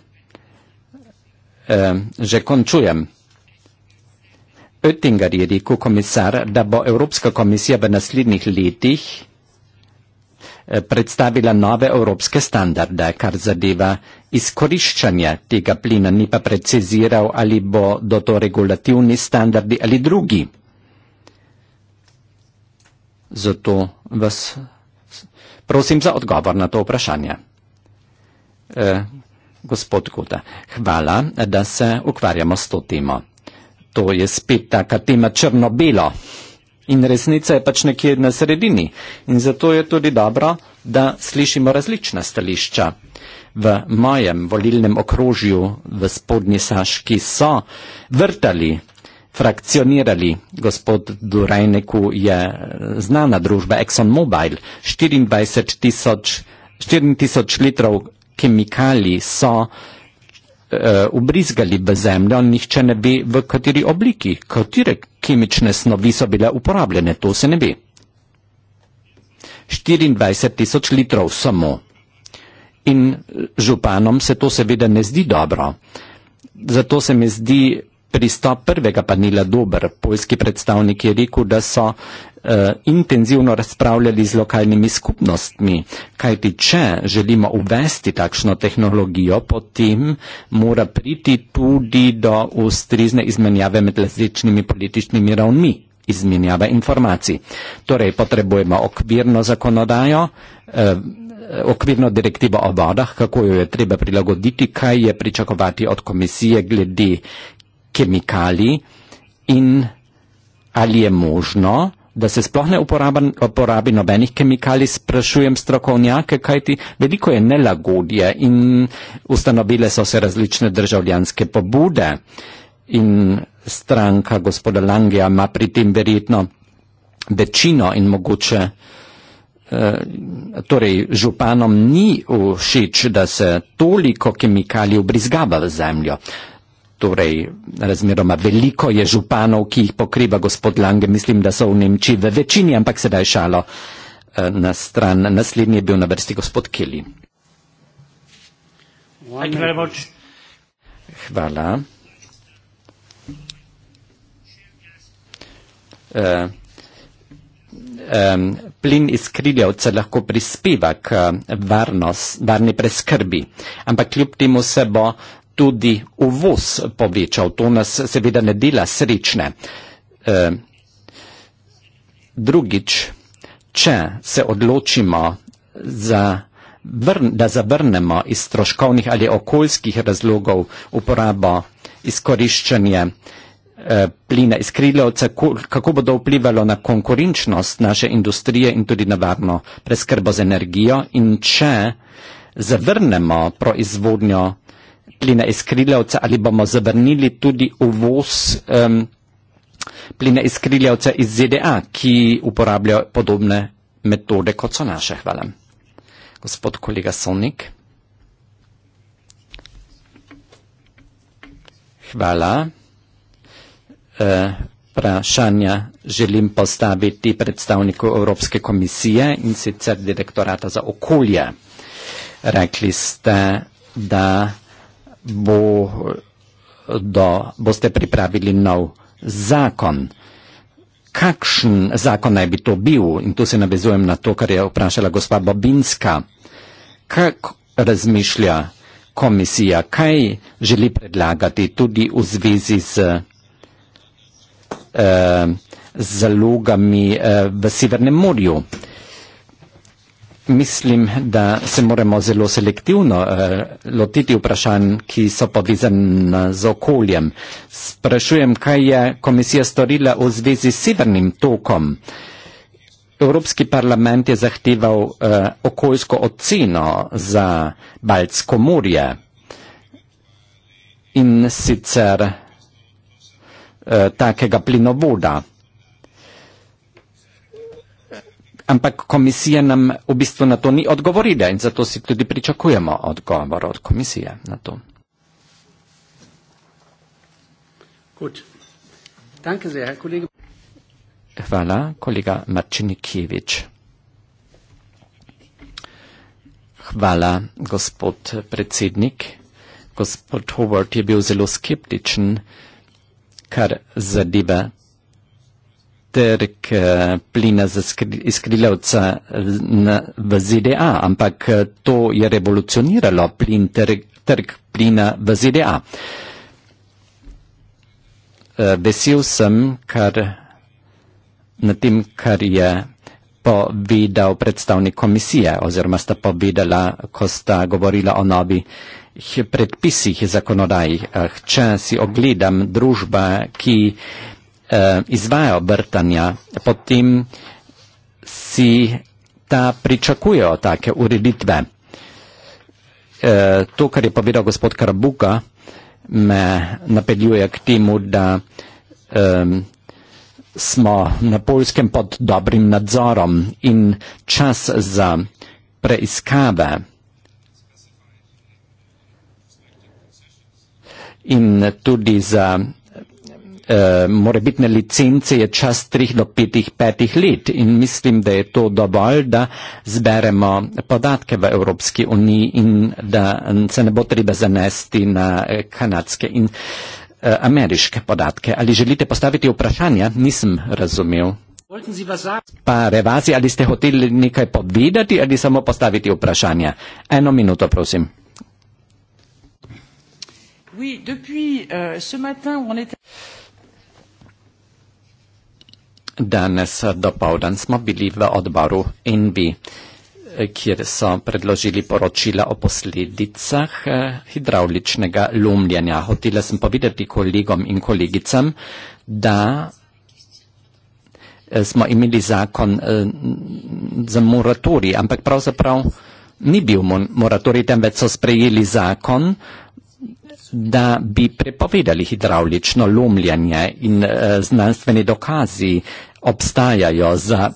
E, že končujem. Oettinger je rekel komisar, da bo Evropska komisija v naslednjih letih eh, predstavila nove evropske standarde, kar zadeva izkoriščanja tega plina, ni pa preciziral, ali bo do to regulativni standardi ali drugi. Zato vas prosim za odgovor na to vprašanje. E, gospod Kuta, hvala, da se ukvarjamo s to temo. To je spet taka tema črno-belo in resnica je pač nekje na sredini. In zato je tudi dobro, da slišimo različna stališča v mojem volilnem okrožju v spodnji Saški so vrtali, frakcionirali. Gospod Durajneku je eh, znana družba ExxonMobil. 24 tisoč 4000 litrov kemikalij so uh, ubrizgali v zemljo, nihče ne ve, v kateri obliki, katere kemične snovi so bile uporabljene, to se ne ve. 24 tisoč litrov samo. In županom se to seveda ne zdi dobro. Zato se mi zdi pristop prvega panela dober. Poljski predstavnik je rekel, da so uh, intenzivno razpravljali z lokalnimi skupnostmi. Kajti, če želimo uvesti takšno tehnologijo, potem mora priti tudi do ustrezne izmenjave med različnimi političnimi ravnmi izmenjava informacij. Torej, potrebujemo okvirno zakonodajo, eh, okvirno direktivo o vodah, kako jo je treba prilagoditi, kaj je pričakovati od komisije glede kemikalij in ali je možno, da se sploh ne uporaba, uporabi nobenih kemikalij, sprašujem strokovnjake, kajti veliko je nelagodje in ustanovile so se različne državljanske pobude in stranka gospoda Langeja ima pri tem verjetno večino in mogoče. Eh, torej županom ni všeč, da se toliko kemikalij obrizgava v zemljo. Torej, razmeroma veliko je županov, ki jih pokriva gospod Lange, mislim, da so v Nemčiji v večini, ampak sedaj šalo eh, na stran. Naslednji je bil na vrsti gospod Kelly. Hvala. Uh, um, plin iz krilovcev lahko prispeva k eh, varnost, varni preskrbi. Ampak kljub temu se bo tudi uvoz povečal. To nas seveda ne dela srečne. E, drugič, če se odločimo, za vrn, da zavrnemo iz troškovnih ali okoljskih razlogov uporabo izkoriščanja, Eh, plina iz krilovca, kako bo to vplivalo na konkurenčnost naše industrije in tudi na varno preskrbo z energijo in če zavrnemo proizvodnjo plina iz krilovca ali bomo zavrnili tudi uvoz um, plina iz krilovca iz ZDA, ki uporabljajo podobne metode kot so naše. Hvala. Gospod kolega Sonik. Hvala. Eh, vprašanja želim postaviti predstavniku Evropske komisije in sicer direktorata za okolje. Rekli ste, da bo, do, boste pripravili nov zakon. Kakšen zakon naj bi to bil? In tu se navezujem na to, kar je vprašala gospa Bobinska. Kako razmišlja komisija, kaj želi predlagati tudi v zvezi z eh, zalogami eh, v Severnem morju. Mislim, da se moramo zelo selektivno eh, lotiti vprašanj, ki so povezane z okoljem. Sprašujem, kaj je komisija storila v zvezi s Severnim tokom. Evropski parlament je zahteval eh, okoljsko oceno za Baltsko morje. In sicer Eh, takega plinovoda. Ampak komisija nam v bistvu na to ni odgovorila in zato si tudi pričakujemo odgovor od komisije na to. Hvala, kolega Marčinikjevič. Hvala, gospod predsednik. Gospod Howard je bil zelo skeptičen kar zadeva trg eh, plina za skrilavca eh, v ZDA, ampak eh, to je revolucioniralo plin, trg, trg plina v ZDA. Vesel sem kar na tem, kar je povedal predstavnik komisije oziroma sta povedala, ko sta govorila o novi predpisih zakonodaj, eh, če si ogledam družbe, ki eh, izvajo obrtanja, potem si ta pričakujejo take ureditve. Eh, to, kar je povedal gospod Karabuka, me napeljuje k temu, da um, smo na polskem pod dobrim nadzorom in čas za preiskave. in tudi za uh, morebitne licence je čas 3 do 5, 5 let in mislim, da je to dovolj, da zberemo podatke v Evropski uniji in da se ne bo treba zanesti na eh, kanadske in uh, ameriške podatke. Ali želite postaviti vprašanja? Nisem razumel. Pa Revazi, ali ste hoteli nekaj povedati ali samo postaviti vprašanja? Eno minuto, prosim. Oui, depuis euh, ce matin où on était. Danes dopoldan smo bili v odboru NB, kjer so predložili poročila o posledicah eh, hidravličnega lomljanja. Hotela sem povedati kolegom in kolegicam, da eh, smo imeli zakon eh, za moratorij, ampak pravzaprav ni bil moratorij, temveč so sprejeli zakon da bi prepovedali hidravlično lomljanje in e, znanstveni dokazi obstajajo za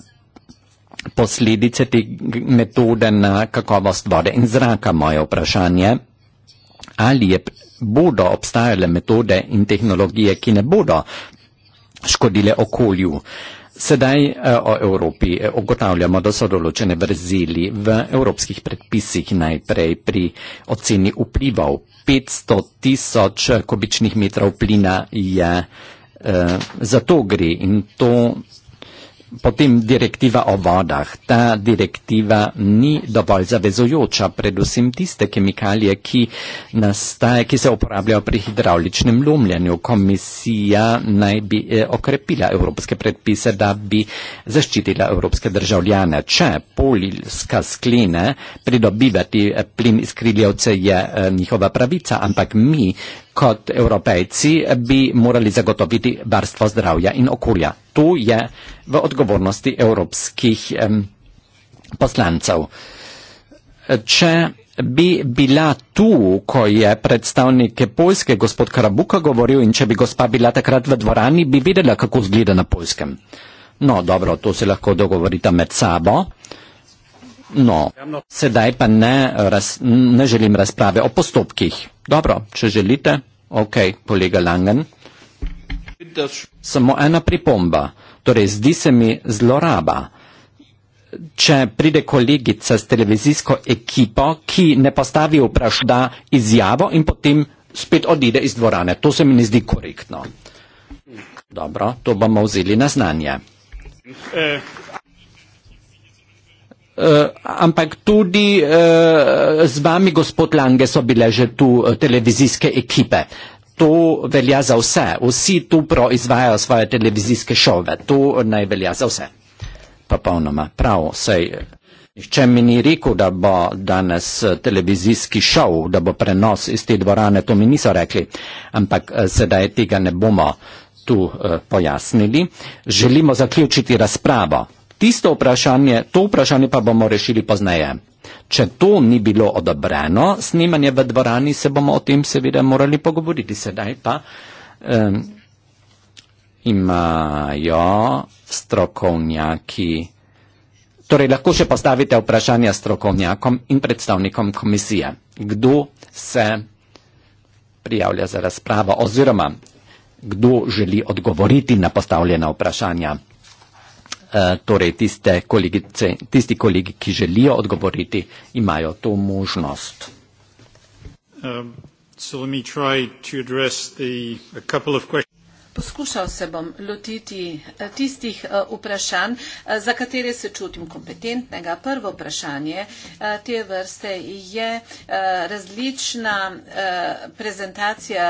posledice te metode na kakovost vode in zraka, moje vprašanje. Ali je, bodo obstajale metode in tehnologije, ki ne bodo škodile okolju? Sedaj eh, o Evropi ogotavljamo, eh, da so določene vrzeli v evropskih predpisih najprej pri oceni vplivov 500 tisoč kubičnih metrov plina je, eh, za to gre in to Potem direktiva o vodah. Ta direktiva ni dovolj zavezojoča, predvsem tiste kemikalije, ki, nastaje, ki se uporabljajo pri hidravličnem lomljanju. Komisija naj bi eh, okrepila evropske predpise, da bi zaščitila evropske državljane. Če polilska sklene pridobivati eh, plin iz krilje, je eh, njihova pravica, ampak mi kot evropejci bi morali zagotoviti varstvo zdravja in okolja. Tu je v odgovornosti evropskih um, poslancev. Če bi bila tu, ko je predstavnik Poljske, gospod Karabuka, govoril in če bi gospa bila takrat v dvorani, bi videla, kako zgleda na Poljskem. No, dobro, to se lahko dogovorite med sabo. Uh, No, sedaj pa ne, raz, ne želim razprave o postopkih. Dobro, če želite, ok, kolega Langen. Samo ena pripomba, torej zdi se mi zloraba. Če pride kolegica s televizijsko ekipo, ki ne postavi vprašanja izjavo in potem spet odide iz dvorane, to se mi ne zdi korektno. Dobro, to bomo vzeli na znanje. Eh, Uh, ampak tudi uh, z vami, gospod Lange, so bile že tu uh, televizijske ekipe. To velja za vse. Vsi tu proizvajajo svoje televizijske šove. To naj velja za vse. Popolnoma. Prav. Nihče mi ni rekel, da bo danes televizijski šov, da bo prenos iz te dvorane. To mi niso rekli. Ampak uh, sedaj tega ne bomo tu uh, pojasnili. Želimo zaključiti razpravo tisto vprašanje, to vprašanje pa bomo rešili pozneje. Če to ni bilo odobreno, snimanje v dvorani se bomo o tem seveda morali pogovoriti. Sedaj pa um, imajo strokovnjaki. Torej, lahko še postavite vprašanje strokovnjakom in predstavnikom komisije. Kdo se prijavlja za razpravo oziroma kdo želi odgovoriti na postavljena vprašanja? Eh, torej tiste kolegice, tisti kolegi, ki želijo odgovoriti, imajo to možnost. Um, so let me try to address the, a couple of questions. Poskušal se bom lotiti eh, tistih eh, vprašanj, eh, za katere se čutim kompetentnega. Prvo vprašanje te vrste je različna prezentacija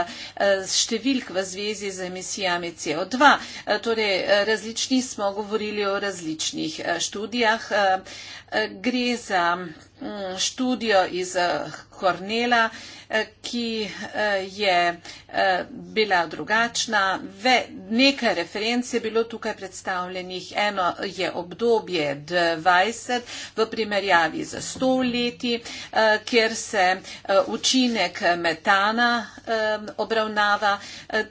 številk v zvezi z emisijami CO2. Torej, različni smo govorili o različnih študijah. Gre za mm, študijo iz Kornela, eh, ki eh, je eh, bila drugačna. Ve, nekaj referenc je bilo tukaj predstavljenih. Eno je obdobje 20 v primerjavi za 100 leti, kjer se učinek metana obravnava.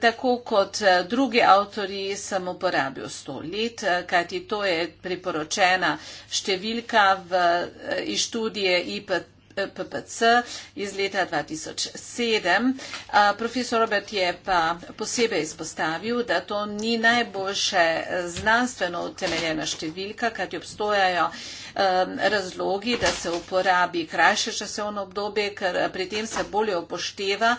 Tako kot drugi avtori sem uporabil 100 let, kajti to je priporočena številka v študije IPT PPC iz leta 2007. Profesor Robert je pa posebej izpostavil, da to ni najboljše znanstveno utemeljena številka, kajti obstojajo razlogi, da se uporabi krajše časovno obdobje, ker pri tem se bolje upošteva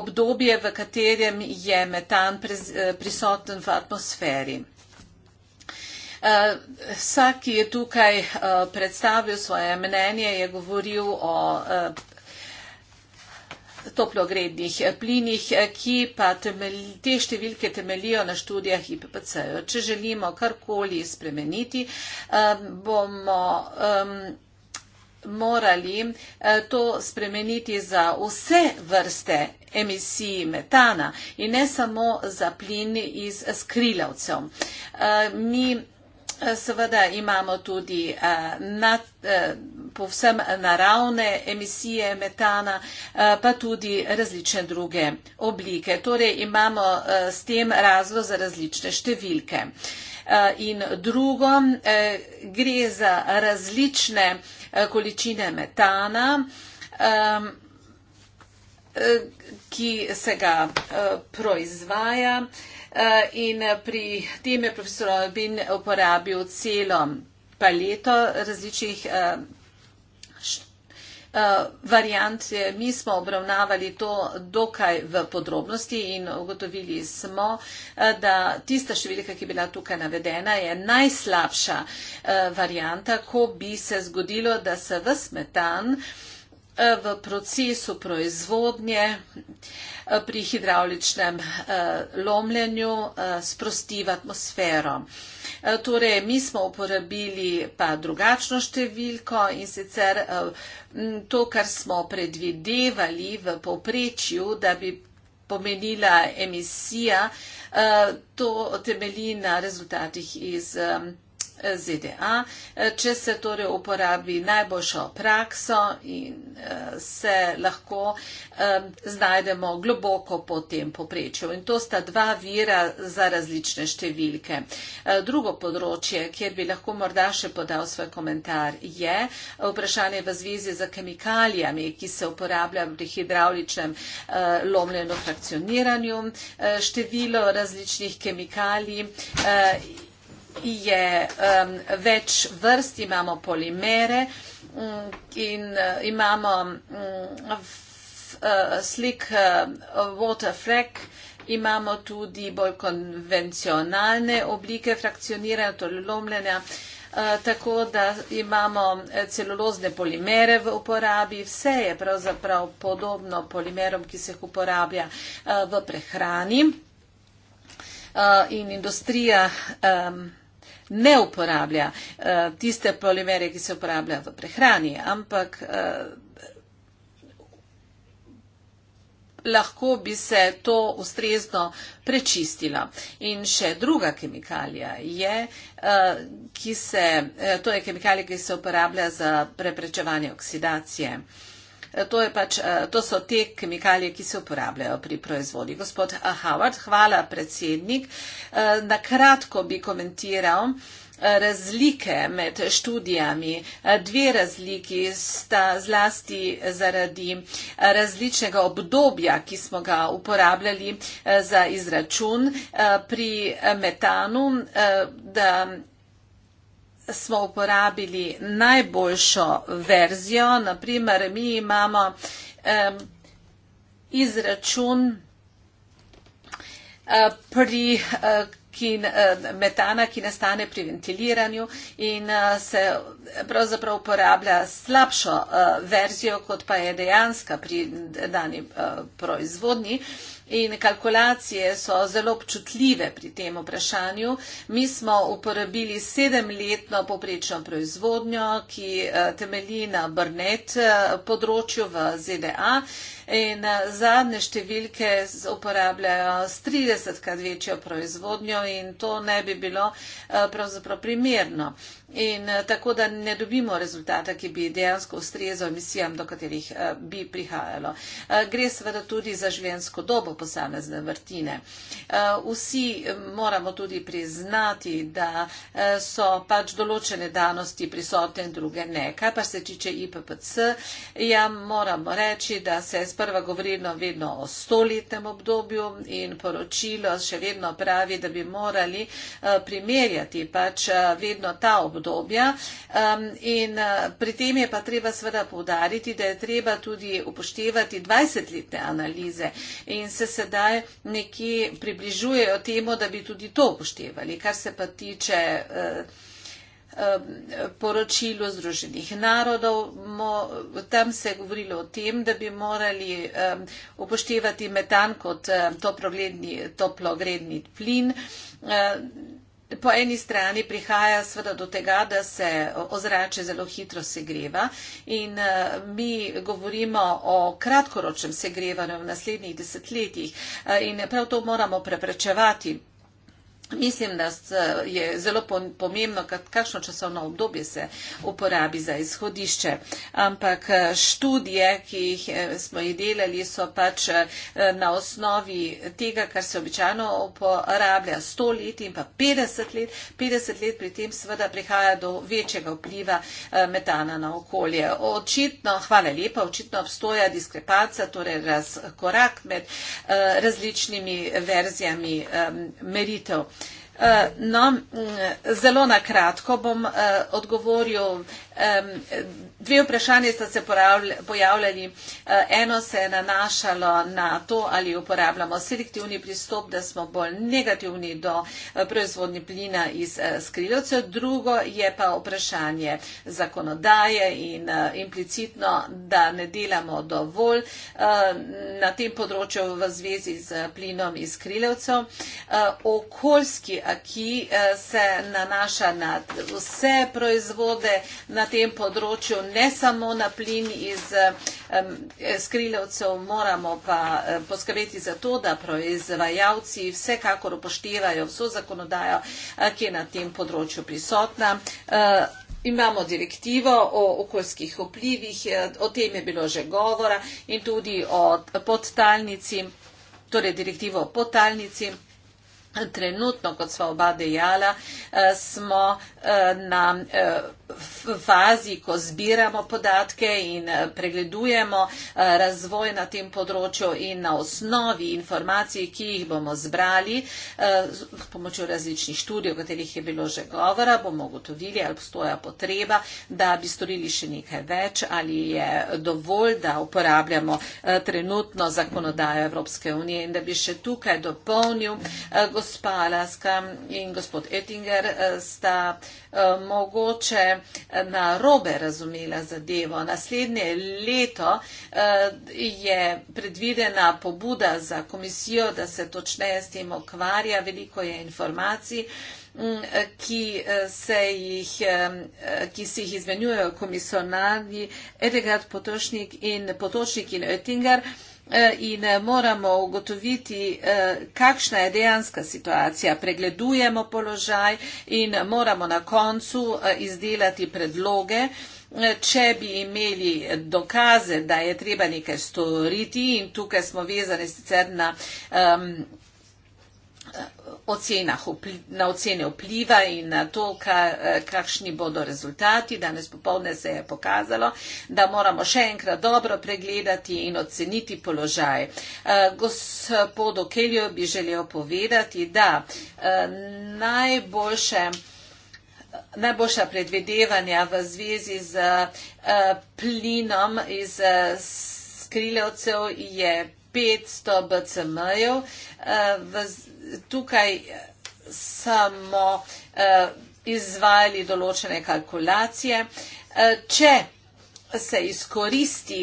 obdobje, v katerem je metan prisoten v atmosferi. Vsak, ki je tukaj eh, predstavil svoje mnenje, je govoril o eh, toplogrednih eh, plinih, ki pa temelj, te številke temelijo na študijah IPPC. Če želimo karkoli spremeniti, bomo morali to spremeniti za vse vrste emisij metana in ne samo za plin iz skrilavcev. Mi Seveda imamo tudi eh, nad, eh, povsem naravne emisije metana, eh, pa tudi različne druge oblike. Torej imamo s tem razlog za različne številke. In drugo, gre za različne količine metana, ki se ga proizvaja. Eh, in pri tem je profesor Robin uporabil celo paleto različnih eh, eh, variant. Mi smo obravnavali to dokaj v podrobnosti in ugotovili smo, da tista številka, ki je bila tukaj navedena, je najslabša varianta, ko bi se zgodilo, da se v smetan v procesu proizvodnje, eh, pri hidrauličnem eh, lomljenju eh, sprosti v atmosfero. Torej, mi smo uporabili pa drugačno številko in sicer to, kar smo predvidevali v povprečju, da bi pomenila emisija, to temelji na rezultatih iz ZDA, če se torej uporabi najboljšo prakso in eh, se lahko eh, znajdemo globoko po tem poprečju. In to sta dva vira za različne številke. Eh, drugo področje, kjer bi lahko morda še podal svoj komentar, je vprašanje v zvezi z kemikalijami, ki se uporabljajo pri hidravličnem lomljenju frakcioniranju. Število različnih kemikalij je um, več vrst, imamo polimere mm, in uh, imamo f, mm, uh, e, slik uh, e, waterfrack, imamo tudi bolj konvencionalne oblike frakcioniranja, to torej je lomljenja, uh, tako da imamo celulozne polimere v uporabi, vse je pravzaprav podobno polimerom, ki se jih uporablja uh, v prehrani in industrija um, ne uporablja uh, tiste polimere, ki se uporablja v prehrani, ampak uh, lahko bi se to ustrezno prečistilo. In še druga kemikalija je, uh, ki se, uh, to je kemikalija, ki se uporablja za preprečevanje oksidacije. Uh, Eh, to, pač, eh, to so te kemikalije, ki se uporabljajo pri proizvodi. Gospod eh, Howard, hvala predsednik. Na kratko bi komentiral razlike med študijami. Dve razliki sta zlasti zaradi različnega obdobja, ki smo ga uporabljali za izračun pri metanu smo uporabili najboljšo verzijo. Naprimer, mi imamo eh, izračun eh, pri eh, Kin, eh, metana, ki nastane pri ventiliranju in eh, se pravzaprav uporablja slabšo uh, verzijo, kot pa je dejanska pri dani uh, proizvodnji. Uh, In kalkulacije so zelo občutljive pri tem vprašanju. Mi smo uporabili sedemletno poprečno proizvodnjo, ki eh, temelji na Brnet eh, področju v ZDA. In eh, zadnje številke uporabljajo s 30-krat večjo proizvodnjo in to ne bi bilo eh, pravzaprav primerno. In eh, tako da ne dobimo rezultata, ki bi dejansko ustrezal emisijam, do katerih bi prihajalo. Gre seveda tudi za življenjsko dobo posamezne vrtine. Vsi moramo tudi priznati, da so pač določene danosti prisotne in druge ne. Kaj pa se tiče IPPC, ja moramo reči, da se je sprva govorilo vedno o stoletnem obdobju in poročilo še vedno pravi, da bi morali eh, primerjati pač eh, vedno ta obdobja. Ehm, in eh, pri tem je pa treba sveda povdariti, da je treba tudi upoštevati 20-letne analize in se sedaj nekje približujejo temu, da bi tudi to upoštevali, kar se pa tiče poročilu Združenih narodov. Tam se je govorilo o tem, da bi morali upoštevati metan kot toplogredni, toplogredni plin. Po eni strani prihaja sveda do tega, da se ozrače zelo hitro segreva in mi govorimo o kratkoročnem segrevanju v naslednjih desetletjih in prav to moramo preprečevati. Mislim, da je zelo pomembno, kakšno časovno obdobje se uporabi za izhodišče, ampak eh, študije, ki jih eh, smo jih delali, so pač eh, na osnovi tega, kar se običajno uporablja 100 let in pa 50 let. 50 let pri tem seveda prihaja do večjega vpliva metana na okolje. Očitno, hvala lepa, očitno obstoja diskrepanca, torej razkorak med različnimi verzijami meritev. Eh, no, mm, zelo na kratko bom eh, odgovoril. Dve vprašanje sta se pojavljali. Eh, eno se je nanašalo na to, ali uporabljamo selektivni pristop, da smo bolj negativni do proizvodnje plina iz skrilovcev. Drugo je pa vprašanje zakonodaje in implicitno, da ne delamo dovolj na tem področju v zvezi z plinom iz skrilovcev. Okoljski ki eh, se nanaša na vse proizvode na tem področju, ne samo na plin iz skrilevcev, moramo pa eh, poskrbeti za to, da proizvajalci vsekakor upoštevajo vso zakonodajo, eh, ki je na tem področju prisotna. Imamo direktivo o okoljskih vplivih, o tem je bilo že govora in tudi o podtalnici, torej direktivo o podtalnici trenutno, kot sva oba dejala, eh, smo eh, na eh, fazi, ko zbiramo podatke in eh, pregledujemo eh, razvoj na tem področju in na osnovi informacij, ki jih bomo zbrali eh, s pomočjo različnih študij, o katerih je bilo že govora, bomo ugotovili, ali postoja potreba, da bi storili še nekaj več, ali je dovolj, da uporabljamo trenutno zakonodajo Evropske unije in da bi še tukaj dopolnil gospa Alaska in gospod Ettinger sta mogoče Eh, na robe razumela zadevo. Naslednje leto eh, je predvidena pobuda za komisijo, da se točneje s tem okvarja. Veliko je informacij. Mm, eh, ki se, jih, ki se jih izmenjujo komisionarji Edegard Potočnik in Potočnik in Oettinger. E, in e, moramo ugotoviti, e, kakšna je dejanska situacija. Pregledujemo položaj in moramo na koncu izdelati predloge. Če bi imeli dokaze, da je treba nekaj storiti in tukaj smo vezani sicer na. Um, ocenah, na ocene vpliva in na to, eh, kakšni bodo rezultati. Danes popovdne se je pokazalo, da moramo še enkrat dobro pregledati in oceniti položaj. Eh, Gospodo Kelju bi želel povedati, da eh, najboljše Najboljša predvedevanja v zvezi z uh, plinom iz uh, skrilevcev je 500 BCM-jev. Eh, tukaj eh, smo eh, izvajali določene kalkulacije. Če se izkoristi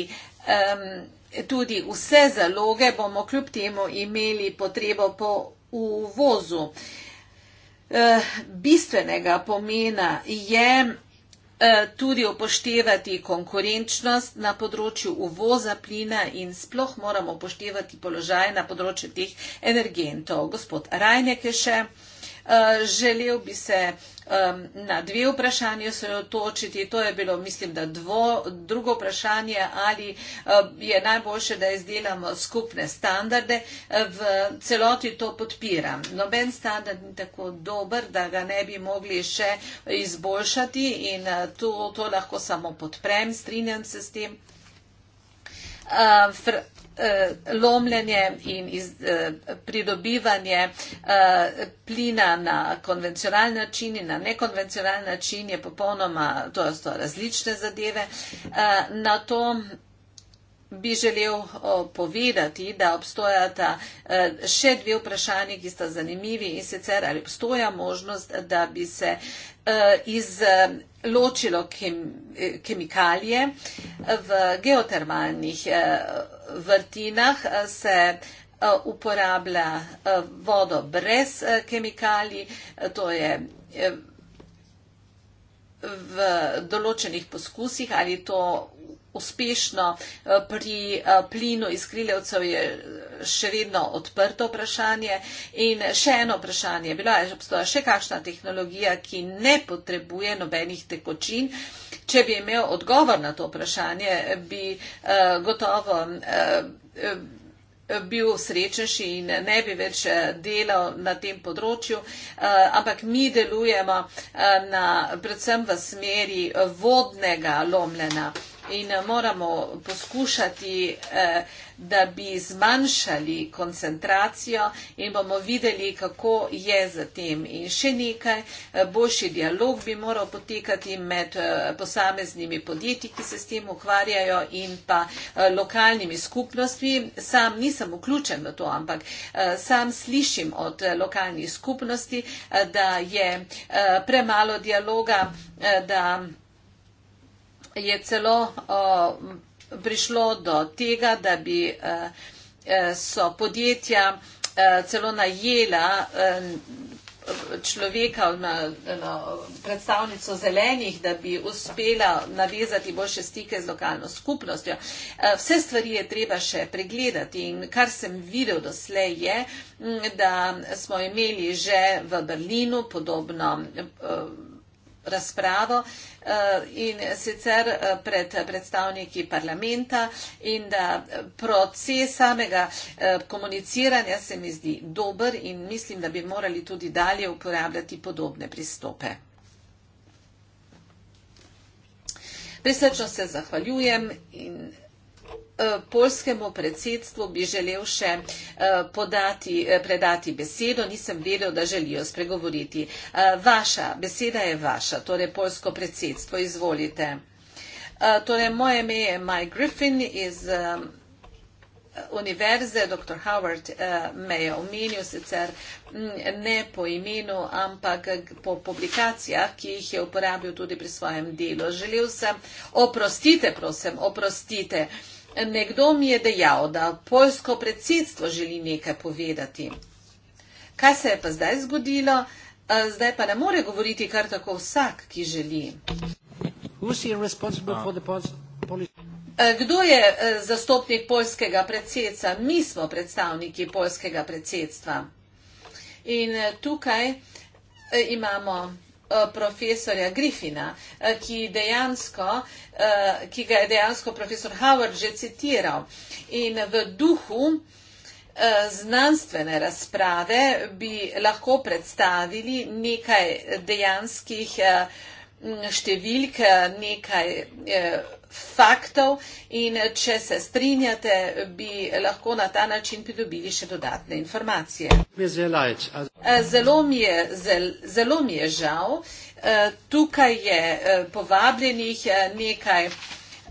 tudi vse zaloge, bomo kljub temu imeli potrebo po uvozu. Bistvenega pomena je, Eh, tudi upoštevati konkurenčnost na področju uvoza plina in sploh moramo upoštevati položaj na področju teh energentov. Gospod Rajnek je še. Eh, želel bi se na dve vprašanje se otočiti. To je bilo, mislim, da dvo, drugo vprašanje, ali je najboljše, da izdelamo skupne standarde. Eh, v celoti to podpiram. Noben standard ni tako dober, da ga ne bi mogli še izboljšati in eh, to, to lahko samo podprem, strinjam se s tem. Uh, Eh, lomljenje in iz, eh, pridobivanje eh, plina na konvencionalni način in na nekonvencionalni način je popolnoma, to so različne zadeve. Na to bi želel povedati, da obstojata e, še dve vprašanje, ki sta zanimivi in sicer ali obstoja možnost, da bi se e, izločilo kemikalije v geotermalnih e, vrtinah se uporablja vodo brez kemikalij, to je v določenih poskusih ali to uspešno eh, pri eh, plinu iz krilevcev je eh, še vedno odprto vprašanje. In še eno vprašanje, bila je še kakšna tehnologija, ki ne potrebuje nobenih tekočin. Če bi imel odgovor na to vprašanje, bi gotovo bil srečnejši in ne bi več delal na tem področju, ampak mi delujemo na, predvsem v smeri vodnega lomljena in eh, moramo poskušati, eh, da bi zmanjšali koncentracijo in bomo videli, kako je za tem. In še nekaj, eh, boljši dialog bi moral potekati med posameznimi podjetji, ki se s tem ukvarjajo in pa lokalnimi skupnostmi. Sam nisem vključen v to, ampak sam slišim od lokalnih skupnosti, da je premalo dialoga, da je celo prišlo do tega, da bi e, e, so podjetja e, celo najela človeka, predstavnico zelenih, da bi uspela navezati boljše stike z lokalno skupnostjo. Vse stvari je treba še pregledati in kar sem videl doslej je, da smo imeli že v Berlinu podobno razpravo eh, in sicer eh, pred predstavniki parlamenta in da proces samega eh, komuniciranja se mi zdi dober in mislim, da bi morali tudi dalje uporabljati podobne pristope. Prisrečno se zahvaljujem in zahvaljujem. Eh, polskemu predsedstvu bi želel še eh, podati, eh, predati besedo, nisem vedel, da želijo spregovoriti. Vaša, beseda je vaša, torej Polsko predsedstvo, izvolite. Torej, moje ime je Mike Griffin iz univerze, dr. Howard me je omenil sicer mm, ne po imenu, ampak po publikacijah, ki jih je uporabil tudi pri svojem delu. Želel sem, oprostite, prosim, oprostite. Nekdo mi je dejal, da polsko predsedstvo želi nekaj povedati. Kaj se je pa zdaj zgodilo? Eh, zdaj pa ne more govoriti kar tako vsak, ki želi. Eh, kdo je eh, zastopnik polskega predsedstva? Mi smo predstavniki polskega predsedstva. In tukaj imamo Eh, profesorja Griffina, eh, ki, dejansko, eh, ki ga je dejansko profesor Howard že citiral. In v duhu znanstvene razprave bi lahko predstavili nekaj dejanskih številk, nekaj faktov in če se strinjate, bi lahko na ta način pridobili še dodatne informacije. Zelo mi je, zelo, zelo mi je žal. Eh, tukaj je eh, povabljenih eh, nekaj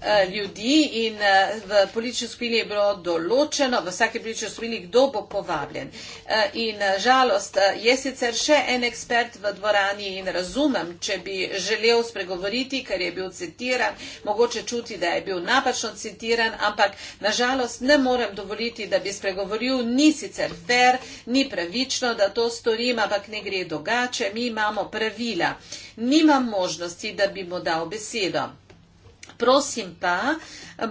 Eh, ljudi in eh, v politični skupini je bilo določeno, v vsaki politični skupini, kdo bo povabljen. Eh, in žalost, je sicer še en ekspert v dvorani in razumem, če bi želel spregovoriti, ker je bil citiran, mogoče čuti, da je bil napačno citiran, ampak na žalost ne morem dovoliti, da bi spregovoril, ni sicer fair, ni pravično, da to storim, ampak ne gre drugače, mi imamo pravila. Nimam možnosti, da bi mu dal besedo. Prosim pa,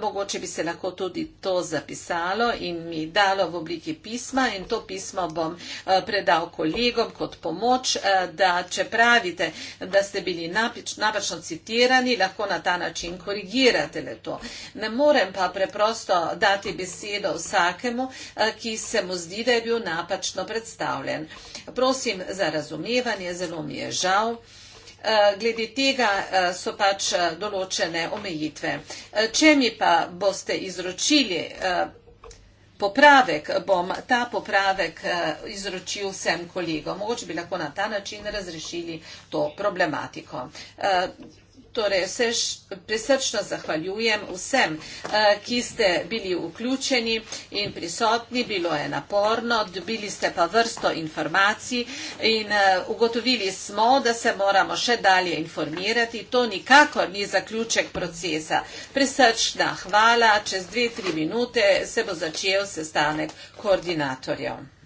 mogoče bi se lahko tudi to zapisalo in mi dalo v obliki pisma in to pismo bom eh, predal kolegom kot pomoč, eh, da če pravite, da ste bili napačno citirani, lahko na ta način korigirate le to. Ne morem pa preprosto dati besedo vsakemu, eh, ki se mu zdi, da je bil napačno predstavljen. Prosim za razumevanje, zelo mi je žal. Eh, glede tega eh, so pač eh, določene omejitve. Če mi pa boste izročili popravek, bom ta popravek izročil vsem kolegom. Mogoče bi lahko na ta način razrešili to problematiko torej se presrčno zahvaljujem vsem, eh, ki ste bili vključeni in prisotni. Bilo je naporno, dobili ste pa vrsto informacij in eh, ugotovili smo, da se moramo še dalje informirati. To nikakor ni zaključek procesa. Presrčna hvala. Čez dve, tri minute se bo začel sestanek koordinatorjev.